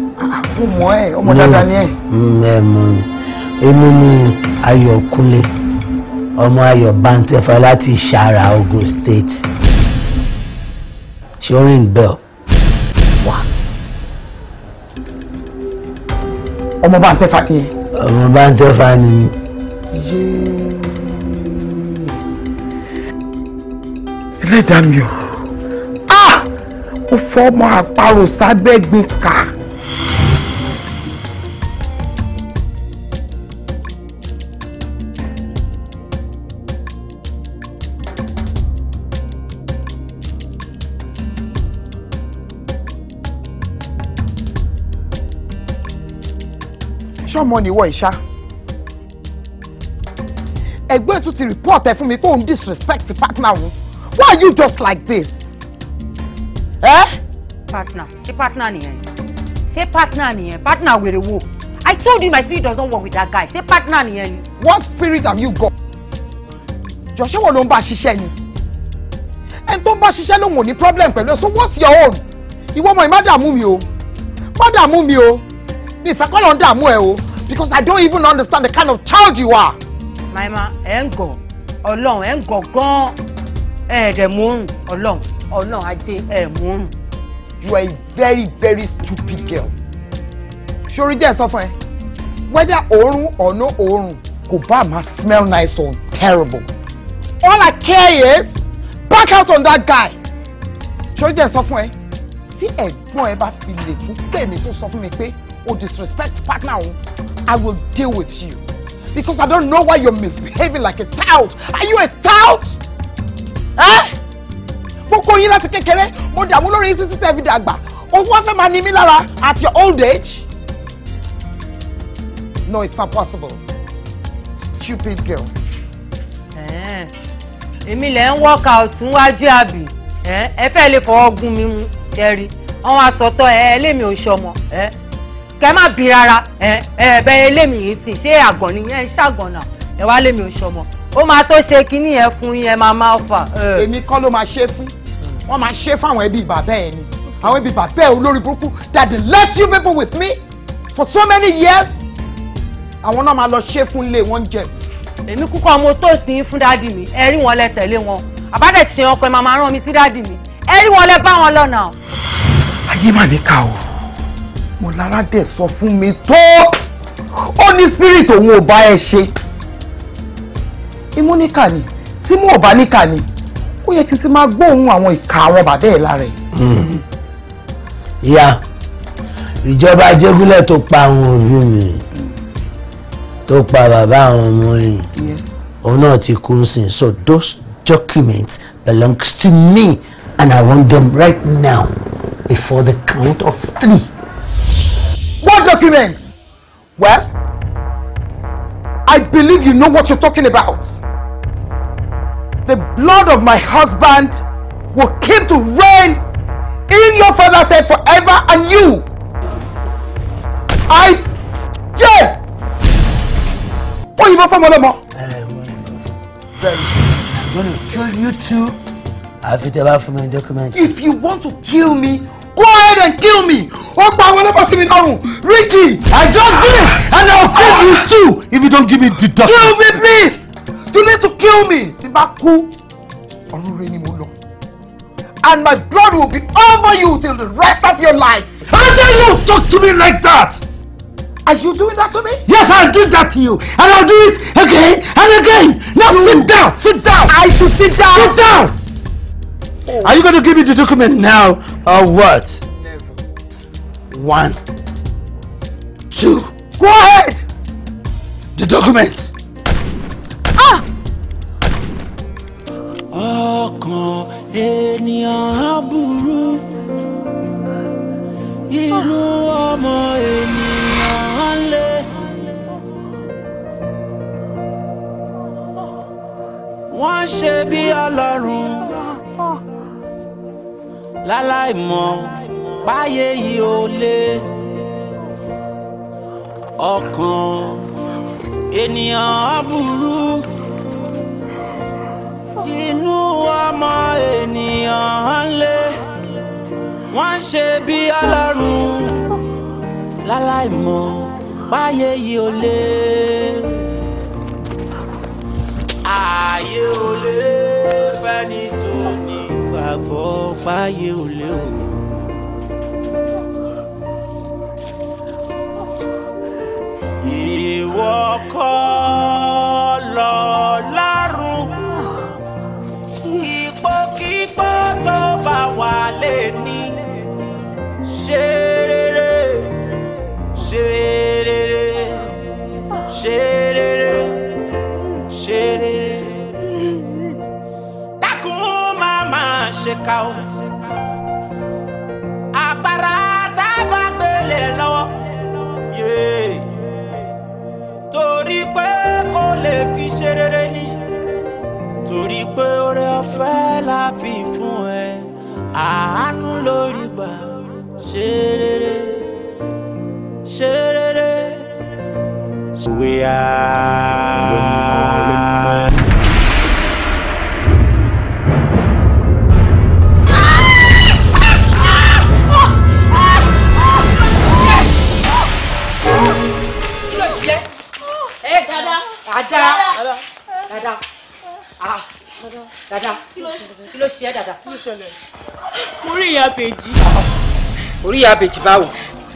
D: mo mọ̀ ẹ́ ọmọ dáadáa ni ẹ́. ẹ mọ èmi ni ayọ̀ kúnlé ọmọ ayọ̀ bántẹ́fà láti ṣàrà Ogun State shoring bell. what ọmọ bántẹ́fà ni ẹ. ọmọ bántẹ́fà ni mi. ẹlẹ́dàá mi ò ah! ó fọ́ ọmọ àparò sábẹ́ gbin kà. Money, níwọ ìṣá ẹgbẹ́ tún ti report ẹ fún mi pé òun disrespect partner wọn why are you just like this?
A: Eh? partner ṣé partner nìyẹn ṣé partner nìyẹn partner wèrè wo I told you my spirit doesn't work with that guy ṣé partner nìyẹn ni. what spirit have you got?
D: jọ ṣé wọn ló ń bá ṣiṣẹ́ ni ẹni tó ń bá ṣiṣẹ́ lòun ò ní problem pẹ̀lú ẹ so what's your own ìwọ ọmọ ìmá dààmú mi o má dààmú mi o mi ìfẹ́ kọ́ ló ń ẹ o because I don't even understand the kind of child you are.
A: My ma, ń gọ̀ ọlọ́run ẹ̀ Eh, the moon, an ẹ̀ dẹ̀ mú ọlọ́run ọlọ́run
D: ajé You are a very very stupid girl. Ṣorí díẹ̀ sọ fún whether oorun or no oorun, kò bá ma smell nice or terrible. All I care is back out on that guy. Ṣorí díẹ̀ sọ fún ẹ, tí ẹ̀gbọ́n ẹ bá fi lè tún pè mí tó sọ fún mi pé disrespect partner òun. I will deal with you. Because I don't know why you're misbehaving like a tout. Are you a tout? Eh? Gbogbo yín láti kékeré, mo dààmú lórí yín títí tẹ́ fi dàgbà. Òun wá fẹ́ máa ní mí lára at your old age. No, it's not possible. Stupid girl.
A: Èmi lẹ̀ ń work out níwájú àbí. Ẹ fẹ́ lè fọwọ́ gún mi mú, Jerry. Àwọn asọ̀tọ̀ ẹ̀ ẹ́ lèmi ò ṣọmọ kẹ má bí rárá ẹ ẹ bẹ́ẹ̀ lémi yìí sì ṣé àgàn ni ẹ ṣàgàn náà ẹ wá lémi ò ṣọmọ
D: ó máa tó ṣe kinní yẹn fún yẹn máa máa fà. èmi kọ́ ló máa ṣe fún wọ́n máa ṣe fún àwọn ẹbí bàbá ẹ ni àwọn ẹbí bàbá ẹ olórí burúkú that they left you people with me for so many years àwọn náà máa lọ ṣe fún ilé wọn jẹ. èmi kúkọ mo
A: tó sí fún dáàdì mi ẹ rí wọn lẹ tẹ̀lé wọn àbádẹ ti ṣe ọkọ ẹ máa máa rán mi sí dáàdì mi ẹ rí wọn lẹ bá wọn lọ́nà.
D: ayé mà ní ká o mọ̀lára dẹ̀ sọ fún mi tó ó ní spirit òun ò bá ẹ ṣe imú níkà ni tí mú ò bá níkà ni ó yẹ kí n ti máa gbóhùn àwọn ìka àwọn bàbá ẹ̀ lára ẹ̀. ìyá hmm. ìjọba jégúnlẹ̀ tó pa àwọn òbí mi tó pa bàbá àwọn ọmọ yìí òun náà ti kú sí so those documents belongs to me and I want them right now before the count of three. What documents? Well, I believe you know what you're talking about. The blood of my husband will keep to reign in your father's head forever and you. I. Yeah! Oyinbo fọmọ lọmọ. Very good. I'm going to kill you too. Àfi tẹ about fún my documents. If you want to kill me, Go ahead and kill me. Ó pa àwọn ọlọ́pàá sí mi lọ́rùn. Richie,
C: I just did and I'll kill you too
D: if you don't give me deduction. Kill me please. You need to kill me. Tí bá kú, ọ̀run And my blood will be over you till the rest of your life. How dare you talk to me like that? Are you doing that to me? Yes, I'll do that to you. And I'll do it again and again. Now you. sit down, sit down. I should sit down. Sit down. Oh. Are you going to give me the document now or what? Never. One. Two. Go ahead. The document. Ah!
B: Ọkàn Wọ́n ṣe bí Ọlọ́run láláì mọ̀ páyé yìí ó lé ọkàn ènìyàn aburú inú ọmọ ènìyàn lé wọ́n ṣe bí ọlọ́run láláì mọ̀ páyé yìí ó lé ààyè ó lé fẹ́ni tí gbàgbọ́ páyé ò lé o. ìwọ kọ́ lọ lárùn ipò kíkọ́ tó bá wà lé ní ṣe. ṣèkà o. àpárá tá a torí pé kò lè fi ṣe ni torí pé oore ọ̀fẹ́ la fi fún ẹ àánú lórí gbà ṣe rere ṣe rere. We are.
A: dada kí ló ṣe ẹ́ dada. mo rí ìyá bèjì. orí ìyá bèjì báwo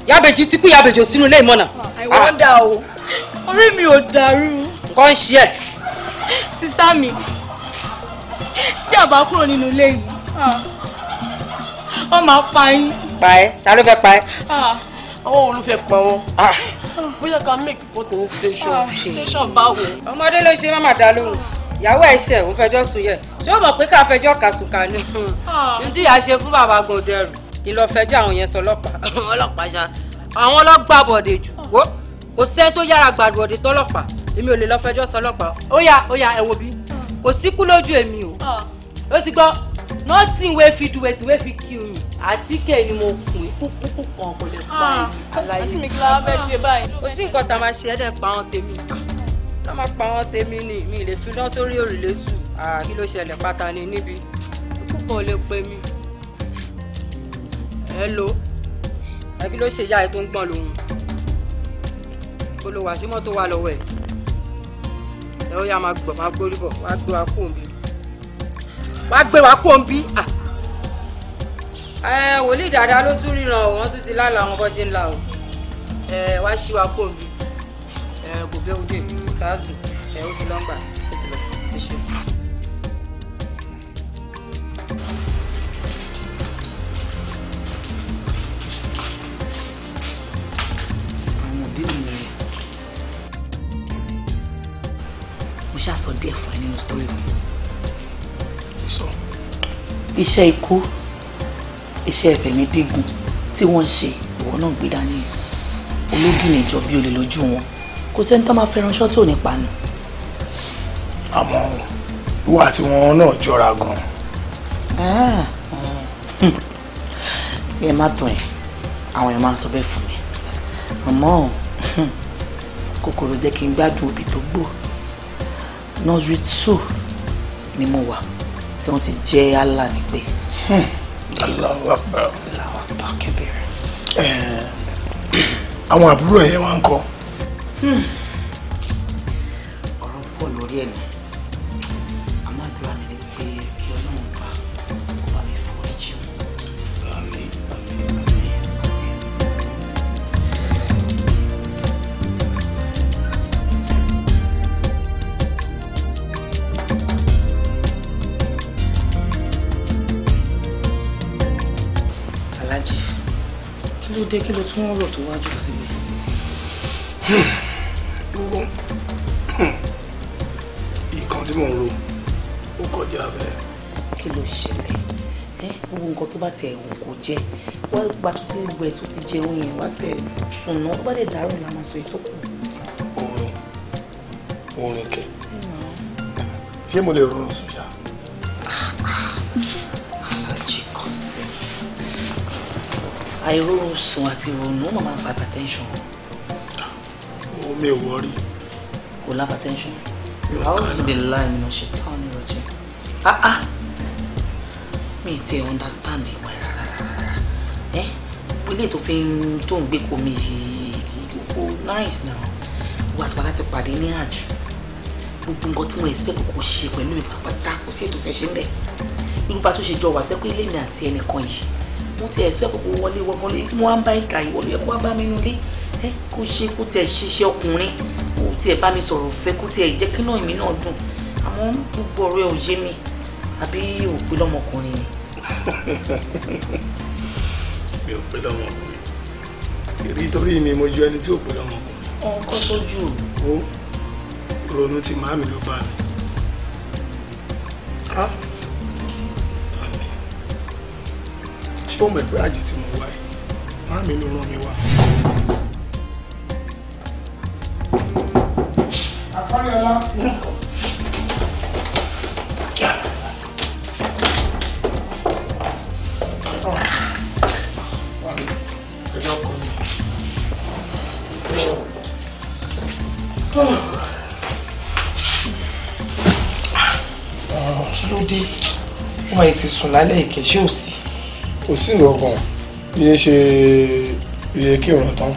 A: ìyá bèjì ti kú ìyá bèjì ò sínú ilé ìmọ̀nà. I o orí mi ò dàrú. nǹkan ń ṣe ẹ́. sísá mi tí a bá kúrò nínú ilé yìí wọ́n máa pa yín. pa ẹ́ ta ló fẹ́ pa ẹ́. àwọn olùfẹ́ pa wọn bóyá ká make voting station station báwo. ọmọdé ló ṣe má má dá lóhùn ìyàwó ẹ ṣe òun fẹjọ́ sùn yẹ ṣé o mọ̀ pé ká fẹjọ́ kàṣùkà ni. n ah, ìyá ṣe fún bàbá gòdẹrù ìlọfẹjọ àwọn yẹn sọ ọlọ́pàá. ọlọ́pàá ṣá àwọn ọlọ́gbà bọ̀dẹ̀ jù wo kò sẹ́ni tó yára gbàdúrọ̀dẹ̀ tọ́lọ́pàá èmi ò lè lọ sọ ọlọ́pàá ó yá ó yá ẹ bí kò síkú lójú èmi o ah. ó ti gbọ́ nothing wey fit do wetin wey fit kill me àtíkè ni mo kùn kúkú kan kò lè pa ẹ̀ aláyé. àti mi kí la wá fẹ́ ṣe báyìí. kò sí nǹkan tá máa ṣe ẹ̀ẹ́dẹ̀ pa àwọn tèmi lọ́ máa pa wọ́n tèmi ni mi lè fi dán sórí òrùlé sùn kí ló ṣẹlẹ̀ pátá ni níbi ikú lè pè mí. hello ẹ kí ló ṣe ìyá ẹ tó ń gbọ́n lòun olùwà sí mọ́tò wà lọ́wọ́ ẹ̀ ẹ ó yá máa gbọ̀ máa gbórí bọ̀ wá gbé wa kó òǹbí wá gbé wa kó òǹbí ẹ wòlíì dáadáa ló tún ríran o wọ́n tún ti lálàá wọn bọ́ ṣe ń la o ẹ wá ṣí kó òǹbí gògé òde ṣáàzù ẹ̀ ó ti lọ́ngbà ó ti lọ ẹ
E: ṣe.
D: àwọn òbí mi rẹ̀ mo ṣàṣọ díẹ̀ fún ẹ nínú sítórì mi. iṣẹ́ ikú iṣẹ́ ìfẹ̀mídígun tí wọ́n ń ṣe ìwọ náà gbé dání ológìnìjọ bí olè lójú wọn kò sẹ́ni tó máa fẹ́ràn ṣọ́ọ̀tì òní panu. àmọ́ ìwà àti wọn náà jọra gan-an.
A: Ah. bí ẹ má tàn ẹ́ àwọn èèyàn máa ń sọ bẹ́ẹ̀ fún mi àmọ́
D: kòkòrò jẹ́ kí n gbádùn òbí tó gbò nursery two ni mo wà tí wọ́n ti jẹ́ allah ní pé. Allahu kẹbẹrẹ. àwọn àbúrò ẹ̀ wá ń kọ́ ọ̀rọ̀ pọ̀ lórí ẹ̀mí àmọ́ àdúrà mi ni pé kí ọlọ́run bá kó bá mi fọ ẹ̀jẹ̀ wọn. àmín àmín àmín. alájí kí ló dé kí ló tún rò tó wájú sí mi. kọjá bẹ́ẹ̀. kí ló ṣẹlẹ̀ ẹ gbogbo nǹkan tó bá tiẹ̀ wù kó jẹ́ wá gba tó ti gbẹ tó ti jẹun yẹn wá tiẹ̀ fún un tó bá dẹ̀ dàrú
A: la máa sọ ètò kù. orin
D: orin kẹ ṣé mo lè rọrùn sùn ṣá. alájí kan sí àìrórun sùn àti ìrònú màmá ń fa hypertension. omi ò wọrí. kò lápá tẹ́ńṣọ̀n.
B: àwọn òfin láì
D: mi ṣe tán ah ah
A: mi ì tiẹ̀ understand ìwà ẹ̀ rárá
D: ẹ́ eh, ilé tó fi ń tó ń nice now wà tí wàá láti pàdé ní àjò gbogbo nǹkan tí mo expect
A: kò ṣe pẹ̀lú mi pàpàtà kò sí ètò ìfẹ́ ṣe ń bẹ̀ irú bá tó ṣe jọ wà tẹ́ pé ilé mi àti ẹnìkan yìí
D: mo ti expect kò wọlé wọgbọ́n lé tí mo wá ń bá ìka ìwọlé ẹ̀kọ́ wá bá mi nulé ẹ eh, kó ṣe kó tiẹ̀ ṣiṣẹ́ ọkùnrin kó tiẹ̀ bá mi sọ̀rọ̀ fẹ́ kó tiẹ̀ jẹ́ kí náà èmi náà dùn àmọ́ gbogbo ọ̀rọ̀ ẹ̀ ò mi àbí òpè lọ́mọkùnrin ni. mi ò pè lọ́mọkùnrin èrí torí mi mo ju ẹni tí ò pè lọ́mọkùnrin. ọkọ sójú o. ronú ti màámi ló bá mi. ṣé o mọ̀ pé àjì tí mo wá yìí màámi ló rán mi wá. àfáríọ́lá. Hmm. ti sùn lálẹ́ ìkẹ́ ṣé ò sí. kò sí ìlú ọkàn iye ṣe iye kírun tán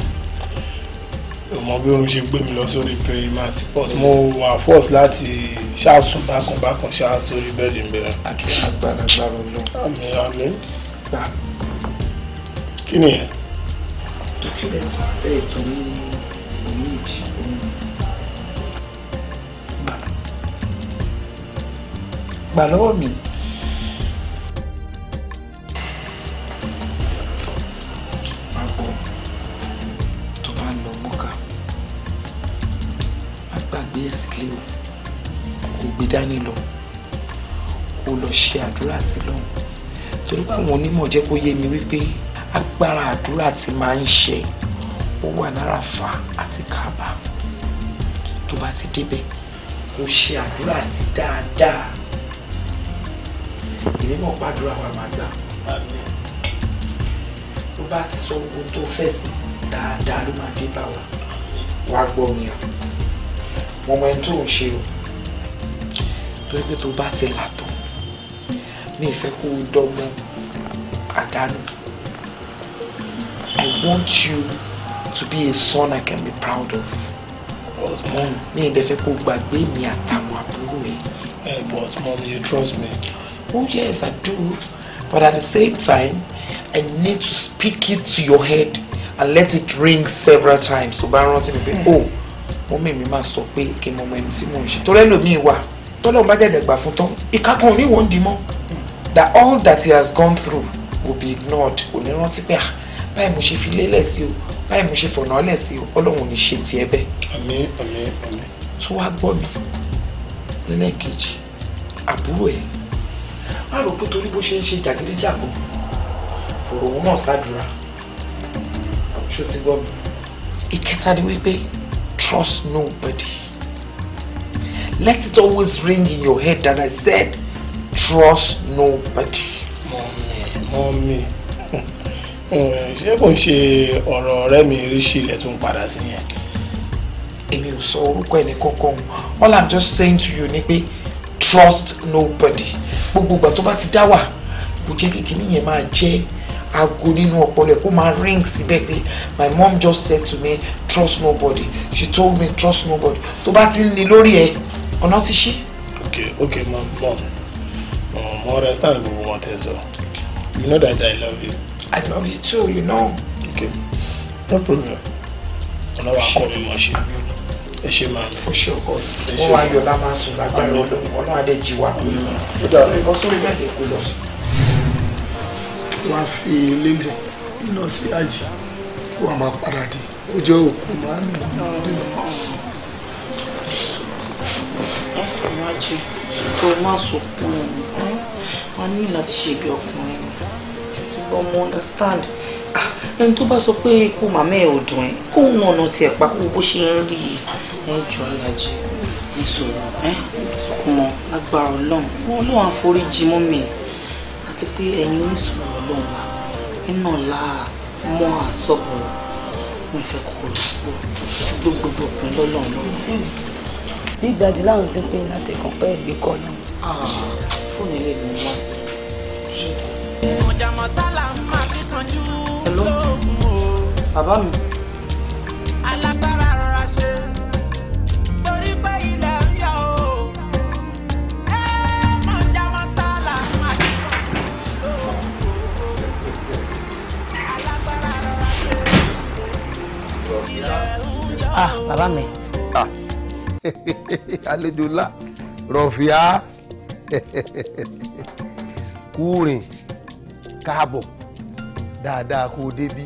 D: mo mọ bí oorun ṣe gbé mi lọ sórí prayer mat but mo wà force láti ṣáàsùn bákan bákan ṣáà sórí bẹ́ẹ̀dì ń bẹ̀rẹ̀. àdúrà agbára agbára Ọlọ́run. àmín àmín. gbà. kí ni yẹn. dókítà bẹ́ẹ̀ tó ní
E: omi ìdí omi.
D: gbà lọ́wọ́ mi. dání lọ kó lọ ṣe àdúrà sí lọ́hùn torí báwọn onímọ̀ jẹ́ kó yé mi wípé agbára àdúrà ti máa ń ṣe ó wà lára fa àti kábà tó bá ti débẹ̀ kó ṣe àdúrà sí dáadáa èmi mọ̀ pàdúrà wa máa gbà
E: tó bá ti sọ ohun tó fẹ́ sí dáadáa ló máa dé bá wa
D: wá gbọ́ mi o mo mọ ẹni tó ń ṣe o tó pé tó bá ti là tán mi fẹ́ kó o dọ́gbọ́n àdánù I want you to be a son I can be proud of mi ì dẹ̀ fẹ́ kó o gbàgbé mi àtàwọn àbúrò ẹ̀. Hey, but mom, you trust me. Oh yes, I do. But at the same time, I need to speak it to your head and let it ring several times. Tó bá rántí mi pé, hmm. oh, mọ́mí mi máa sọ pé kí n mọ ọmọ ẹni tí mò ń ṣe. Torí ẹlòmíì wà tọ́lọ́ bá dẹ̀dẹ̀ gbà fún tán ìka kan di mọ́ that all that he has gone through will be ignored ò ní rántí pé ah báyìí mo ṣe fi lélẹ̀ sí o báyìí mo ṣe fọ̀nà ọ́lẹ̀ sí o ọlọ́run ò ní ṣe tiẹ̀ bẹ́ẹ̀. àmín àmín àmín. tó wá gbọ́ mi
E: lẹ́lẹ́kejì
D: àbúrò ẹ̀ má rò pé torí bó ṣe ń ṣe jàgídíjàgan fòrò òun náà ṣàdúrà ṣó ti gbọ́ mi. ìkẹta ni wípé trust nobody let it always ring in your head that I said, trust nobody. Mọ́mí, mọ́mí, ṣé kò ń ṣe ọ̀rọ̀ ọ̀rẹ́ mi rí sí ilẹ̀ tó ń padà sí yẹn? Èmi ò sọ orúkọ ẹni kankan. All I'm just saying to you ni pé trust nobody. Gbogbo ìgbà tó bá ti dá wà, kò jẹ́ kí kinní yẹn máa jẹ́ aago nínú ọpọlọ ẹ kó máa ring síbẹ̀ pé my mom just said to me trust nobody she told me trust nobody tó bá ti ń ni lórí ẹ ọ̀nà ti ṣí. ok ok mom mom mo understand gbogbo wọn tẹ sọ you know that i love you. i love you too you know. ok no problem ọlọ́wà kọ́ mi mọ̀ ṣe ẹ ṣe máa mi. oṣù ọkọ wọn wá yọ lámà sùn lágbára Ọlọ́run Ọlọ́run adé jí wa ó dàrú ìbọn sórí bẹ́ẹ̀ lè kó lọ sùn. wàá fi lélẹ̀ lọ sí àjì kó a máa padà dé kó jẹ́ òkú màámi ìwájú kó o má sunkún òun wọn ní láti ṣe ibi ọkùnrin ṣùgbọ́n mo understand ẹni tó bá sọ pé ikú màmá ẹ̀ ò dùn ẹ́ kó òun ọ̀nà tiẹ̀ pa kó bó ṣe ń rí ẹ jọ alájẹ ìṣòro ẹ sunkún mọ
A: lágbára ọlọ́run wọn ló wàá foríjì mọ́ mi àti pé ẹ̀yin oníṣòro ọlọ́run wa iná làá mọ́ àsọ̀bọ̀rọ̀ mo fẹ́ kó o gbogbo ọkùnrin lọ́lọ́run lọ́wọ́ ní ìgbàdí láwọn ti ń pè ní àtẹ̀kàn pẹ́ ẹ̀gbẹ́ kọ́ náà. Ah, fóònù ilé mi wá sí i. ọ̀jàmọ̀ bàbá mi.
D: ah bàbá mi àlejò ńlá rọ̀fíà kúrin káàbọ̀ dáadáa kó o débí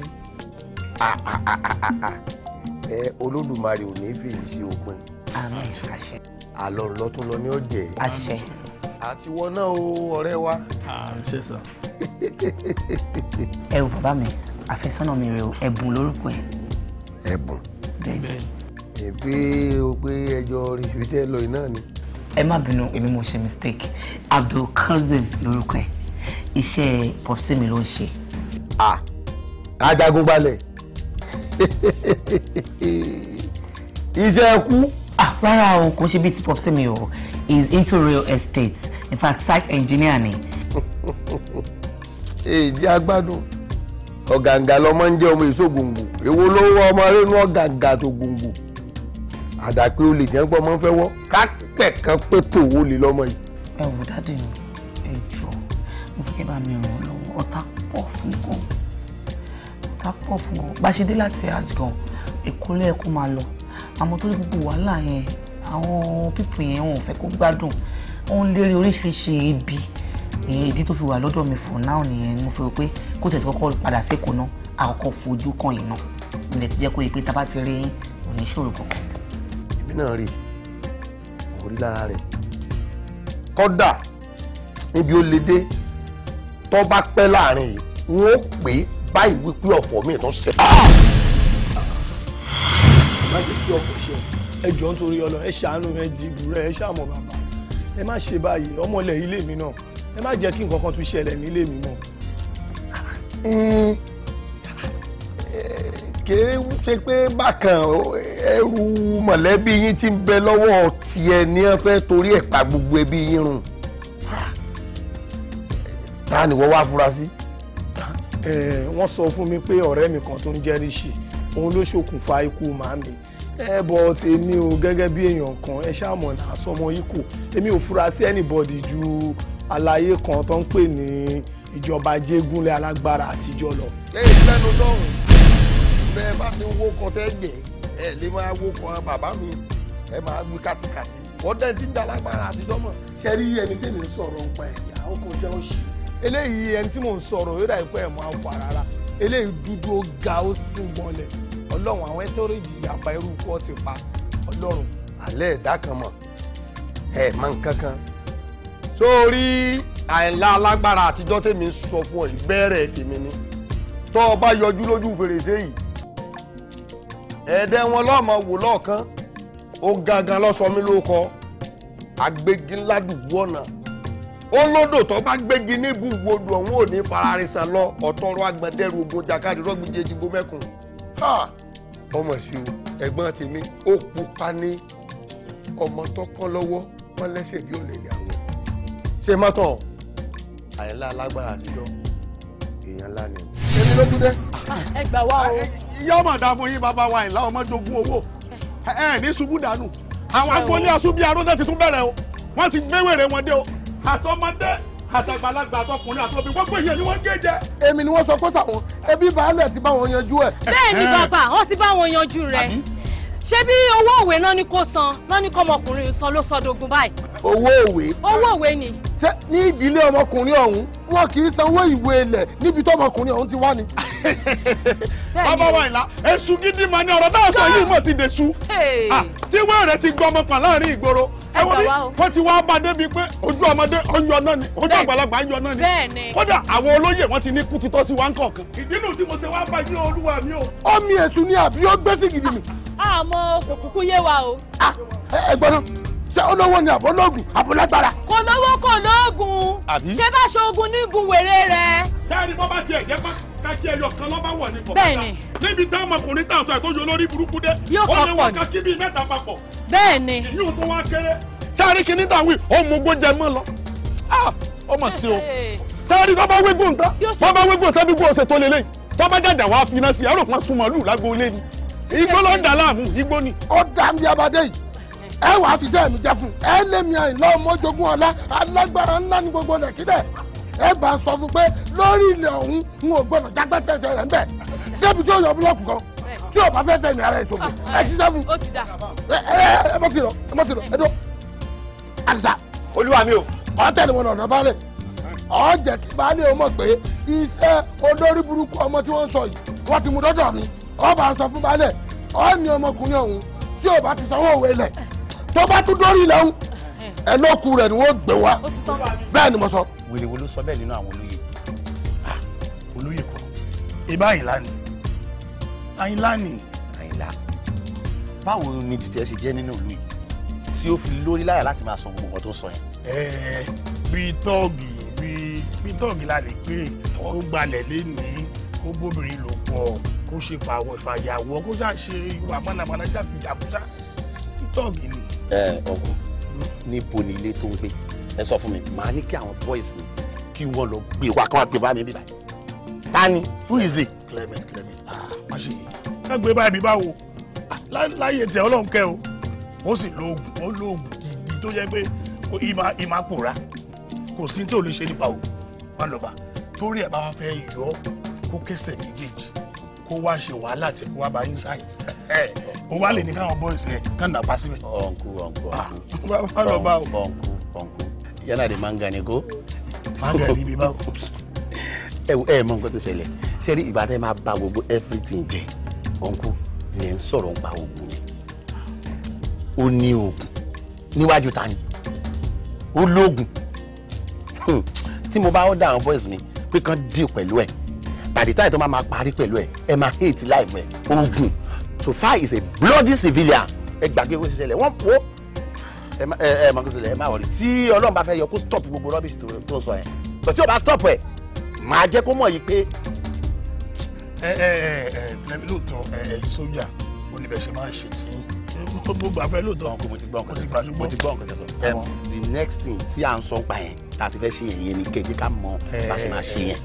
D: ẹ olódùmarè ò ní fèyí sí òpin àlọ́ lọ́tún lọ ní ọ̀jẹ̀ àtiwọ́ náà o ọ̀rẹ́ wa. ẹ wo bàbá mi àfẹ́sọ́nà mi rè o ẹ̀bùn lórúkọ ẹ̀. ẹ̀bùn. bẹ́ẹ̀ ni pé o pé ẹjọ́ rí ibi tẹ́ lọ iná ni. ẹ má bínú èmi mo ṣe mistake Abdul Kazeem lórúkọ ẹ iṣẹ́ popsi mi ló ń ṣe. ajagun balẹ̀ iṣẹ́ ẹkú. rárá o kò ṣe bíi ti popsi mi o is into real estate in fact site engineer ni. èyí agbádùn ọ̀gàǹgà lọmọ ń jẹ́ ọmọ èso gbòǹgbò èwo ló wọ ọmọ rẹ̀ ọ̀gàǹgà tó gbòǹgbò àdàpé olè tí wọ́n gbọ́ ọmọ fẹ́ wọ́ kákẹ́kẹ́ pé tòwó lè lọ́mọ yìí. ẹ wò dáàdì mi ẹ jọ mo fẹ́ kí bá mi ràn ọ́ lọ́wọ́ ọ̀tá pọ̀ fún gan ọ̀tá pọ̀ fún gan bá ṣe dé láti hajj gan èkó lẹ́ẹ̀kó máa lọ àmọ́ torí gbogbo wàhálà yẹn àwọn pípù yẹn wọn ò fẹ́ kó gbádùn wọn lérí oríṣiríṣi ibi ìyẹn ìdí tó fi wà lọ́dọ̀ mi fún náà nìyẹn ni mo fi rò pé kó tẹ̀sí kọ́kọ́ padà sékòó náà àkọ́kọ́ fojú kan yìí náà ilẹ̀ ti jẹ́ kó rí i pé tá a bá ti rí oníṣòro kankan èmi náà rí mo rí lára rẹ̀ kọ́dà níbi ó le dé tó bá pẹ́ láàrin yìí wọ́n pè é báyìí wípé ọ̀fọ̀ mi tó ṣẹ̀. má jẹ́ kí ọ̀fọ̀ ṣe ẹ jọ ń torí ọlọ ẹ ṣàánú ẹ dìbò rẹ ẹ ṣàmọ̀ bàbá ẹ má ṣe báyìí ọmọ ilé mi náà ẹ má jẹ́ kí nǹkan kan tún ṣẹlẹ̀ nílé mi mọ́ kìí ṣe pé bákan ẹrù mọ̀lẹ́bí yín ti ń bẹ lọ́wọ́ tiẹ̀ ní ẹ fẹ́ torí ẹ̀ pa gbogbo ẹbí yín run ta ni wọ́n wá fura sí. wọ́n sọ fún mi pé ọ̀rẹ́ mi kan tó ń jẹ́ ríṣì òun ló ṣokùnfà ikú màmí ẹ bọ tèmi o gẹ́gẹ́ bí èèyàn kan ẹ ṣàmọ̀ náà yìí kù èmi ò fura sí anybody ju àlàyé kan tó ń pè ní ìjọba jégúnlẹ̀ alágbára àtijọ́ lọ. ẹ ìlẹ́nu sọ̀rọ̀ bẹ́ẹ̀ bá ti ń wókọ tẹ́ jẹ́ ẹ lè máa wókọ bàbá mi ẹ máa wí kàtìkàtì ọ̀dẹ́ ti ń da lágbára àtijọ́ mọ̀. ṣe rí ẹni tí mi ń sọ̀rọ̀ ń pa ẹ̀yà ó kọjá òṣì. eléyìí ẹni tí mò ń sọ̀rọ̀ yóò dà ikú ẹ̀ máa ń fa rárá eléyìí dúdú ó ga ó sì mọ́lẹ̀ ọlọ́run àwọn ẹ́tọ́rẹ́jì ìyàpá irú kú ọ ti pa ọlọ́run alẹ́ ẹ̀dá kan mọ̀
E: ẹ̀ mọ nǹkan kan.
D: sórí àìlá alágbára àtijọ́ tèmi ń sọ fún ọ ìbẹ̀rẹ̀ tèmi ni tọ́ ọ bá yọjú lójú fèrèsé yìí ẹ̀ẹ́dẹ́ wọn lọ́mọ wò lọ́ọ̀kan ó gangan lọ́sọ mi ló kọ agbégi ládùúgbò ọ̀nà ó lódò tó bá gbégi ní ibùgbòdò ọ̀hún ò ní fararisan lọ ọ̀tọ́rọ̀ agbẹ̀dẹ́rù ogun jakadì rọ́gbìn jẹjì gbọmẹ́kùn ọmọ sí o ẹ̀gbọ́n tèmi ó pupa ní ọmọ tọkọ lọ́wọ́ wọn lẹ́sẹ̀ bí ó lè yà wọ́n ṣe mọ́tàn àyẹ̀lá alágbára àtijọ́ èèyàn ńlá mi lójú dé. ẹ gbà wá o. Ah, ìyá ọmọ dá fún yín bàbá wa ìlà ọmọ jogún owó ẹ ní èmi ni wọ́n sọ pé sàwọn ẹbí baálẹ̀ ti bá wọn yanjú ẹ̀. bẹ́ẹ̀ bàbá wọn ti bá wọn yanjú rẹ̀
A: ṣé bí owó òwe náà ni kò san náà ni kọ́mọkùnrin san ló sọ dogun báyìí. owó òwe.
D: owó òwe ni. ṣé ní ìdílé ọmọkùnrin ọ̀hún wọn kì í sanwó ìwé ilẹ̀ níbi tọmọkùnrin ọ̀hún ti wá ni. bàbá wa ìlà èṣù gidi mà ní ọ̀rọ̀ náà sọ yìí mọ̀ ti dèṣù. Ah, tí wẹ́rẹ̀ ti gbọ́ ọmọ pàn láàrin ìgboro ẹwọ ni wọn ti wá bá débi pé ojú ọmọdé ọyọ náà ni ojú àgbàlagbà ọyọ náà ni kódà àwọn olóyè wọn ti ní kú títọ́ sí wa ń kọ̀ọ̀kan. ìdí nù tí mo ṣe wá bá yín olúwa mi o. ọmọ èṣù ni àbí ó gbé sí gidi mi àmọ́ kò kúkú yé wa o. Ah, ẹ gbọ́dọ̀ ṣé olówó ni àbólógùn àbólágbára. kò lówó kò lóògùn ṣé bá ṣoògùn nígun wèrè rẹ. sẹ́ẹ̀rì bọ́ bá tiẹ̀ jẹ́ pátá kaki ẹyọ kan lọ́ba wọ̀ ní kọ̀ọ̀kan. bẹ́ẹ̀ni. níbi tí ọmọkùnrin tá a sọ ìtọ́jú olórí burúkú dé. yóò kọ pọ̀ ní. ó ní wọn kakí bíi mẹ́ta papọ̀. bẹ́ẹ̀ni. ìyóò tó wá kéré. sáré kìíní tà wí ọmọ ogun jẹ mọ́ lọ. Ah, ó mà sí o.
E: sáré tó bá wégbó
D: nǹkan. tó bá wégbó nǹkan bí gbó ṣe tó lélẹ́yìn. tó bá jàjà wá fi iná sí i àròkàn súnmọ́ lù lágbo lé ni igbó ló ń dà láàmú igbó ni. ó dà mí abadé yìí ẹ wà á fi sẹ́ẹ̀mí jẹ fún un ẹ lé mi àyìn lọ́wọ́ mọ́jogún ọ̀la alágbára ńlá ní gbogbo rẹ̀ kílẹ̀ ẹ bá a sọ fún pé lórí ilẹ̀ ọ̀hún n ò gbọ́dọ̀ jágbá tẹ̀sẹ̀ rẹ̀ ńbẹ̀ débi tí ó yọ búlọ́ọ̀kù kan tí ò bá fẹ́ fẹ́ mi ara ẹ̀ sọ̀rọ̀ ẹ ti sẹ́ fún
A: un
D: ẹ mọ̀ ti lọ ẹ mọ̀ ti lọ ẹ dọ́ àdìsá. olúwa mi o. ọ tẹ̀lé wọn ọ̀nà balẹ̀ ọ jẹ́ kí baálé o mọ̀ pé iṣẹ́ olórí burúkú ọmọ tí wọ́n sọ yìí wọ́n ti mú dọ́dọ̀ mi ọ bá sọ fún balẹ̀ ọ ní ọmọkùnrin ọ̀hún tí ò bá ti sanwó òwe lẹ̀ tó bá tún dórí ilẹ̀ ọ̀hún ẹ lókun rẹ̀ ni wọ́n gbé wá bẹ́ẹ̀ ni mo sọ. wèrè wo ló sọ bẹ́ẹ̀ nínú àwọn olóye. Ah, olóye kọ ibà àyìnlá ni àyìnlá ni. àyìnlá báwo ni títí ẹ ṣe jẹ́ nínú ìlú yìí tí ó fi lórí láyà láti máa sọ gbogbo nǹkan tó sọ yẹn. ẹẹ bíi tọ́ọ̀gì bíi tọ́ọ̀gì la lè pè é ó gbalẹ̀ lé ní kó bóbìnrin lò pọ̀ kó ṣe fàwọ̀ ìfàyàwọ̀ kó ṣáà ṣe ìwà mánàmáná jákujàkuṣá tọ́ọ̀gì ni. ẹ ọkọ níbo ni ilé tó ń gbé ẹ sọ fún mi màá ní kí àwọn boys ni kí wọ́n lọ gbé wa kí wọ́n gbé bá mi bí tani who is it? clement clement ah má ṣe yìí ká gbé báyìí báwo ah, láyé tẹ ọlọ́run kẹ́ o ó sì lo oògùn ó lo oògùn gidi tó jẹ́ pé ìmà ìmà pòórá kò sí tí ò lè ṣe nípa o wọn lọ bá torí ẹ̀ bá wọn fẹ́ yọ ọ́ kó kẹsẹ̀ méjèèjì kó wá ṣe wàhálà tí kó wá bá insight ó wá lè ní káwọn boys ẹ kàn dà pa síbẹ̀. ọ̀nkú ọ̀nkú ọ̀nkú bàbá lọ bá o. ọ̀nkú ọ̀nkú yálà de manga ni ko. manga ni bí báwo. ẹ ẹ mọ nǹkan tó ṣẹlẹ̀ ṣe rí ìgbà máa ba gbogbo everything jẹ ọ̀nkú ni ẹ ń sọ̀rọ̀ ń pa oògùn ni ó ní oògùn níwájú ta ni ó lóògùn hmm. tí mo bá ọ́ dà àwọn boys mi pé kán dì pẹ̀lú ẹ̀ by the time tó máa máa parí pẹ̀lú ẹ̀ ẹ máa hate life ẹ̀ ogun far is a bloody civilian ẹ gbàgbé owó ṣiṣẹ́ lẹ̀ wọ́n wo ẹ ẹ mọ̀ kó ṣẹlẹ̀ ẹ má wọlé tí Ọlọ́run bá fẹ́ yọ kó stop gbogbo rubbish tó sọ yẹn but tí o bá stop ẹ̀ màá jẹ́ kó mọ̀ yìí pé. ẹ ẹ ẹ ẹ lóòótọ́ ẹ ẹ sójà oníbẹ̀ṣẹ̀ máa ń ṣe tí mo gbà fẹ́ lóòótọ́ mo ti gbọ́ nǹkan tẹ̀sán mo ti gbọ́ nǹkan tẹ̀sán the next thing tí à ń sọ pa yẹn tá a ti fẹ́ ṣe yẹn yẹn ni kejì ká mọ bá a ṣe máa ṣe yẹn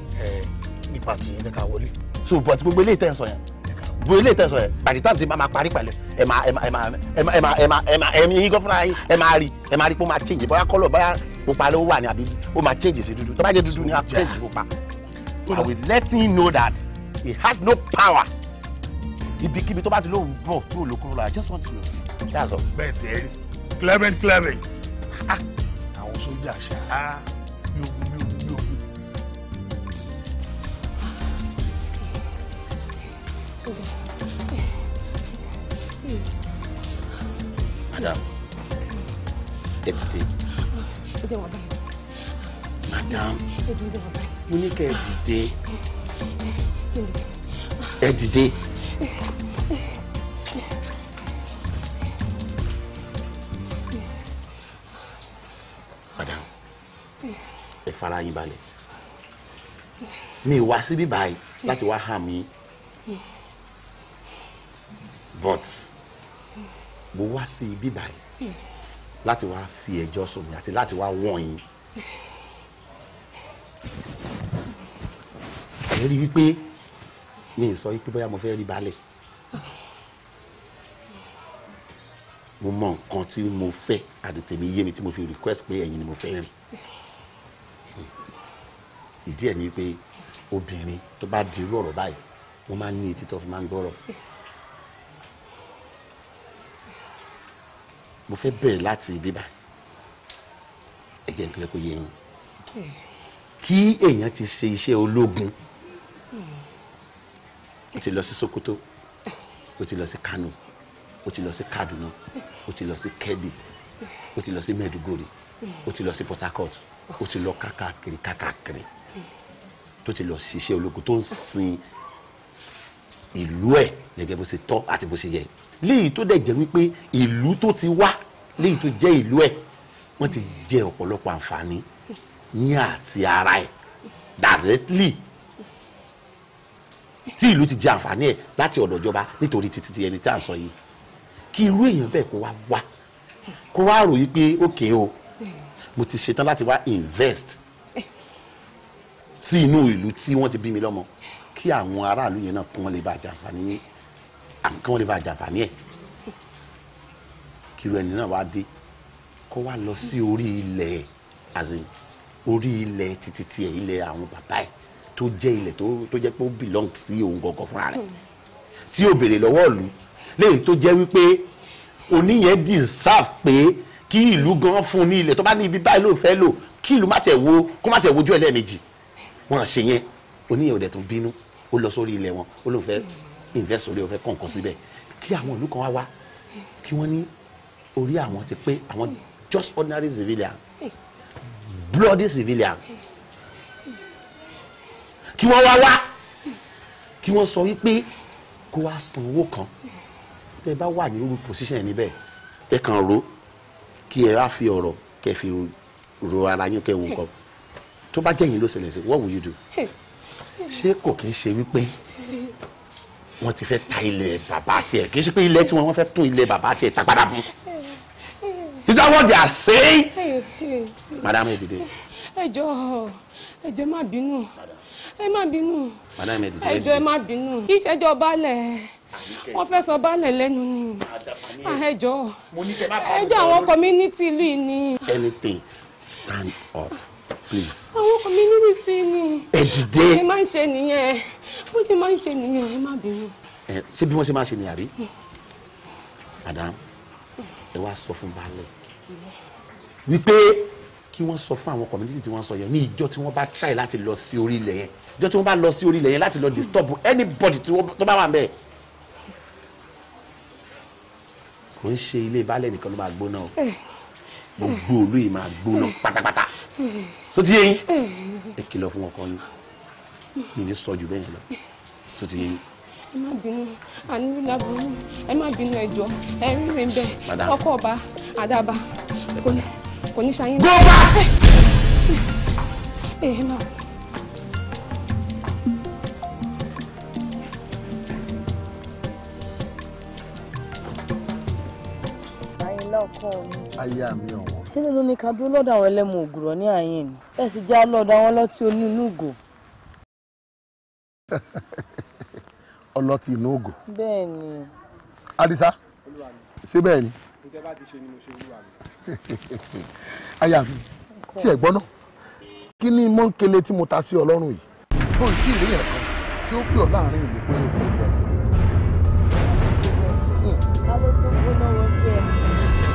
D: ipa tì yín lẹ́ka wọlé. so but gbogbo ilé ìtẹ̀sán yẹn gbogbo ilé ìtẹ̀sán yẹn by the time ti parí pẹ̀lú ẹ máa ẹ máa ẹ máa ẹ máa ẹ máa ẹ máa ẹ̀mí yín gọ́fúnra yín ẹ máa rí ẹ máa rí pé ó máa change bóyá kọ́lọ̀ bóyá pupa ló wà ní àbí ó máa change sí dúdú tó bá jẹ́ dúdú ni á change pupa. I will let him know that he has no power ibikíbi tó bá ti lóun bọ̀ tó lókun lọ I just want to know that's all. bẹ́ẹ̀ rí Clement Clement ah, àwọn sójà ṣáá yóò madam ẹ dìde.
A: ẹ jẹ́ wọn báyìí.
D: madam mo ní kẹ́ ẹ dìde. ẹ dìde. madam ẹ fara yín balẹ̀ mi wá síbí báyìí láti wá hàn mí but mo wá sí ibi báyìí hmm. láti wá fi ẹjọ́ sùn mí àti láti wá wọ̀n yín. ẹ rí wípé mi ì sọ wípé bóyá mo fẹ́ rí balẹ̀ mo mọ nǹkan tí mo fẹ́ àdètèmí yé mi tí mo fi request pé ẹ̀yin ni mo fẹ́ rí ìdí ẹ̀ ni pé obìnrin tó bá dirú ọ̀rọ̀ báyìí wọ́n máa ń ní etí tó fi máa ń gbọ́rọ̀. mo fẹ́ bẹ̀rẹ̀ láti ibi báyìí ẹ jẹ́ nípínlẹ̀ kó yé yín kí èèyàn ti ṣe iṣẹ́ ológun o ti lọ sí Sokoto o ti lọ sí Kano o ti lọ sí Kaduna o ti lọ sí Kebbi o ti lọ sí Maiduguri o ti lọ sí Port Harcourt o ti lọ kákàkiri kákàkiri tó ti lọ ṣiṣẹ́ ológun tó ń sin ìlú ẹ̀ gẹ́gẹ́ bó ṣe tọ́ àti bó ṣe yẹ léyìí tó dẹ̀ jẹ́ wípé ìlú tó ti wá léyìí tó jẹ́ ìlú ẹ̀ wọ́n ti jẹ ọ̀pọ̀lọpọ̀ àǹfààní ní àti ara ẹ̀ directly tí ìlú ti jẹ àǹfààní ẹ̀ láti ọ̀dọ̀ ìjọba nítorí títí ti ẹni tí à ń sọ yìí kí irú èèyàn bẹ́ẹ̀ kó wá wá kó wá rò yìí pé ókè o mo ti ṣetán láti wá invest sí inú ìlú tí wọ́n ti bí mi lọ́mọ kí àwọn aráàlú yẹn náà kí wọ́n lè bá jàǹfààní yẹn kí wọ́n lè bá jàǹfààní ẹ̀ kí irú ẹni náà wá dé kó wá lọ sí orí ilẹ̀ azin orí ilẹ̀ títí tiẹ̀ ilẹ̀ àwọn bàbá ẹ̀ tó jẹ́ ilẹ̀ tó jẹ́ pé ó belong sí òun gọ̀gọ̀ fúnra rẹ̀ tí ó béèrè lọ́wọ́ ìlú léyìí tó jẹ́ wípé oníyẹn deserve pé kí ìlú gan fún ní ilẹ̀ tó bá ní ibi báyìí ló fẹ́ lò kí ìlú má tẹ̀ wo kó má tẹ̀ wojú ẹ̀ lẹ́ẹ̀mejì wọ́n oníyẹn ò dẹ̀ tún bínú ó lọ sórí ilẹ̀ wọn ó lóun fẹ́ invest sórí ó fẹ́ síbẹ̀ kí àwọn ìlú kan wá wá kí wọ́n ní orí àwọn ti pé àwọn just ordinary civilian bloody civilian kí wọ́n wá wá kí wọ́n sọ wípé kó wá san owó kan tẹ́ bá wà ní irú position níbẹ̀ ẹ kàn ro kí ẹ wá fi ọ̀rọ̀ kẹ́ fi ro ara yín kẹ́ wo nǹkan tó bá jẹ́yìn ló ṣẹlẹ̀ sí what will you do. Hey ṣé kò kí ń ṣe wípé wọ́n ti fẹ́ ta ilẹ̀ bàbá tiẹ̀ kì í ṣe pé ilẹ̀ tiwọn wọ́n fẹ́ tún ilẹ̀ bàbá tiẹ̀ ta padà fún. is that what they are saying? madam ẹ dìde.
A: ẹ jọ̀ọ́ ẹ jọ̀ọ́ má bínú ẹ má bínú
D: madam ẹ dìde ẹ jọ̀ọ́ ẹ
A: má bínú kì í ṣẹjọ balẹ̀ wọ́n fẹ́ sọ balẹ̀ lẹ́nu ni ah, ẹ jọ̀ọ́ ẹ jọ̀ọ́ àwọn community ìlú yìí ni.
D: anything stand up please.
A: àwọn ọkọ mi níbi sí ni. ẹ dìde. ẹ máa ń ṣe nìyẹn bó ṣe máa ń ṣe nìyẹn ẹ má bínú.
D: ẹ ṣé bí wọ́n ṣe máa ṣe nìyàrí. madam ẹ wá sọ fún baálẹ̀ wípé kí wọ́n sọ fún àwọn community tí wọ́n sọ yẹn ní ìjọ tí wọ́n bá try láti lọ sí orí ilẹ̀ yẹn ìjọ tí wọ́n bá lọ sí orí ilẹ̀ yẹn láti lọ disturb anybody tó bá wà ń bẹ̀. kò ń ṣe ilé baálẹ̀ nìkan ló máa gbóná o
E: eh. gbogbo
D: olú yìí máa gbóná pátápátá
E: so ti yẹn eh.
D: ẹ kìlọ̀ fún ọkọ ni mi ní sọ jù bẹ́ẹ̀ lọ so ti yẹn.
A: ẹ má bínú àníwí láburú ẹ má bínú ẹjọ ẹ ríre ń bẹ ọkọ ọba àdàbà kò ní ṣayín. gbọ́dọ̀ ẹ eh. eh, ẹ má.
D: ayé mi ọ̀hún
A: sílẹ̀ ló ní ká dúró lọ́dọ̀ àwọn ẹlẹ́mu ògùrọ̀ ní àyìn ni ẹ sì já lọ́dọ̀ àwọn ọlọ́tí onú ògò.
D: ọlọ́tí inú ògò. bẹ́ẹ̀ ni. Adisa ṣé bẹ́ẹ̀ ni. aya mi tí ẹ gbọ́ náà kí ni mọ́ńkele tí mo ta sí ọlọ́run yìí. bọ́ọ̀ tí ìrìyàn kan tí ó pè ọ́ láàrin ìlú pé òun ò fẹ́. tó
E: gbóná wọ́n jẹ́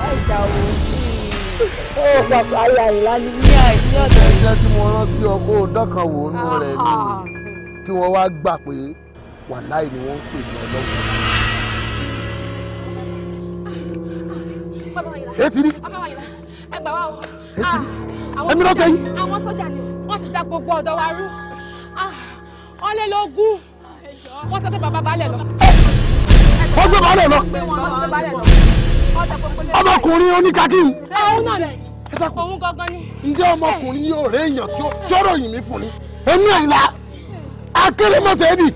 D: àìdáwó ó pàpà ayà ìlà ni ní ọ̀dọ̀. iṣẹ́ tí mo rán sí ọkọ̀ dọ́kan wò nú rẹ̀ ni kí wọ́n wá gbà pé wàláì ni wọ́n ń pè ní ọlọ́wọ́. etí rí etí rí
A: ẹ̀mí lọ́sẹ̀ yìí. àwọn sọ́jà ni wọ́n sì dá gbogbo ọ̀dọ̀ wa rú wọ́n lé sọ pé bàbá balẹ̀ lọ. wọ́n gbé balẹ̀ lọ ọmọkùnrin
D: oníkakíhun. àwọn
A: náà lẹ́yìn òun gangan ni.
D: ǹjẹ́ ọmọkùnrin yóò rẹ èèyàn tí ó ròyìn mí fún ni èmi àyìnlá akérèmọ́sẹ́ẹ̀dì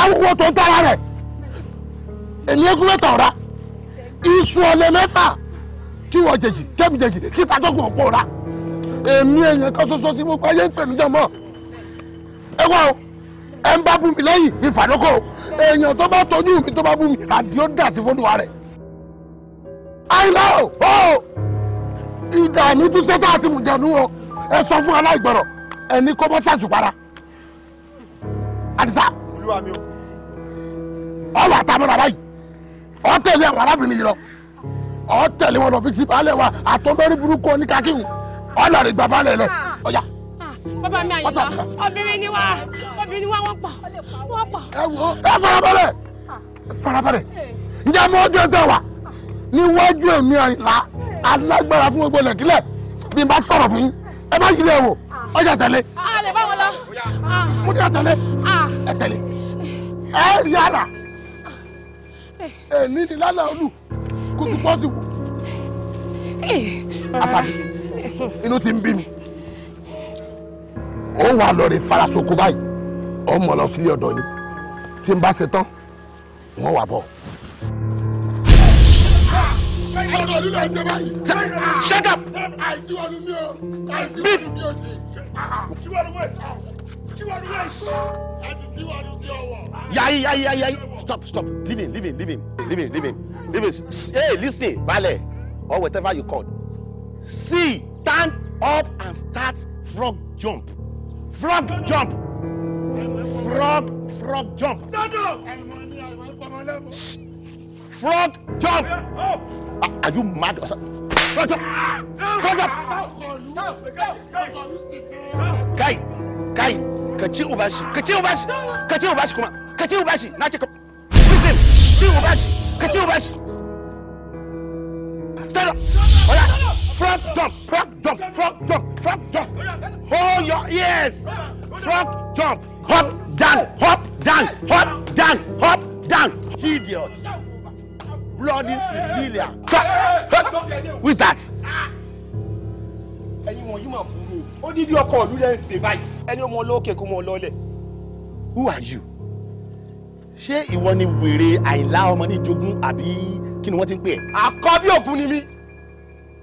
D: awúwo tó ń tara rẹ̀ èmi egúnlẹ̀ tọ̀ra iṣu ọ̀lẹ̀ mẹ́fà kí wọ́n jèjì kẹ́mi jèjì kí tàdọ́gùn ọ̀pọ̀ ra èmi èèyàn kan ṣoṣo tí mo gbáyé ń pè mí jẹ́ mọ́ ẹ wá o ẹ ń bá bú mi lẹ́yìn ìfàdókò èèyàn tó bá tọjú mi tó bá bú mi àdìó dà sí fóònù rẹ. àìlá o ó ìdààmú tún ṣẹ́tà àti mùjẹ̀nu o ẹ sọ fún aláìgbọ̀rọ̀ ẹni kó bọ́ sàṣùpara. àdìsá ọlọ báyìí ọ tẹ̀lé àwọn arábìnrin yìí lọ ọ tẹ̀lé wọn lọ fi sí balẹ̀ wa àtọ́mọ́rí burúkú oníkakíhùn
A: ọlọ́ọ̀rẹ́ gbà balẹ̀ lọ ah. ah. bàbá mi obìnrin ni obìnrin wa wọ́n pa wọ́n pa. ẹ wo ẹ farabalẹ̀
D: ẹ farabalẹ̀ ìjà mọ́ ọjọ́ ẹ tẹ̀ wá níwájú èmi àyìnlá alágbára fún gbogbo nàìjíríà bí n bá sọ̀rọ̀ fún yín ẹ má ṣílẹ̀ wò ọjà tẹ̀lé.
A: a lè bá wọn lọ.
D: mo ní àtẹ̀lé ẹ tẹ̀lé ẹ rí ara ẹ ní ní lálẹ́ olú kùtù pọ́sì wò. Àṣàbí inú ti ń bí mi ó wà lọ rè farasoko báyìí ọmọ lọ sílé ọ̀dọ̀ yín tí n bá ṣe tán wọ́n wà bọ̀. shut up. àìsí wọn ni mi Yayi yayi yayi stop stop leave him leave him leave him leave him leave him leave him hey listen baale or whatever you call see stand up and start frog jump frog jump Frog, frog jump. Frog jump.
C: Ah,
D: are, you mad or something? Frog jump.
C: Frog jump. Kai, kai, ka ci uba shi, ka ci uba shi, ka ci uba shi kuma, ka ci na ce ka ci uba shi, ka Stand up. All right. Frog jump, frog jump, frog jump, frog jump. Hold your ears frog jump
D: hop down hop down hop down hop down idiot bloody civilian with that. anyone you yìí máa What did you call? ọkọ òlu survive? ń ṣe báyìí ẹni ọmọ olókè kó who are you ṣé ìwọ ni wèrè àyìnlá ọmọ ní jogún àbí kí ni wọ́n ti ń pè ẹ́. àkọ́bí ògún ni mí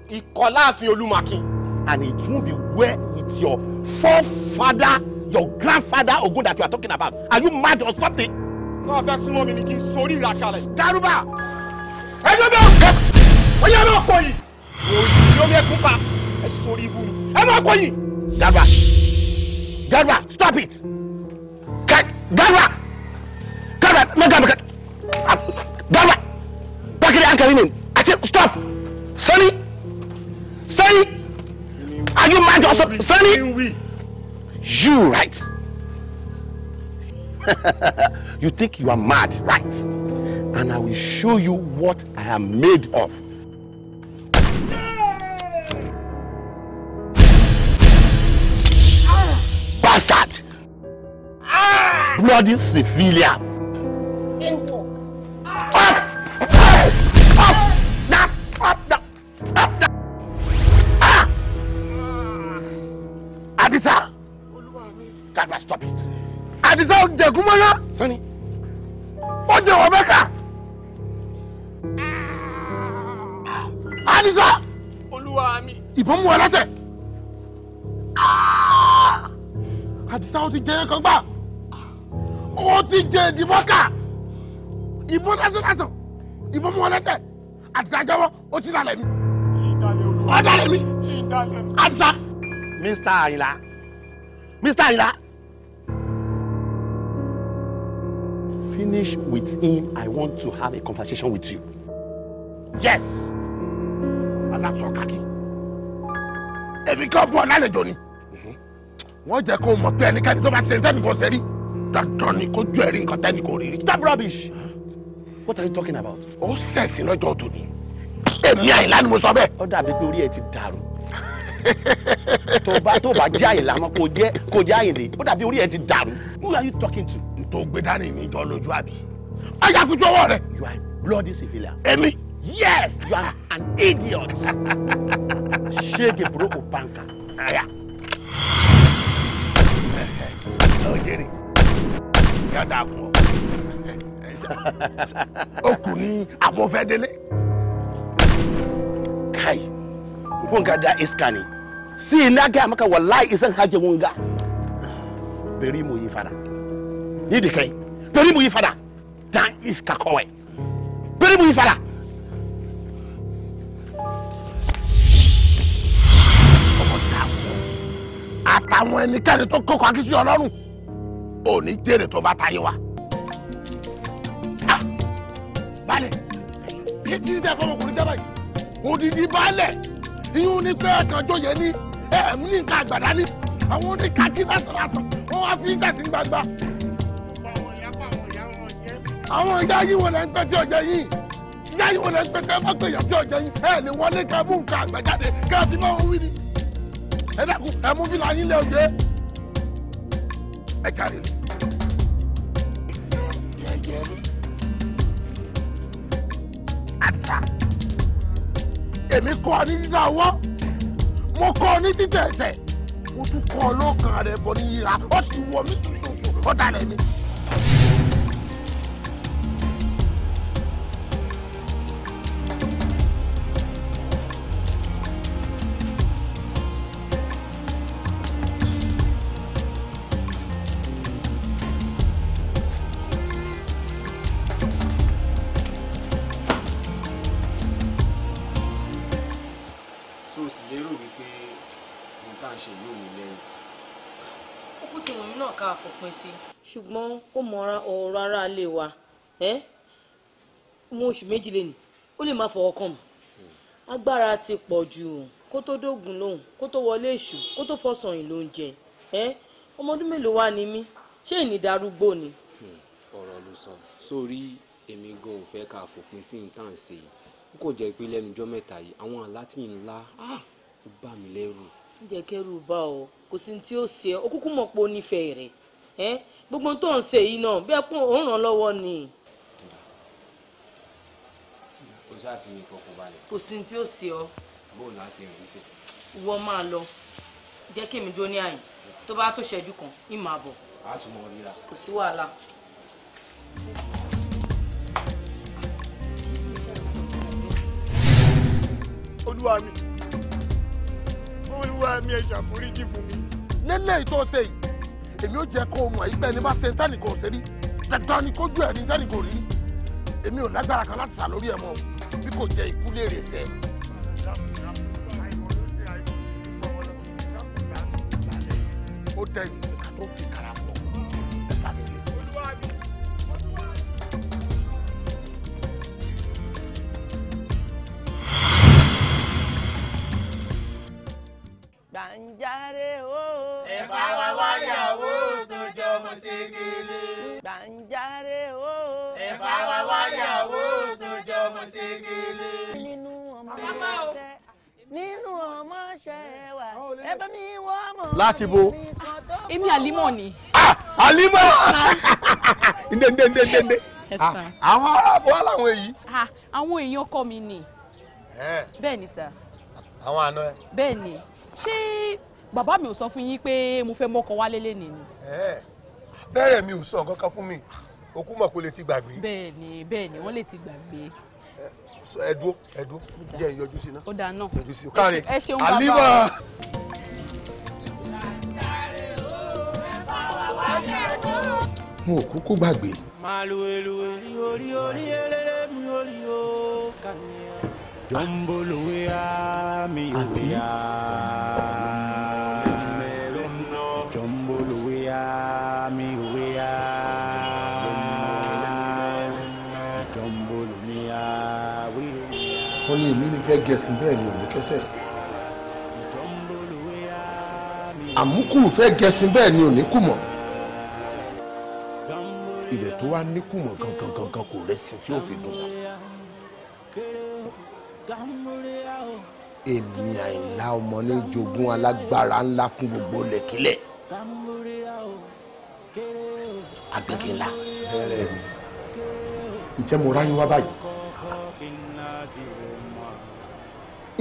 D: ìkọ́ láàfin olúmakin. and it won't be well with your forefather your grandfather Ogun that you are talking about are you mad or something. sọ fẹ́ súnmọ́ mi ni kí n sori ìlà kalẹ̀. kárúbà ẹjọ́ bẹ́ẹ̀ kọ́ ó yẹ ẹ̀rọ ọkọ yìí òyìn ló mẹ́kún pa ẹ sori ibu ni
C: ẹ máa yìí. garba garba stop it garba garba mẹ́ka mẹ́ka ah, garba
D: bákẹ́rẹ́ ankari I say, stop sani sani are you mad or something sani. You, right? you think you are mad, right? And I will show you what I am made of. Bastard! Bloody civilian! àdìsá jẹ̀kún mọ́ná. sani. ó jẹ wọ́n bẹ́ẹ̀ kà. àdìsá. olúwa mi. ìbọn mú ọ lọ́sẹ̀. àdìsá ó ti jẹ ẹ̀kan gbà. ó ti jẹ ìdìbọn kà. ìbọn lásán lásán. ìbọn mú ọ lọ́sẹ̀. àdìsá jẹ́wọ́ ó ti dalẹ̀ mi. ó dalẹ̀ mi. àdìsá. mr ayinla mr ayinla. finish with him, I want to have a conversation with you. Yes! Aláṣọ kàkí. Èmi kan bọ̀ lálejò ni. Mm-hmm. Wọ́n jẹ́ kó mọ̀ pé ẹnikẹ́ni tó bá ṣe tẹ́ni kò ṣe rí. Dandan ni kó ju ẹ̀rí nǹkan tẹ́ni kò rí. Stop rubbish! What are you talking about? Ó ṣẹ̀sìn lọ́jọ́ tòní. Èmi Àyìnlá ni mo sọ bẹ́ẹ̀. Ó dàbí pé orí ẹ ti dàrú tó bá tó bá jẹ́ àyìnlá mọ́ kò jẹ́ kò jẹ́ àyìnlé ó dàbí orí ẹ ti dàrú who are you talking to tó gbé dání ní ìjọ lójú àbí ajakutu ọwọ́ rẹ. you are a bloody civilian. èmi. yes you are an idiot. ṣéèkì burúkú pàǹkà. ọ̀jẹ̀rì yọ̀dà fún ọ. ó kù ní abọ́fẹ́délé. kai wanga da iska ne si na gaya maka wallahi isan haje wanga bari mu yi fara ni di kai bere mu yi fada dan is kawai bere mu yi fada àtàwọn ẹnikẹ́ni tó kọ́kọ́ akíṣe ọlọ́run ò ní jèrè tó bá tayé wa. balẹ̀ bí tí dẹ́ fọmọkùnrin jẹ́ báyìí odidi balẹ̀ iyún ní pé ẹ̀kanjọ́ yẹn ní ẹ̀ẹ́mú ní nǹkan àgbàdá ní àwọn oníkàkí lásán lásán wọ́n wá fi ń sẹ̀sìn àwọn ìyá yìí wọn lẹ ń tọ́jú ọjọ́ yìí ìyá yìí wọn lẹ ń pẹ̀tẹ́ mọ́tò ìyàtọ̀ ọjọ́ yìí ẹ lè wọlé ká mú nǹkan àgbà ká fi máa wí ni ẹ dákun ẹ mú fìlà yín lé òde ẹ kárí ni. èmi kọ́ ọ ní dídá ọwọ́ mo kọ́ ọ ní títẹ̀ mo tún kọ́ ọ lọ́kàn rẹ̀ bọ̀ ní yíra ó ti wọ̀ mí tùsùn ọ̀dàlẹ̀ mi.
A: ṣùgbọ́n kò mọ ọ̀rọ̀ ara lè wà ẹ́ mú oṣù méjì lè nì ó lè má fọwọ́ kàn mí agbára ti pọ̀ jù kó tó dógùn lòun kó tó wọlé èṣù kó tó fọsàn ìlò oúnjẹ ẹ́ ọmọ ọdún mélòó wá ni mí ṣé ìnìdarúgbó ni.
F: Hmm, ọ̀rọ̀ ló sọ sórí èmi gan ò fẹ́ ká fòpin
A: sí nǹkan ṣe n kò jẹ́ pé lẹ́nu mẹ́ta yìí àwọn aláti ńlá ah, ó bà mí lẹ́rù. jẹ́ kẹ́rù bá ọ kò sí ní tí ó ṣe ọ ó kúkú mọ̀ pé ó nífẹ̀ẹ́ rẹ̀ gbogbo tó ń ṣe yìí náà bí ẹ pọ́n ò ń ràn lọ́wọ́ ni. kò sí àti ìfọkànbalẹ̀. kò sí tí ó ṣe ọ. bóun á ṣe rìn sí. ìwọ máa lọ jẹ́ kí èmi dúró ní àyè tó bá tó ṣẹ́jú kan ì máa a tún
D: mọ ríra. kò sí wàhálà. olúwa mi olúwa mi ẹ ṣàforíjì fún mi lélẹ́yìí tó ṣe yìí èmi ò jẹ́ kó o mọ̀ ìgbẹ́ ẹni bá ṣe tẹ́nì kò ṣe rí dandan ni kójú ẹ̀ ní tẹ́nì kò rí èmi ò lágbára kan láti sà lórí ẹ̀ mọ́ bí kò jẹ́ ikú léèrè fẹ́. ó dẹ́yìn ká tó fi
A: là ń járe o. ẹ̀bá wa wáyàwó
E: tó
D: jọmọ sí gèlè. là ń
A: járe o. ẹ̀bá wa wáyàwó
E: tó
D: jọmọ sí gèlè. nínú ọmọ ṣẹ nínú ọmọ ṣẹ wà ẹbẹ mi wọ ọmọ mi. láti bo.
A: èmi àlímọ̀ ni. Ah,
D: àlímọ̀ ndé ndé ndé ndé ndé àwọn aráàbò wà láwọn èyí.
A: Ah, àwọn èèyàn ọkọ mi ni. Eh. bẹ́ẹ̀ ni sà. àwọn àna ẹ. bẹ́ẹ̀ ni ṣé bàbá mi ò sọ fún yín pé mo fẹ́ mọ́kọ wálé lẹ́nìí ni.
D: Eh, bẹ́ẹ̀ mi ò sọ nǹkan kan fún mi òkú mọ̀ pé lè ti gbàgbé. bẹ́ẹ̀ ni bẹ́ẹ̀ ni wọ́n lè ti gbàgbé. Eh, ẹ̀dúró ẹ̀dúró jẹ́ ìyọjú sí náà. ó dáa náà ìyọjú sí káre àlímọ̀.
B: mo ò kúkú gbàgbé. màlúwèlúwèlú orí orí eléré mi orí
E: o kàníyàn
B: ó ní
D: èmi ní fẹ́ gẹ̀sìn bẹ́ẹ̀ ni òní kẹsẹ̀ àmúkùrù fẹ́ ni òní kùmọ̀ ilẹ̀ tó wá ní kùmọ̀ gangan gangan kò rẹ́sìn tí ó fi dùn wọ́n èmi àìlá ọmọ ní jogún alágbára ńlá fún gbogbo lẹ́kílẹ̀ agbègbè ńlá. bẹ́ẹ̀rẹ̀ mi ǹjẹ́ mo ráyé wá báyìí.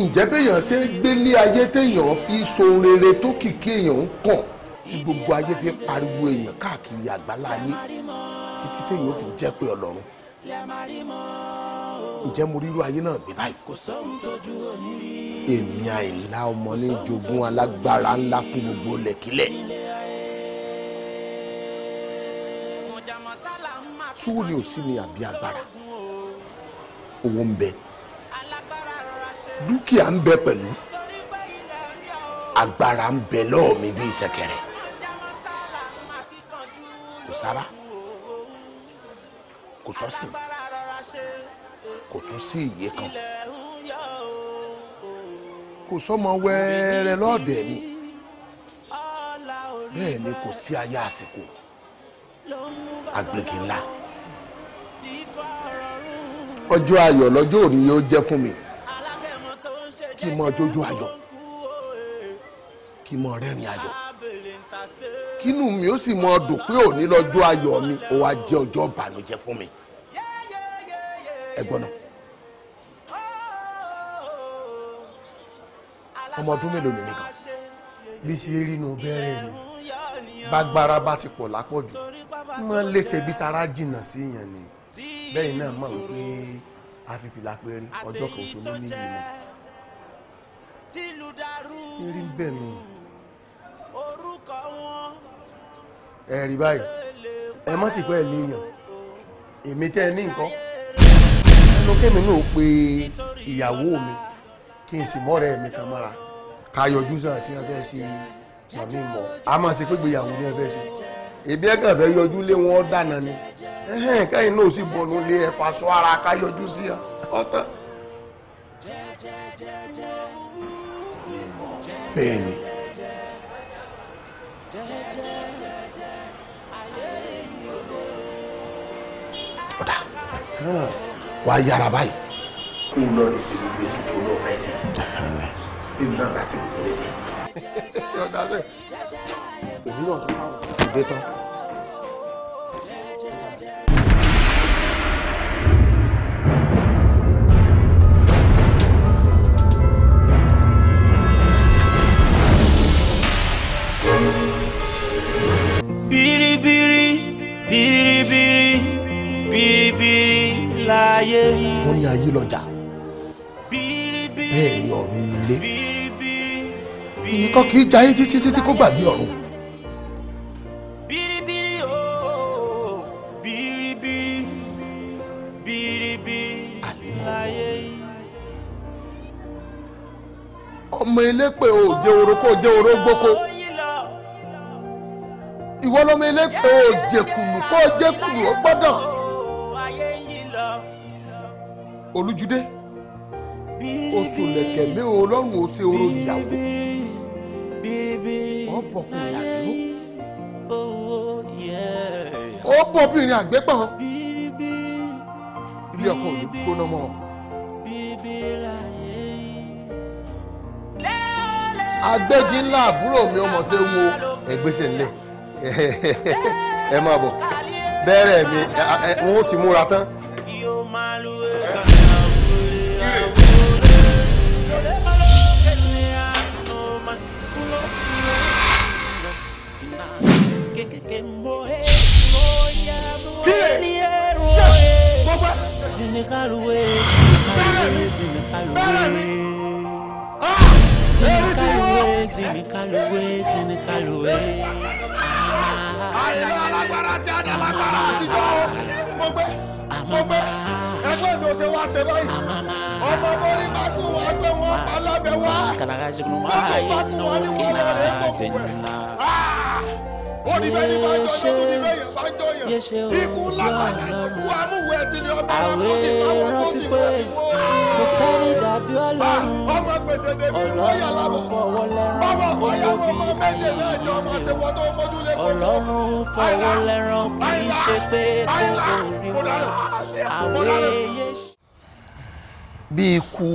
D: ǹjẹ́ béèyàn ṣe é gbélé ayé téèyàn fi sohun rere tó kìkì èèyàn ń kàn tí gbogbo ayé fi pariwo èèyàn káàkiri àgbáláyé títí téèyàn fi jẹ́ pé ọlọ́run ǹjẹ́ mo rírú ayé náà gbé báyìí èmi àìlá ọmọ ní jogún alágbára ńlá fún gbogbo lẹ́kílẹ̀ túwò ni ò ni àbí agbára owó ń bẹ dúkìá ń bẹ pẹ̀lú agbára ń bẹ lọ́ọ̀ mi bíi ṣẹ̀kẹ̀rẹ̀
B: kò sára kò
D: sọ́sìn kò tún sí ìyè kan kò sọ́mọ wẹ́ẹ́rẹ́ lọ́ọ̀dẹ̀ mi bẹ́ẹ̀ ni kò sí aya àsìkò agbègbè ńlá ọjọ́ ayọ̀ lọ́jọ́ òní yóò jẹ́ fún mi kí n mọ jójó ayọ̀ kí n mọ rẹ́rìn ayọ̀ kínú mi ó sì mọ ọdún pé òní lọ́jọ́ ayọ̀ mi ó wá jẹ́ ọjọ́ ìbànújẹ́ fún mi ẹ̀gbọ́n náà ọmọ ọdún mélòó ni mi kàn. bí ṣe rí inú bẹ́rẹ̀ ni bágbára bá ti pọ̀ lápọ̀jù wọ́n lè tẹ̀bí tara jìnnà sí èèyàn ni bẹ́ẹ̀ náà mọ̀ wípé afifìlà péré ọjọ́ kan ṣoṣo ní ìmọ̀. eré ń bẹ̀ nù ẹ̀rí báyìí ẹ mọ́ sì pẹ́ ẹ̀ léèyàn èmi tẹ́ ẹ ní nǹkan ẹnu kémi náà pe ìyàwó mi kí n sì mọ́rẹ̀ mi kan mọ́ra ká yọjú sàn tí wọ́n fẹ́ ṣe màmí mọ́ a máa ṣe pé gbéyàwó ni wọ́n fẹ́ ṣe èbí ẹ̀ kàn fẹ́ yọjú lé wọn dáná ni kẹ́yìn náà sì bọ̀nù lé ẹ̀ fàṣọ ara ká yọjú sí ọ ọ̀tán. bẹ́ẹ̀ ni. ọ̀dà wàá yára báyìí. kí n lọ lè ṣe gbogbo ètò lọ fẹ́ sí fún mi náà láti gbogbo lédè. ọ̀dà bẹ́ẹ̀ èmi náà sọ fáwọn ìdè tán. láyé wọ́n ní ayé lọ́jà bẹ́ẹ̀ ni ọ̀run nílé nǹkan kì í jayé títí títí kó gbàgbé ọ̀run. Oh, ọmọ elépè ò jẹ́ orókó jẹ́ orógbókó ìwọ lọmọ elépè ò jẹkùnù kó jẹkùnù ó olújúdé oṣù lẹ̀kẹ̀mí ọlọ́run ó ṣe oró ìyàwó ọ̀bọ̀kùnrin àdúró ó bọ̀bìnrin àgbépọ̀n ilé ọkọ ò ní gbóná mọ́ ọ. agbẹ́gi ńlá àbúrò mi ọmọ ṣe ń wo ẹgbẹ́sẹ̀ ńlẹ̀ ẹ máa bọ̀ bẹ́ẹ̀rẹ̀ mi n ó ti múra tán.
E: the carway.
B: Carways in the carway.
E: Carways
B: in the carways in the carway.
A: Àyìnbá alágbára tí a dá
B: lágbára àtijọ́
E: mo gbé mo gbé ẹgbẹ́ mi ò ṣe wá ṣe báyìí ọmọ bórí bá tún wá gbé wọn pa lábẹ́ wá
B: bá tún bá tún wá ní wọn lè rẹ́ kó kú ẹ̀
E: ó ní bẹ́ẹ̀ ní bá jọ yóò ní bẹ́ẹ̀ yẹn bá jọ
D: yẹn ikú lápàdà ìlú amúwẹ̀ ti ní
E: ọba lọ́kọ́ sí táwọn
D: tó ti wọ́ ìwọ́ kò sẹ́ni dàbí ọlọ́run ah, ọmọ gbèsè débi lọ́yà lábọ̀ bàbá ọ̀yà ọmọ mẹ́sẹ̀ náà
B: fọwọ́ lẹ́rán kì ṣe pé kó orí wa àwẹ̀yẹ.
D: bí ikú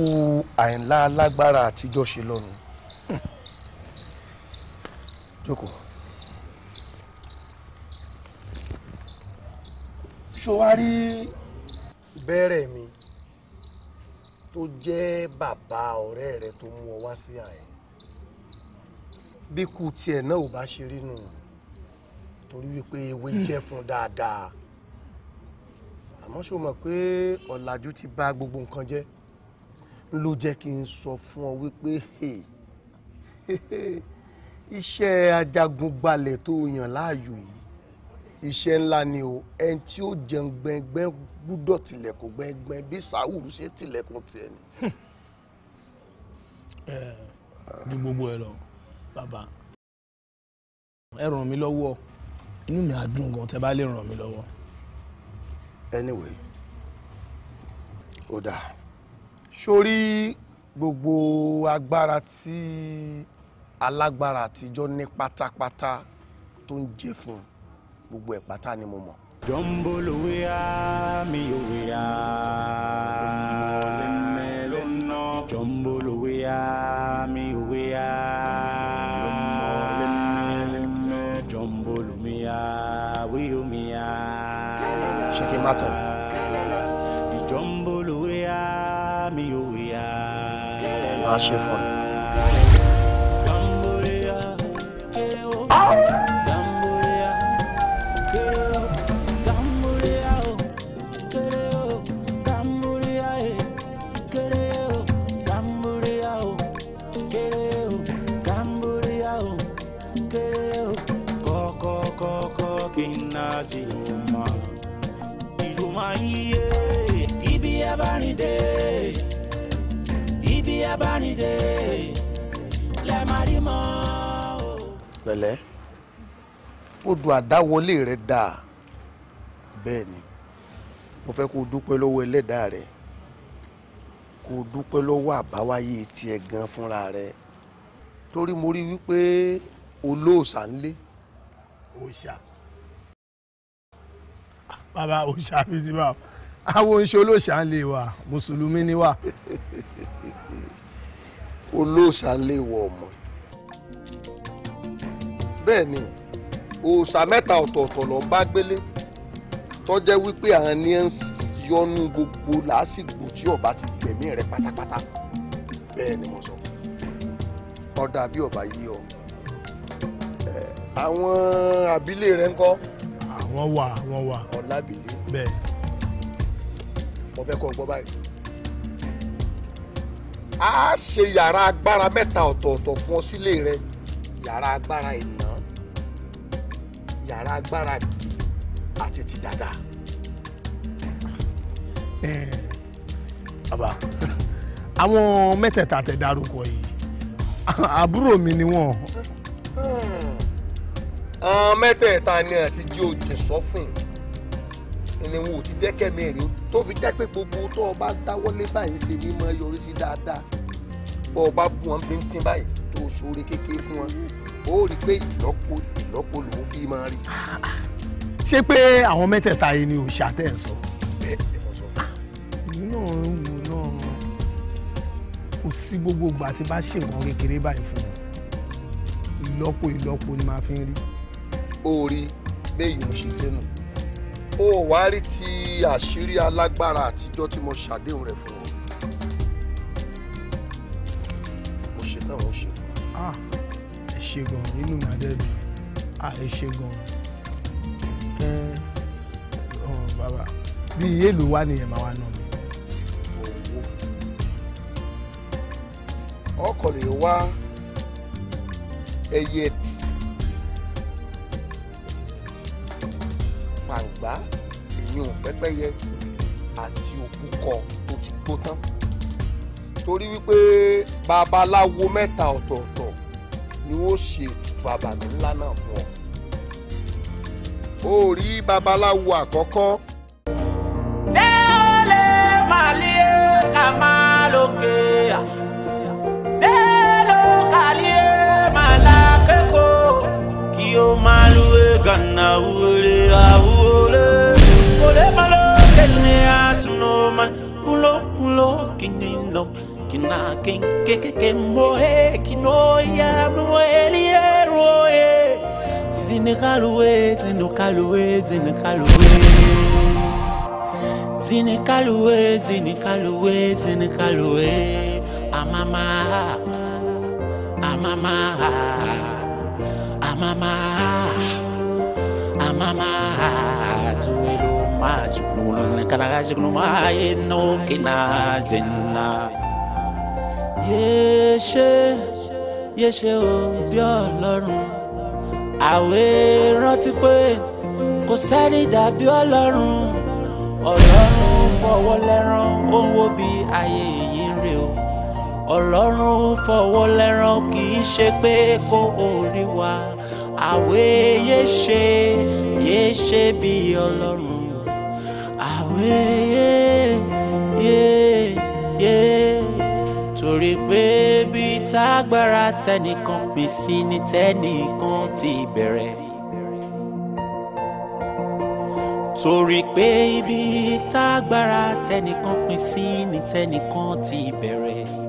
D: àìlá alágbára àtijọ́ ṣe lọ́nu jókòó. ṣó wá rí bẹ́rẹ̀ mi tó jẹ́ bàbá ọ̀rẹ́ rẹ tó mú ọ wá sí àyè bí kú tiẹ̀ náà ò bá ṣe rí nù torí wípé ewé hmm. jẹ́ fún dáadáa àmọ́ ṣó mọ̀ pé ọ̀làjú ti bà gbogbo nǹkan jẹ́ ló jẹ́ kí n sọ fún ọ wípé iṣẹ́ ajagun gbalẹ̀ tó yàn láàyò yìí iṣẹ́ ńlá ni o ẹni tí ó jẹun gbẹngbẹ́ gbúdọ̀ tilẹ̀kùn gbẹngbẹ́ bí sàwùrù ṣe tilẹ̀kùn tiẹ̀ ni. ẹ eh, ju gbogbo ẹ lọ bàbá ẹ ràn mí lọ́wọ́ inú mi á dùn gan tẹ bá lè ràn mí lọ́wọ́. anyway ó dáa sórí gbogbo agbára tí alágbára àtijọ́ ní pátápátá tó ń jẹ fún un gbogbo ẹ̀ pátá ni mo mọ̀.
B: jọ́ńbóló mi ò wíyá lẹ́mẹ́lẹ́nà jọ́ńbóló mi ò wíyá lẹ́mẹ́lẹ́nà jọ́ńbóló wíyá wíyó míyá. mi ò wíyá. máa ṣe fún kéré o Cambodia o kéré o kọ́kọ́kọ́kọ́ kí n náà sì mọ̀ ibi abánidé ibi abánidé lẹ máa rí mọ́.
D: Oh. pẹ̀lẹ́ odò àdáwọlé rẹ dáa bẹ́ẹ̀ ni mo fẹ́ kó o dúpẹ́ lọ́wọ́ ẹlẹ́dàá rẹ kó o dúpẹ́ lọ́wọ́ àbáwáyé tiẹ̀ gan fúnra rẹ torí mo rí wípé olóòṣà ń lé. òòṣà bàbá òòṣà mi ti bá àwọn oṣù olóòṣà ń lé wa mùsùlùmí ni wá. olóòṣà ń lé wọ ọmọ bẹ́ẹ̀ ni òòṣà mẹ́ta ọ̀tọ̀ọ̀tọ̀ ló ń bá gbélé tó wípé àwọn ni ń yọnu gbogbo làásìgbò tí ọba ti gbẹ̀mí rẹ̀ pátápátá bẹ́ẹ̀ ni mo sọ ọ̀dà bí ọ̀bà yí ọ eh, àwọn àbílẹ̀ rẹ ń kọ́. àwọn wà àwọn wà. ọ̀làbílẹ̀. bẹ́ẹ̀. mo fẹ́ kọ́ ọ gbọ́ báyìí. a ṣe yàrá agbára mẹ́ta ọ̀tọ̀ọ̀tọ̀ fún ọ sílé rẹ yàrá agbára ìná yàrá agbára dì àti ti dada. Eh, bàbá àwọn mẹ́tẹ̀ẹ̀ta tẹ dárúkọ yìí àbúrò mi ni wọn. àwọn mẹ́tẹ̀ẹ̀ta ni àti jí o jẹ sọ́fìn ẹni wo ti jẹ́kẹ́ mi rí tó fi jẹ́ pé gbogbo tó o bá dáwọ́lé báyìí ṣe ni máa yọrí sí dáadáa bó o bá bù wọn bí ń tín báyìí tó o ṣoore kékeré fún wọn o rí i pé ìlọ́po ìlọ́po lòún fi máa rí. ṣé pé àwọn mẹ́tẹ̀ẹ̀ta yìí ni òòṣà tẹ̀ ń sọ. bẹ́ẹ̀ ni mo sọ fún un kò sí gbogbo ìgbà tí bá ṣe nǹkan kékeré báyìí fún mi ìlọ́po ìlọ́po ni màá fi ń rí. ó rí bẹ́ẹ̀ yóò ṣe jẹ́ ó wá rí ti àṣírí alágbára àtijọ́ tí mo ṣàdéhùn rẹ̀ fún ọ mo ṣe náà mo ṣe fún ọ. ẹ ṣe gan-an nínú màdẹ́bí ẹ ṣe gan-an bàbá bíi èlò wà nìyẹn máa wà náà. ọkọ̀ lè wá ẹyẹ ẹtì pàǹgbá èyàn pẹ́pẹ́yẹ àti òbúkọ tó ti gbó tán torí wípé babaláwo mẹ́ta ọ̀tọ̀ọ̀tọ̀ ni ó ṣe ètùtù àbàmì ńlá náà fún ọ. ó babaláwo àkọ́kọ́. ṣé ó lè màlẹ́
B: ká máa lókè à zero kàlíyé màlá kẹ́kọ̀ọ́ kí o máa lúwé gànà wúlé àwúlé kòlé malo kẹ́ni àsùnùmán e kúlókúló kìíní nọ kìnnà kéńkékéké mọ́hé kìnnà yánú ẹ̀lìyẹ̀rù ọ̀hé zinikaluwe zinikaluwe zinikaluwe. Zinikaluwe, zinikaluwe, zinikaluwe. Amama, amama, amama, amama. Zuelo ma zulo kalaga zulo ma eno kina jenna. Yeshe, yeshe o biolorun, Ọlọ́run. Àwé pe ko sari da biolorun, olorun Ọlọ́run fọwọ́ lẹ́rán ó ń wo bí ayé èyí ń o ọlọ́run ó fọwọ́ lẹ́rán kì í ṣe pé kó orí wa àwé yé ṣe yé ṣe bí ọlọ́run àwé yé yé yé torí pé bí tágbára tẹnìkan pèsè ní tẹnìkan ti bẹ̀rẹ̀. torí pé ibi tágbára tẹnìkan pín sí tẹnìkan ti bẹ̀rẹ̀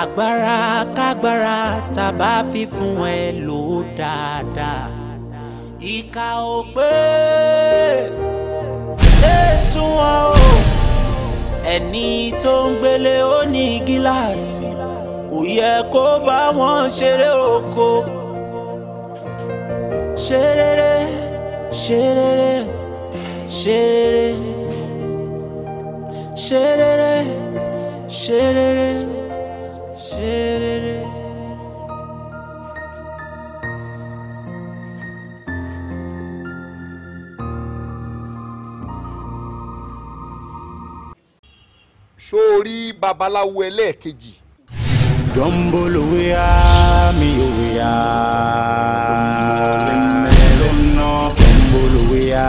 B: agbára kágbára tá a bá fi fún ẹ lò ó dáadáa ìka ò pé èsùn wọn o ẹni tó ń gbélé ó ní gíláàsì kò yẹ kó bá wọn ṣeré oko
E: ṣerere ṣerere ṣerere ṣerere ṣerere ṣe rere.
B: ṣó o rí babaláwo ẹlẹ́ẹ̀kejì. dọ́ńbọ̀lùwẹ́à mi ò wíyà mẹ́lẹ́lọ́nà mi ò wíyà.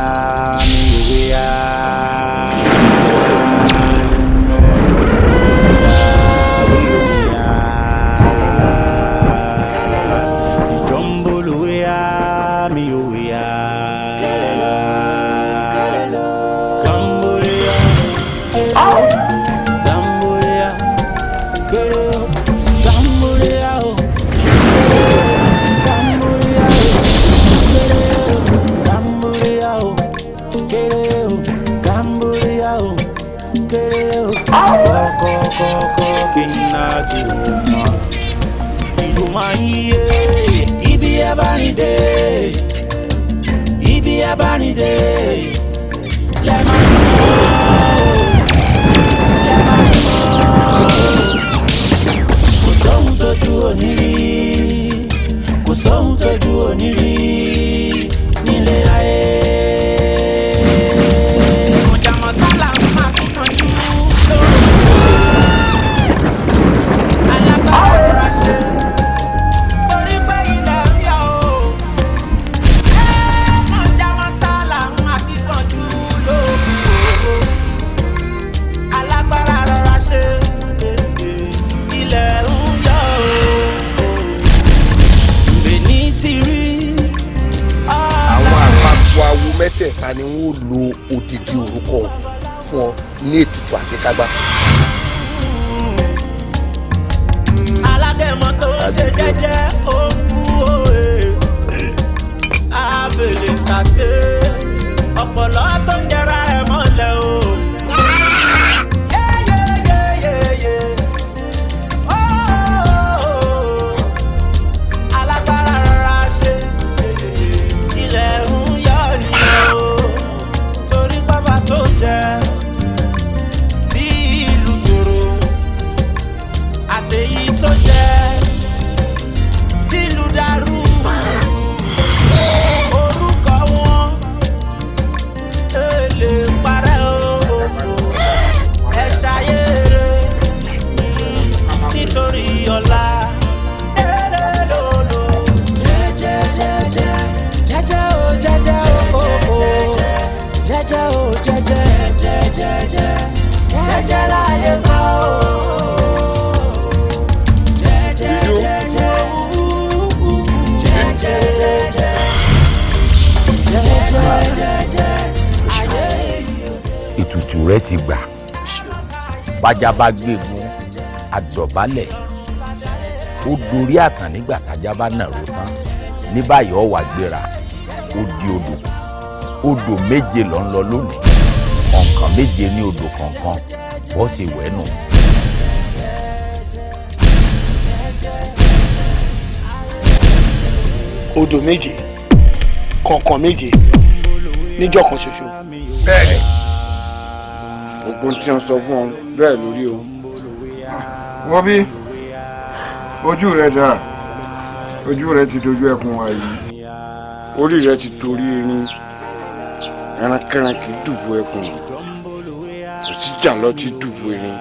E: ibi abánidé lẹ má ní mọ́ lẹ má ní mọ́ kò sóhun tójú
B: òní rí kò sóhun tójú òní rí. àṣekágbá. alágẹ̀mọ́ tó ṣe jẹ́jẹ́ ó.
E: ètùtù rẹ ti
D: gbà bájá bá gbégun àdọ̀bálẹ̀ ó dorí àkàn nígbà tájá bá nàró tán ní báyìí ọ̀wà gbéra
F: ó di odò odò méje ló lọ lónìí kọ̀ọ̀kan méje ní odò kọ̀ọ̀kan bó ṣe wẹ̀ nù.
D: odò méje kọ̀ọ̀kan méje níjọ́ kan ṣoṣo. bẹ́ẹ̀ni ogun tí wọn sọ fún ọ bẹ́ẹ̀ lórí o. wọ́n bí ojú rẹ dára ojú rẹ ti dojú ẹkùn wa yìí orí rẹ ti torí erin ẹran kẹran kì í dùbò ẹkùn yìí tíjà lọ ti dùbò irin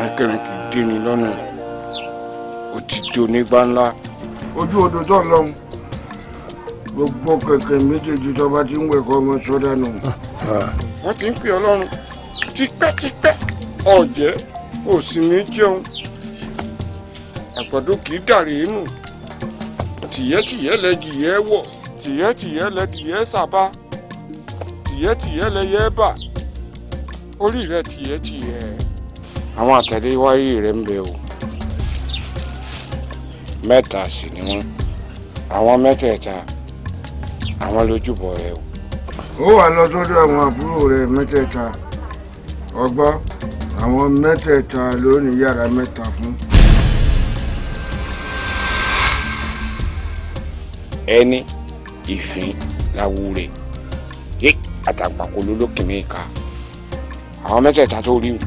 D: akẹrin kì í dérin lọ́nà ó ti di onígbà ńlá. ojú odò tó ń lọ́hùn gbogbo kẹ̀kẹ́ méjèèjì tó bá ti ń wẹ̀kọ́ ọmọ sọ́dà nù. wọ́n ti ń pè ọlọ́run tipẹ́tipẹ́ ọ̀jẹ́ òsì mi jẹun àgbàdo kì í dàrí inú tìyẹ́tìyẹ́ lẹ́dìyẹ́ wọ̀ tìyẹ́tìyẹ́
A: lẹ́dìyẹ́ sábà tìyẹ́tìyẹ́ lẹ́yẹ́ bà orí rẹ tìyẹ tìyẹ.
D: àwọn àtẹ̀lé wáyé rẹ̀ ń bẹ o mẹ́ta sì ni wọ́n àwọn mẹ́tẹ̀ẹ̀ta àwọn lójúbọ rẹ o. ó wà lọ sọ́dọ̀ àwọn àbúrò rẹ̀ mẹ́tẹ̀ẹ̀ta ọgbọ́ àwọn mẹ́tẹ̀ẹ̀ta ló ní yàrá mẹ́ta fún.
B: ẹni ìfín
D: làwúre àtàgbàkọ lólókìmí ká
C: àwọn mẹ́tẹ̀ẹ̀ta tó rí o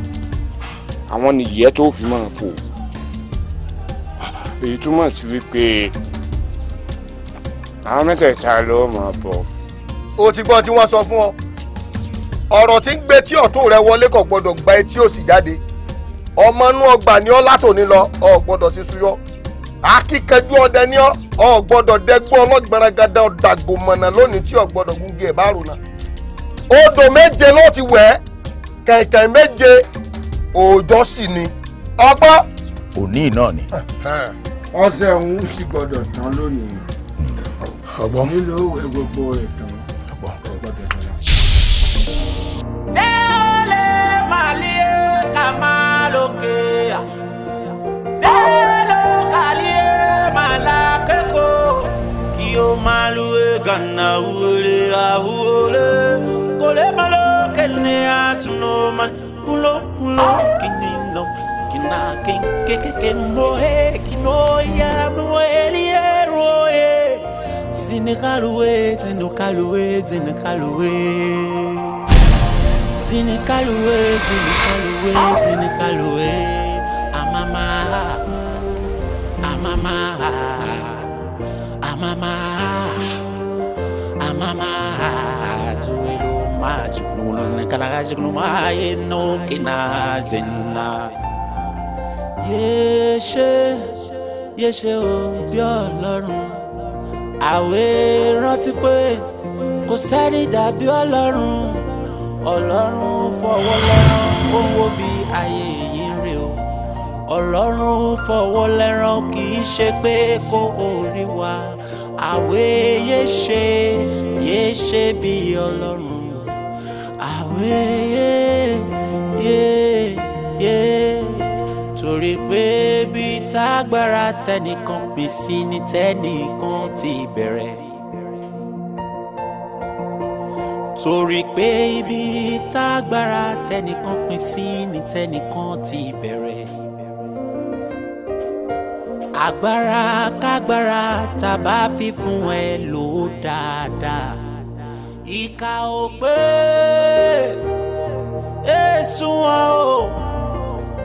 C: àwọn nìyẹ́ tó fi máa fò
D: èyí túmọ̀ sí wípé àwọn mẹ́tẹ̀ẹ̀ta ló máa bọ̀. o ti gbọ́ tí wọ́n sọ fún ọ ọ̀rọ̀ tí ń gbé tí ọ̀tún rẹ wọlé kò gbọ́dọ̀ gba etí òsì jáde ọmọ inú ọgbà ni ọ látòní lọ ọ gbọ́dọ̀ ti suyọ akíkanjú ọdẹ ni ọ ọ gbọ́dọ̀ dẹgbọ ọlọgbẹrẹgàdà ọdàgbòmọnà lónìí tí ọ gbọ́dọ̀ gúngi ẹ bá rò náà odò méje ló ti wẹ kẹ̀kẹ́ méje òòjọ́ sì ni ọgbọ́n. òní náà ni. ọṣẹ òun sì gbọ́dọ̀ tán lónìí ọgbọ́n nílò òwe gbogbo ìtàn ọgbọ́n
B: ṣé ó lè máa lé ká máa lókè à ṣé ló kà lé máa lákẹ́kọ̀ọ́ kí ó máa lu ẹ̀gànnà wọlé àwòrán. Kole malo kelne asno man kulo kulo kinino kina ken ke ke ke mohe kino ya amama amama amama amama ma jigunu kalaga jigunu ye no kina zenna yeshe yeshe o bí Ọlọ́run àwẹ rántí pé kò sẹ́ni dàbí Ọlọ́run Ọlọ́run fọwọ́ lẹ́rán ó ń wo bí ayé yìí ń rè o Ọlọ́run fọwọ́ lẹ́rán kì í ṣe pé kó wa àwẹ yéṣe yéṣe bí Ọlọ́run àwẹ̀ torí pé bí tágbára tẹnìkan pèsè ní tẹnìkan ti bẹ̀rẹ̀. torí pé ibi tágbára tẹnìkan pín sí ní tẹnìkan ti bẹ̀rẹ̀. agbára kágbára tá a bá fi fún ẹ lò ó dáadáa ìka ò gbé èsù wọn o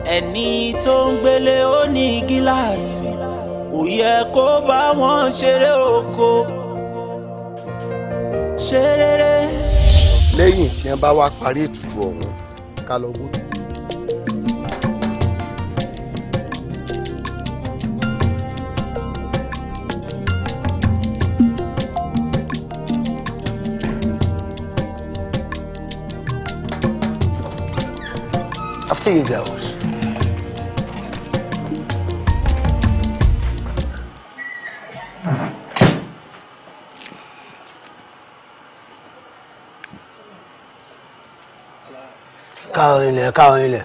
B: ẹni tó ń gbélé ó ní gíláàsì kò yẹ kó bá wọn ṣeré oko
D: ṣeré. lẹ́yìn tí wọ́n bá wá parí ètùtù ọ̀hún ká lọ gbódò. Here you goes. káwọn ilẹ̀ káwọn ilẹ̀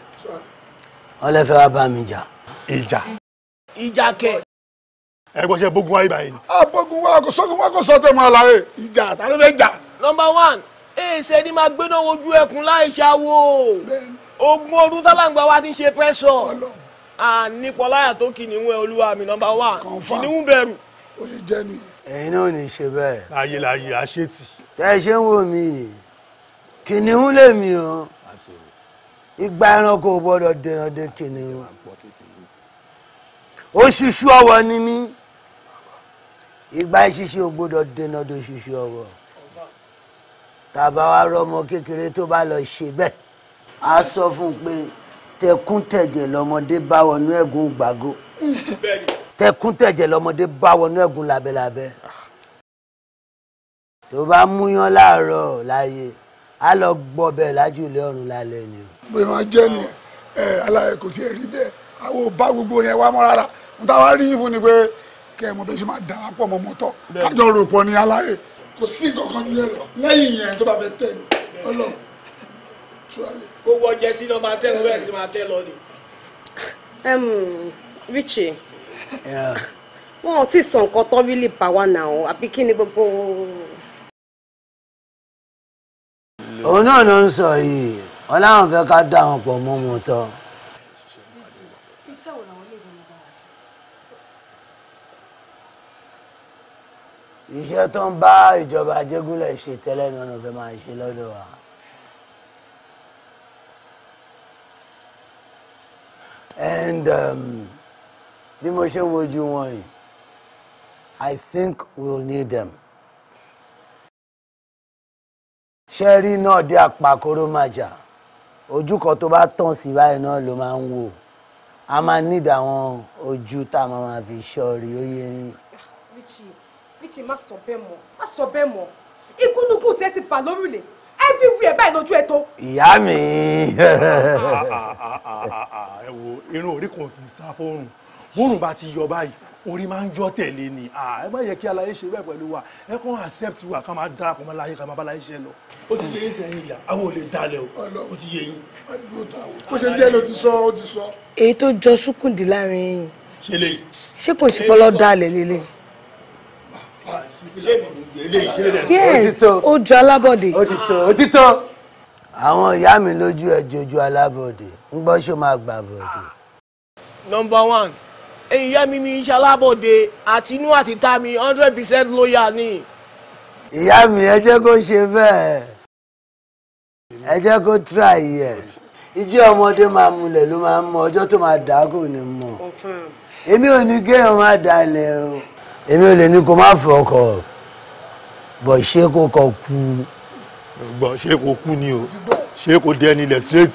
D: ọlẹ́fẹ́ wa bá mi jà. ìjà. ìjà kẹ. ẹ ṣe bógun wa ibà a bógun wa kò sógun wa kò sọ tẹ̀ mọ́ àlàyé ìjà ta ló jà. number one èèṣẹ́ ni máa gbéná wojú ẹkùn láì ṣàwò. bẹ́ẹ̀ni ogún ọdún tálàǹgbà wa ti ń ṣe pẹ́sọ̀ ànípọ̀láyà tó kì níwọ̀n olúwa mi nọ́mbà wà kì níwọ̀n bẹ̀rù. ó ṣe jẹ́ nìyí. ẹ̀yin náà ní í ṣe bẹ́ẹ̀. láyé láyé àṣetì. tẹ́ ẹ ṣe ń wò mí yìí kìnìún lèmi o ìgbà ẹranko ò gbọ́dọ̀ dènà de kìnìún oṣiṣu ọwọ́ ni mí ìgbà ìṣiṣẹ ò gbọ́dọ̀ dènà de oṣiṣu ọwọ́ tàbá wa rọmọ kékeré tó bá lọ ṣe bẹ́ẹ̀ a sọ fún un pé tẹkúntẹ̀jẹ̀ lọmọdé bá wọnú ẹ̀gún gbàgó tẹkúntẹ̀jẹ̀ lọmọdé bá wọnú ẹ̀gún labẹ́labẹ́ tó bá múyán láàárọ̀ láàyè á lọ gbọ́bẹ̀ lájú ilé ọ̀run lálẹ́ ni. bóyá máa jẹ́ ni ẹ aláyẹ kò tiẹ̀ rí bẹ́ẹ̀ àwọn ò bá gbogbo yẹn wá mọ́ rárá mo ta wá rí yín fún ni pé kẹ́ ẹ mọ̀ bẹ́ẹ̀ ṣe máa dà á pọ̀ mọ́ mọ́tọ́ kájọ rò pọ̀ ní aláyẹ kò sí nǹkan kan nílẹ̀ lọ yẹn tó bá fẹ́ tẹ̀ mí ọlọ́run túwálé kó wọ jẹsí náà máa tẹ lọ bẹ́ẹ̀ sì máa tẹ lọ ni.
A: Richie wọn ò tí ì sọ nǹkan tó rí lè bá wa nà ọ àbí kí ni gbogbo.
D: òun náà ló ń sọ yìí ọláwọn fẹ́ ká dá wọn pọ̀ mọ́ wọn tán. iṣẹ́ tó ń bá ìjọba jégúnlẹ̀ ṣe tẹ́lẹ̀ ni wọ́n fẹ́ máa ṣe lọ́dọ̀ wa. and um, bí mo ṣe ń wojú wọn yìí I think we'll need them. ṣẹ́rí náà dé àpàkóró màjà ojú kan tó bá tàn sí báyìí náà ló máa ń wò a máa nídìí àwọn ojú tá a máa fi ṣọ́ọ̀rì ó yé yín.
A: Richie Richie má sọ bẹ́ẹ̀ mọ́ má sọ bẹ́ẹ̀ mọ́ ikú nukú tẹ́ ti bà lórílẹ̀ everywhere báyìí lójú ẹ tó. ìyá mi.
D: ẹ wo irun orí kan kì í sá fóònù bóòrùn bá ti yọ báyìí orí máa ń yọ tẹ̀lé ni ẹ má yẹ kí aláyé ṣe bẹ́ẹ̀ pẹ̀lú wa ẹ kàn accept wa ká máa darapọ̀ mọ́ láyé ká máa bá láyé ṣe lọ ó ti yẹ yín sẹ́yìn ìyá àwọn ò lè dalẹ̀ o ó ti yẹ yín. bó ṣe jẹ́ ló ti sọ ó ti sọ. èyí tó jọ ṣúkùndì láàrin yìí ṣe kò sí pọ́lọ́ dalẹ̀ lélẹ̀. ṣé mi yes ó ju alábọ̀dé. ó ti tó ó ti tó. àwọn ìyá mi lójú ẹ jojú alábọ̀dé ń gbọ́ ṣó máa gbà bọ̀dé. number one ẹ̀yin ìyá mi mi ṣe alábọ̀dé àti inú àti ta mi hundred percent loyal ni. ìyá mi ẹ jẹ́ kó ṣe bẹ́ẹ̀ ẹ jẹ́ kó try yes ìjí ọmọdé máa múlẹ̀ ló máa ń mọ ọjọ́ tó máa dàákù ni mọ̀ èmi ò ní kéèyàn má dalẹ̀ o èmi ò lè ní kó má fọkọ̀ bọ̀ ṣé kò kọ kú. gbọ́ ṣé kò kú ni o ṣé kò dé ẹni ilẹ̀ straight.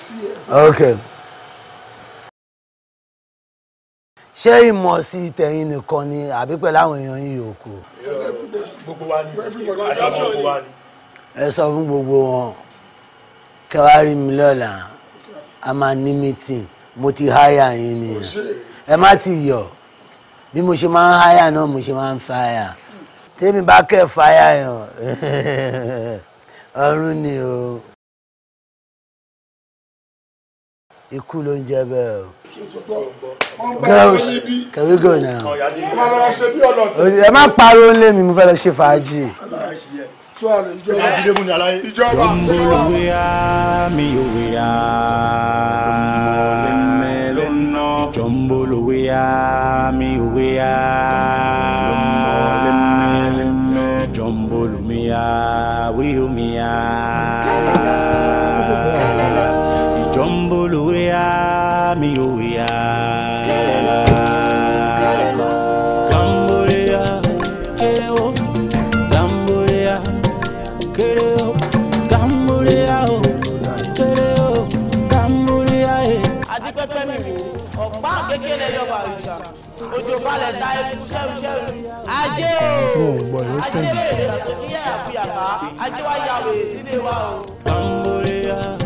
D: ṣé ìmọ̀ sí tẹ̀yìn nìkan ni àbí pẹ̀lú àwọn èèyàn yìí yòókù. gbogbo wa ni àjọ gbogbo wa ni. ẹ sọ fún gbogbo wọn kẹwàá mi lọ́la a máa ní meeting mo ti háyà yín ni ẹ má ti yọ bí mo ṣe máa ń háyà náà mo ṣe máa ń fáyà tèmi bá kẹ́ fàyà yàn ọ̀run ni o ikú ló ń jẹ bẹ́ẹ̀
E: o girls can we go now ẹ má pariwo lé mi
D: mo fẹ́ lọ ṣe fàájì. ìjọba ìjọba
B: mi ò humiya we humiya ìjọ ń bolówó yá mi ò wí.
A: ojú balẹ̀ ta ẹkú ṣẹ́rùṣẹ́rù ajé
D: o tí mò ń yóò ṣèjì sí
A: i.
B: ajé wa yàwé sílé wa o.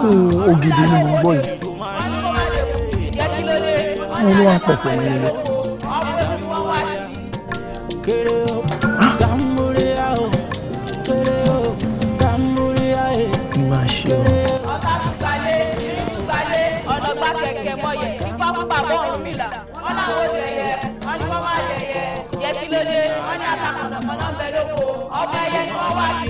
E: ògidì ni mò ń gbọ́ yìí mo ló wà
D: ń pẹ̀sẹ̀ mi lọ. E.
A: kí ẹyẹ ni wọ́n wá sí.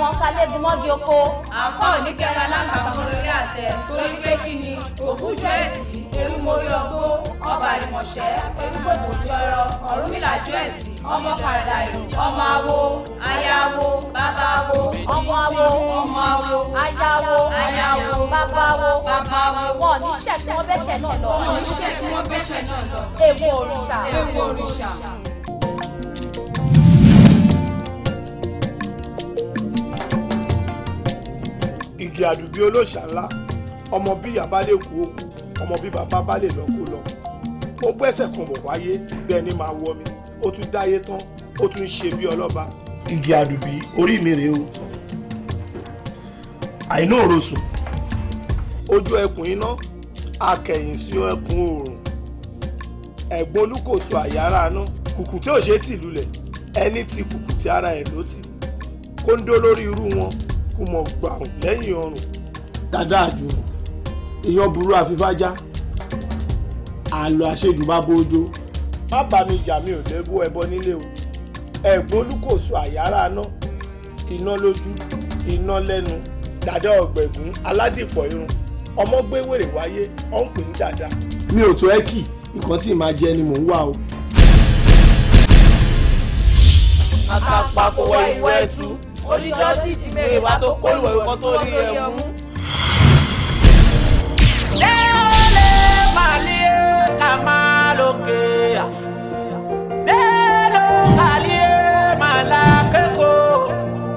A: wọn ká léegun mọ́gi oko. àfọ̀ oníkẹ́ra lágbàmọ́ lórí àtẹ torí pé kí ni òkújọ ẹ̀sìn
E: ewu mórí ọgbó
A: ọba àrìmọ̀ṣẹ́ ojúkòkò jọrọ ọ̀rúnmìlà jọ ẹ̀sìn ọmọ padà ìlú ọmọ awo ayawo bàbá awo ọmọ awo ọmọ awo ayawo ayawo bàbá awo bàbá awo wọn ní ṣẹ́ tí wọ́n bẹ́ṣẹ̀ náà lọ. wọn ní ṣẹ́ tí wọ́n bẹ́ṣẹ̀ náà lọ. èwo òrìṣà èwo òrìṣà.
D: igi àdùbí olóòṣà ńlá ọmọ bí yàbá lè kú òkú ọmọ bí bàbá bá lè lọ kó lọ ó gbẹ́sẹ̀ kan bọ̀ wáyé bẹ́ẹ̀ ni màá wọ mi ó tún dáyé tán ó tún ṣe bí ọlọ́ba. igi àdùbí orí mi rèé o àìná òrosùn. ojú ẹkùn iná akẹ̀yìn sí ẹkùn oòrùn ẹ̀gbọ́n olúkòso àyàrá aná kùkù tí ò ṣe é tì lulẹ̀ ẹni ti kùkù tí ara ẹ̀ ló ti kóńdó lórí irú wọn kó mọ gbàùn lẹ́yìn ọrùn. dáadáa jù èèyàn burú àfífájá àlọ àṣejù bá bójó. má bá mi jà mi ò lẹ́bú ẹbọ nílé o ẹ̀gbọ́n olúkòso àyàrá náà iná lójú iná lẹ́nu dàdá ọ̀gbẹ̀gún aládìpọ̀ irun ọmọ gbé wèrè wáyé ọ̀npẹ̀ ń dàda. mi ò tó ẹ́ kì nǹkan tí ì jẹ ni mò ń wá o. àkàpà kò wá ìwé ẹ̀tú oníjọ́ tí
B: ìjìnlẹ̀ ìwà tó kó lùwẹ̀ tó rí ẹ mú. lẹ́ọ̀lẹ́ màlẹ́ ká máa lókè sẹ́lọ̀ màlẹ́ màlá kẹ́kọ̀ọ́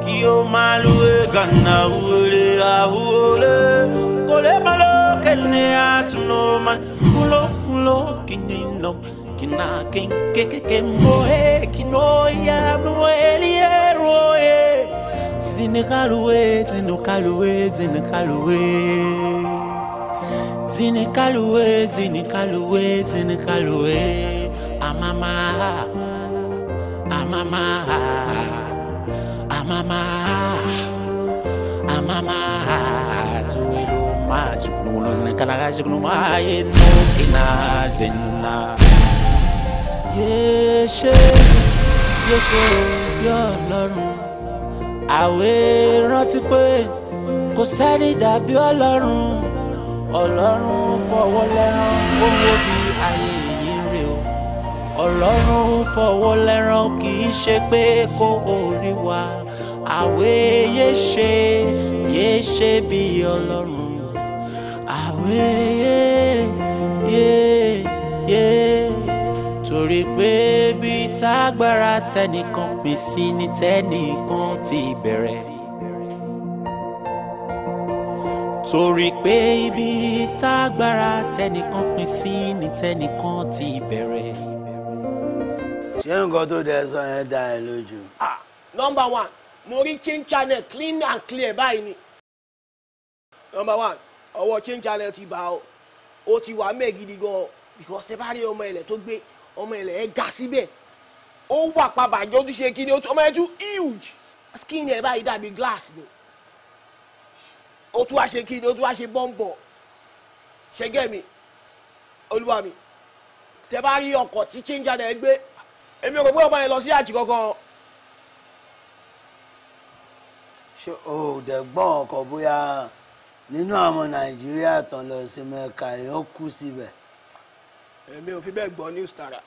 B: kí o máa lu gànà wúre àwúre olè màlọ́ kẹ́lẹ́ àsùnùmọ́ kúlókúló kìnìún kina ken ke ke ke moe kinoya moe liero eh in the calouet, in the calouet, Amama, amama, amama, amama. Zuelo ma, zuelo na kalaga, zuelo ma, eno kina zena.
E: Yeshe,
B: yeshe, ya àwé rántí pé kò sẹ́ni dàbí ọlọ́run ọlọ́run fọwọ́ lẹ́rán ó wo bí ayé yìí rè o ọlọ́run fọwọ́ lẹ́rán kì í ṣe pé kó orí wa àwé yé ṣe yé ṣe bí ọlọ́run àwé yé yé yé torí pé bí tágbára tẹnìkan pín sí ní tẹnìkan ti bẹ̀rẹ̀. torí pé ibi tágbára tẹnìkan pín sí ní tẹnìkan ti bẹ̀rẹ̀.
D: ṣé nǹkan tó dẹ sọ yẹn dá ẹ lójú. ah number one mo rí change channel clean and clear báyìí ni number one ọwọ́ change channel ti bá ọ ó ti wà mẹ́ẹ̀ gidi gan-an because tẹ bá rí ọmọ ilẹ̀ tó gbé ọmọ ilẹ̀ ẹ ga síbẹ̀ ó wà pàbàjẹ́ ojúṣe kí ni ọmọ ẹ tún huge skin ẹ báyìí dàbí glass ni ó tún wá ṣe kí ni ó tún wá ṣe bọ́ǹbọ̀ ṣẹgẹ́ mi olúwa mi tẹ bá rí ọkọ̀ tí changer náà gbé èmi ò rò pé ọmọ yẹn lọ sí àjì kankan. ṣé o dẹ̀ gbọ́n ọkọ̀ bóyá nínú àwọn nàìjíríà tán lọ sí mẹ́ka yóò kú síbẹ̀ èmi ò fi bẹ́ẹ̀ gbọ́ news tààrà.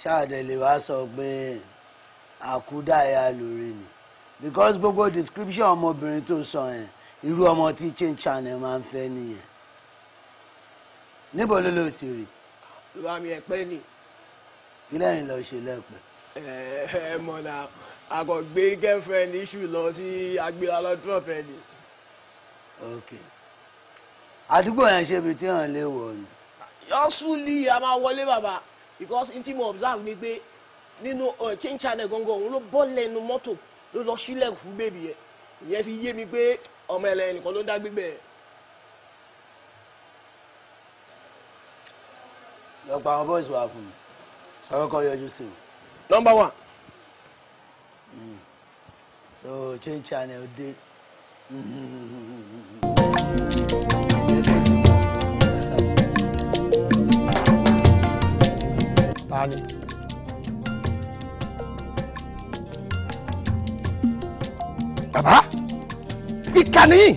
D: ṣáàdẹ̀ lè wá sọ pé àkúdàáyà lórí ni because gbogbo description ọmọbìnrin tó sọ yẹn irú ọmọ tí chain channel máa ń fẹ́ nìyẹn níbo ló ló ti rí. ló bá mi ẹ pẹ́ ni. kí lẹ́yìn lọ ṣe lẹ́pẹ́. ẹ ẹ mọ̀ náà àkọ́gbé girlfriend issue lọ sí agbèrè alọ́dún ọ̀fẹ́ ni. okay àdúgbò yẹn ṣe ibi tí hàn lè wọ̀ ni. yọ́sùlì a máa wọlé bàbá because n tí mo observe ni pé nínú uh, chain channel gangan òun ló bọ́ lẹ́nu mọ́tò ló lọ sílẹ̀ fún bèbí yẹn ìyẹn fi yé mi pé ọmọ ẹlẹ́yìn nìkan ló ń dá gbígbẹ́ yẹn. lọ pa àwọn bọ́ọ̀sì wá fún mi sọ̀rọ̀ kọ́ yọjú sí mi. number one. Hmm. so change channel dé. ta ni. bàbá ìkànnì yìí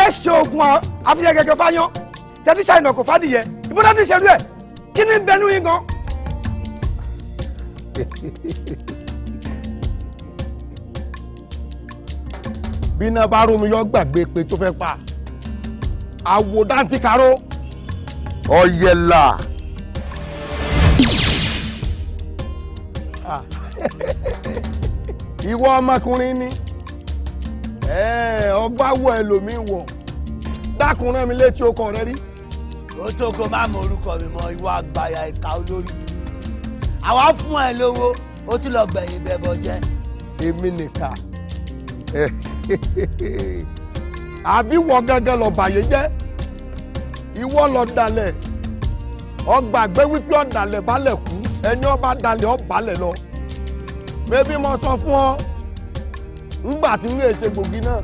C: ẹ ṣe oògùn àfihàn gẹ́gẹ́ fáyán tẹ́tí ṣàìnà kò fàdìyẹ ìbúdá ti ṣerú
D: ẹ̀ kí ni bẹnu yín gan. bí iná bá rú mi yọ gbàgbé pé tó fẹ́ pa àwòdántí karó ọ̀yẹ̀là. Oh, ìwọ ọmọkùnrin ni ọgbà wọ ẹlòmíín wọ dákùnrin mi létí okọ rẹ rí. ó tó kó má mọ orúkọ mi mọ ìwà àgbàyà ìka olórí àwa fún ẹ lówó ó tún lọ gbẹ̀yìn bẹ́bọ jẹ́. èmi nìka àbí wọ gángan lọ bàyè jẹ́ ìwọ lọ dalẹ̀ ọgbàgbé wípé ọ̀dàlẹ̀ balẹ̀ kú ẹni ọba dalẹ̀ ọ̀bàlẹ̀ lọ bébí mo sọ fún ọ ńgbà tí ń lè ṣe gbòógì náà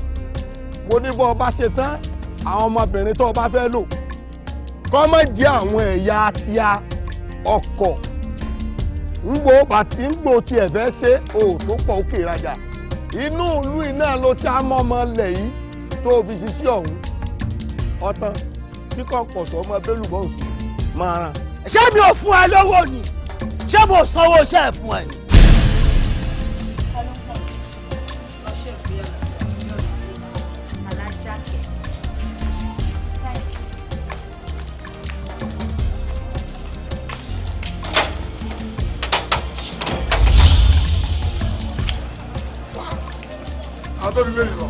D: mo ní bọ́ ọba ṣe tán àwọn ọmọbìnrin tó ọba fẹ́ lò kọ́ mọ̀ jẹ́ àwọn ẹ̀yà àti ọkọ̀ ńgbò bàtí ńgbò tiẹ̀ fẹ́ ṣe ò tó pọ̀ òkè ìrajà inú ìlú iná ló ti á mọ́ ọmọ ilẹ̀ yìí tó fi ṣiṣẹ́ ọ̀hún ọ̀tán kíkọ́ pọ̀sọ̀ ọmọ bẹ́lú bọ́ọ̀sì máa ràn. ṣé mi ò fún ẹ lówó ni ṣé mo sanwó iṣẹ́ ẹ̀ fún ẹ ni. tóbi lóyún lọ.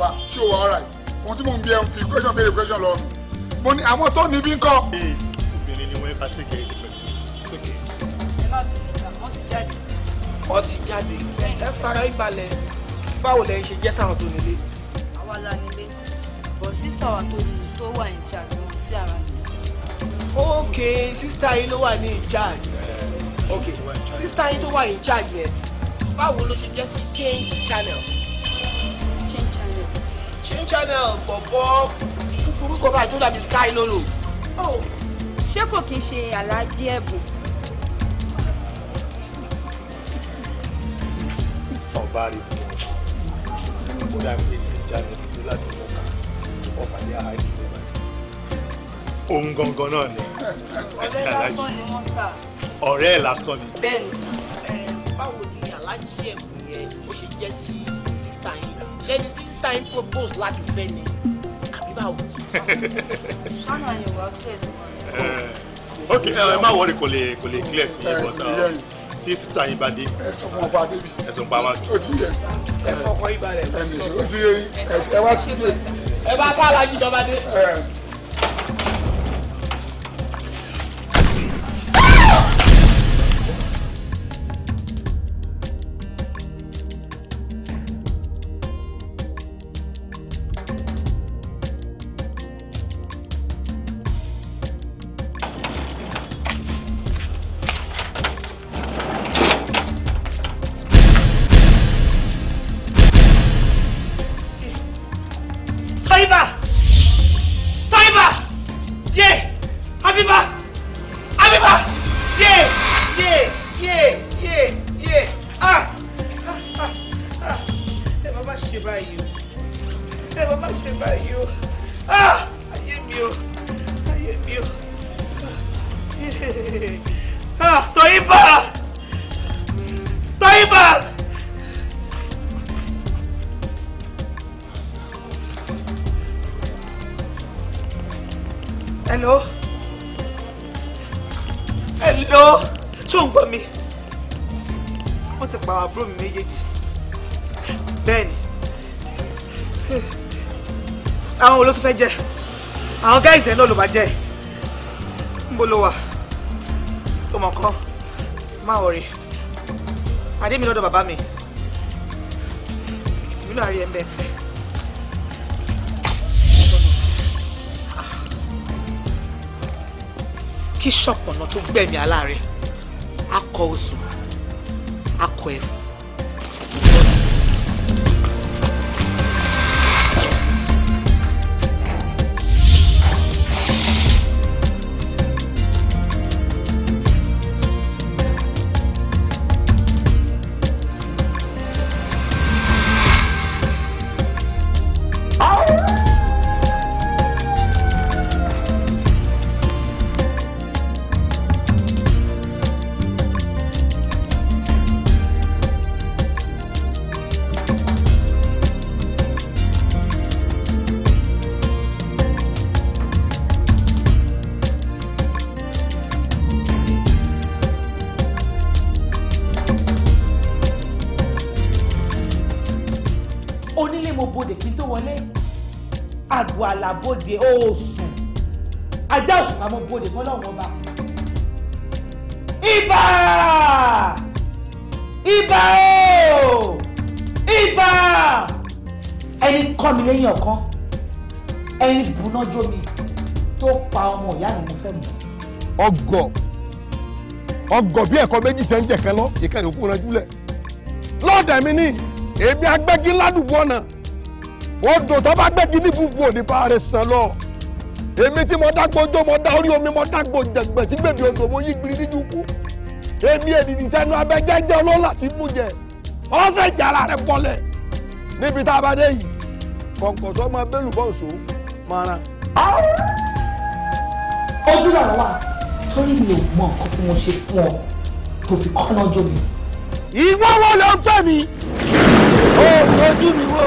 D: wa ṣé o wa ọ̀rá yìí ohun tí mò ń bí ẹ fi question béèrè question lọ nù mo ní àwọn tó níbí ń kọ. obìnrin
E: ni wọ́n ká tẹ̀kẹ́ ẹ̀sìn pẹ̀lú
A: ẹ má bínú sá wọ́n ti jáde.
D: wọ́n ti jáde ẹ fara ìbalẹ̀ báwo lẹ ṣe jẹ́ sáwọn tó nílé.
A: àwa la nílé bọ̀ sísá wa tó wà ní charge wọn sí ara mi.
D: Okay, sísítà yìí ló wà ní charge. Okay, sísítà yìí tó wà in charge. yẹn báwo ló ṣe jẹ́ sí change channel. change channel. change channel bọ̀bọ̀ kúkúrú kan báyìí tó dàbí sky lólo. oh ṣé kò kí n ṣe aláàjì ẹ̀bùn. ọba rẹ kò dàbí change channel tuntun láti mọ̀ká ọ̀pá ní àìsí ohun gangan náà ni.
A: ọ̀rẹ́ lásán ni wọ́n sà.
D: ọ̀rẹ́ lásán ni. bẹ́ẹ̀ni báwo ni alájí ẹ̀bùn yẹn ó ṣe jẹ́ sí sísá yín ṣé ni sísá yín propose láti fẹ́ ni àbí báwo. ṣáná yẹn wà clear sí wọn. ok ẹ má wọrí kò lè kò lè clear sí yín but uh, tí sísá yín bá dé. ẹ sọ fún ọba débi. ẹ sọ pa wájú. ó ti yẹ ẹ fọkọ ìbalẹ̀. ẹ nìṣó ó ti yẹ ẹ wá tún yẹ. ẹ bá ká alájí jọba dé. fẹ́ jẹ àwọn gáìsì ẹ̀ náà ló bá jẹ níbo ló wà ó mọ̀ kọ́ má wọ̀rì
F: adé mi lọ́dọ̀ bàbá mi
A: èmi náà rí ẹ̀ ń bẹ̀ sí.
D: kí ṣọ̀pọ̀nà tó gbẹ̀mí aláàárẹ̀ akọ oṣù akọ ẹ̀fọ́. ìgbòdè fọlọ́run ọba. ibà ibà o ibà ẹni kọ́ mi lẹ́yìn ọ̀kan ẹni buná jó mi tó pa ọmọ ìyá mi mo fẹ́ mọ̀. ọgọ ọgọ bí ẹ̀kọ́ méjì tẹ ń jẹkẹ lọ ìka ìyókù rẹ júlẹ lọdẹ mi ní èmi agbẹgi ládùúgbò náà odò tó bá gbẹgi ní gbogbo òní rẹ sàn lọ èmi tí mo dágbó jó mo dá orí omi mo dágbó jẹgbẹ sí odò mo yí gbiri níjú kú èmi ènìyàn sẹnu abẹ jẹjẹ olóòlà ti mú jẹ ọsẹ jàrá rẹ bọlẹ níbi tá a bá dé yìí kọ̀ǹkọ̀sọ́ máa bẹ́lù bọ́ọ̀sọ máa ra. ojú ọ̀rọ̀ wa torí mi ò mọ nǹkan tí mo ṣe fún ọ tó fi kọ́ lọ́jọ́ mi. ìwọ wo ló ń pè mí. ó mi wo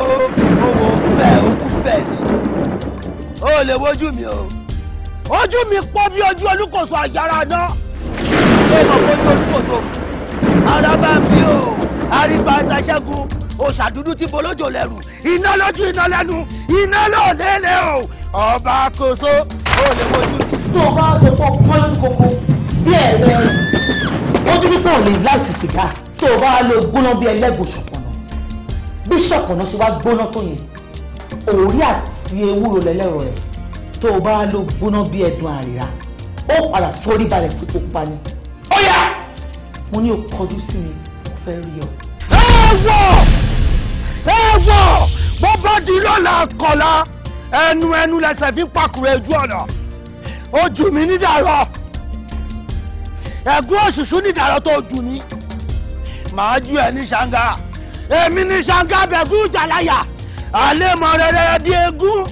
D: owó fẹ́ okú fẹ́ ni o lè wojú mi o ojú mi pọ̀ bí ojú olúkòso àyàrá náà ṣé mo kó ní olúkòso òfurufú ara bá ń bí o àríbá ìtaṣẹ́gun òṣàdúdú tí bolójò lẹ́rù iná lójú iná lẹ́nu iná náà lélẹ̀ o ọba koso o lè wojú mi. tó o bá sọ pé ọkàn koko bí ẹ̀rẹ́ ojú pípọ̀ ò lè láìtì sìgá tó o bá lo gbóná bí ẹlẹ́gùn ṣọ̀pọ̀nà bí ṣọ̀pọ̀nà ṣe wá gbóná tó yẹn òórí àti fi ewúro lẹ́lẹ́rọ rẹ̀ tó o bá lò gbóná bí ẹ̀dùn àrìrà ó padà forí balẹ̀ fún tó pa ni. ó yá mo ní o kọjú sí mi mo fẹ́ rí ọ. ẹ wọ ẹ wọ bó bá di lọ́la kọ̀la ẹnu ẹnu lẹsẹ̀ fi ń pakùrọ̀ ojú ọ̀nà ojú mi nídàárọ̀ ẹ̀gún òṣùṣù nídàárọ̀ tó jù mí màá ju ẹ ní ṣàǹgà èmi ní ṣàǹgà bẹ̀gún jàláyà àlèmọ̀ rẹ̀rẹ̀ bí egún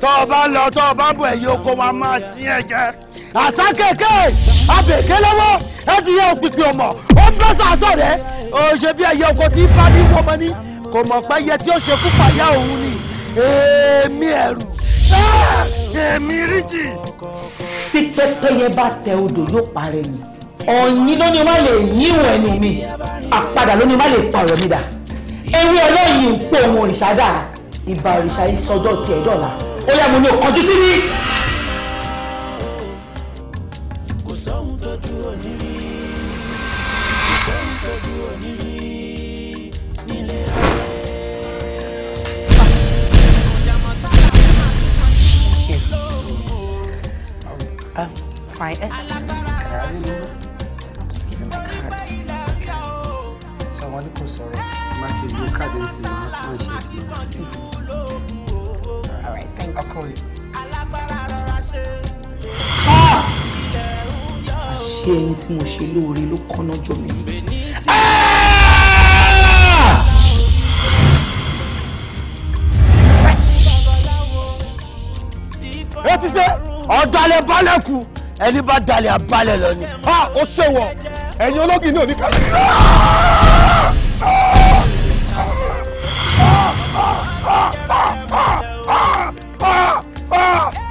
D: tó o bá lọ tó o bá bọ̀ ẹ̀yìn oko wa máa sí ẹ̀jẹ̀ àṣà kéèké abèké lọ́wọ́ ẹ ti yẹ òpìpì ọmọ ó ń bẹ́ sàásọ̀ rẹ̀ ó ṣe bí ẹyẹ oko tí bá ní wọ́n mọ́ kò mọ̀ pé ẹyẹ tí ó ṣe kú pàyà òun ni èmi ẹ̀rù èmi ríjì.
A: tí pẹ́pẹ́yẹ bá tẹ odò yóò parẹ́ ni ọ̀yìn ló ní wọ́n lè yíwọ̀n ẹnu mi àpadà ló ní lè pààrọ̀ mi dà ewé ọlọ́yin ń pò ohun ìbà òrìṣà yìí sọjọ́ tiẹ̀ dọ̀la ó yá mo ní òkànjú sí ni.
B: Um, fine. Eh? Can I have your number? Give me
A: my card. So I want to go sorrow má ti wo káàdì sí máa kàn ṣe ti
D: máa fi. all right thanks. ọkọ mi. àṣé ẹni tí mo ṣe lóore ló kọ́nà jọ mi. ó ti ṣe ọ̀dàlẹ̀ balẹ̀ kù ẹni bá dalẹ̀ abalẹ̀ lọ ni. Ah, ó ṣèwọ̀ ẹ̀yin ológin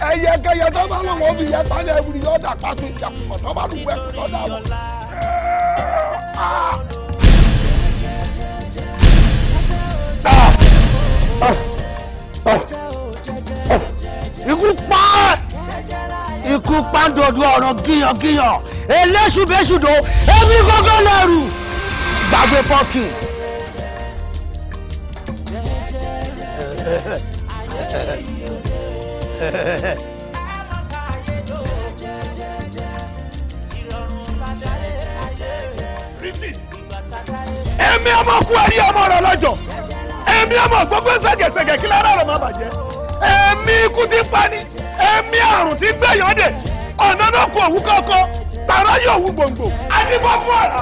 D: ẹyẹkẹyẹ tó bá lọ́wọ́ fi yẹ tán yẹ wuli yọ dà pàṣẹ
E: ìjàkùmọ̀ tó bá lùwẹ̀ kù tó dà wọ̀.
D: ikú pa ikú pa ń dodo ọ̀ràn gíyangíyan eléṣubéṣudo èmi gbogbo lẹ́rù gbàgbé fọ́ọ̀kì. Yeah. èmi ọmọ kú ẹrí ọmọ rẹ lọ́jọ́ èmi ọmọ gbogbo ṣẹ̀gẹ̀ṣẹ̀gẹ̀ kí lára rẹ̀ má bàjẹ́ èmi ikú ti pani èmi àrùn ti gbẹ̀yàn dé ọ̀nà náà kò òwú kọ́kọ́ tààrà yóò wú gbòǹgbò. a ti fún ọ̀rá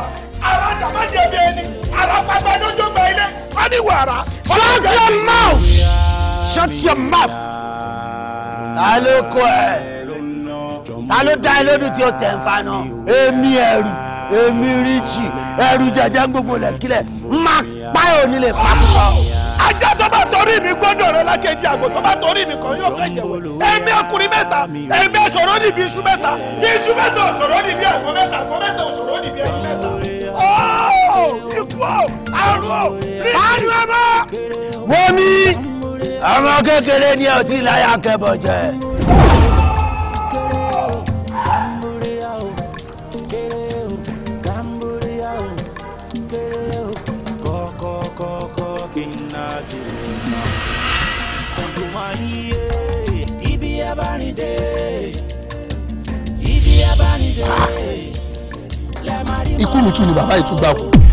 D: ara dàmájẹ bí ẹni ara pàtàkì ojú gba ilé wọ́n ní wàrà. shut your mouth shut your mouth ta ló kọ ẹ ta ló dá ẹ lódì tí ó tẹ̀ ń fa náà èmi ẹrù èmi ríjì ẹrù jẹjẹ ń gbogbo lẹ́kílẹ̀ máa pa ẹ̀ ò ní lè pa púpọ̀. ajá tó bá torí mi gbọ́dọ̀ rẹ lákejì àgbò tó bá torí mi kan yóò fẹ́ jẹ̀wọ́ ẹ̀mí ọkùnrin mẹ́ta ẹ̀mí ọ̀ṣọ́rọ́ níbi iṣu mẹ́ta iṣu mẹ́ta ọ̀ṣọ́rọ́ níbi ẹ̀kọ́
E: mẹ́ta ẹ̀kọ́ mẹ́ta ọ̀ṣọ́rọ́ níbi ẹ̀yìn mẹ́ta. ó ikú àrùn ríjì. àrùn ọmọ.
D: wọ́n mi ọmọ kékeré ni ọtí láyà kẹbọ jẹ.
B: ibi abánidé
D: ibi abánidé ah! ikú mi tún ni bàbá yìí tún gbà kú.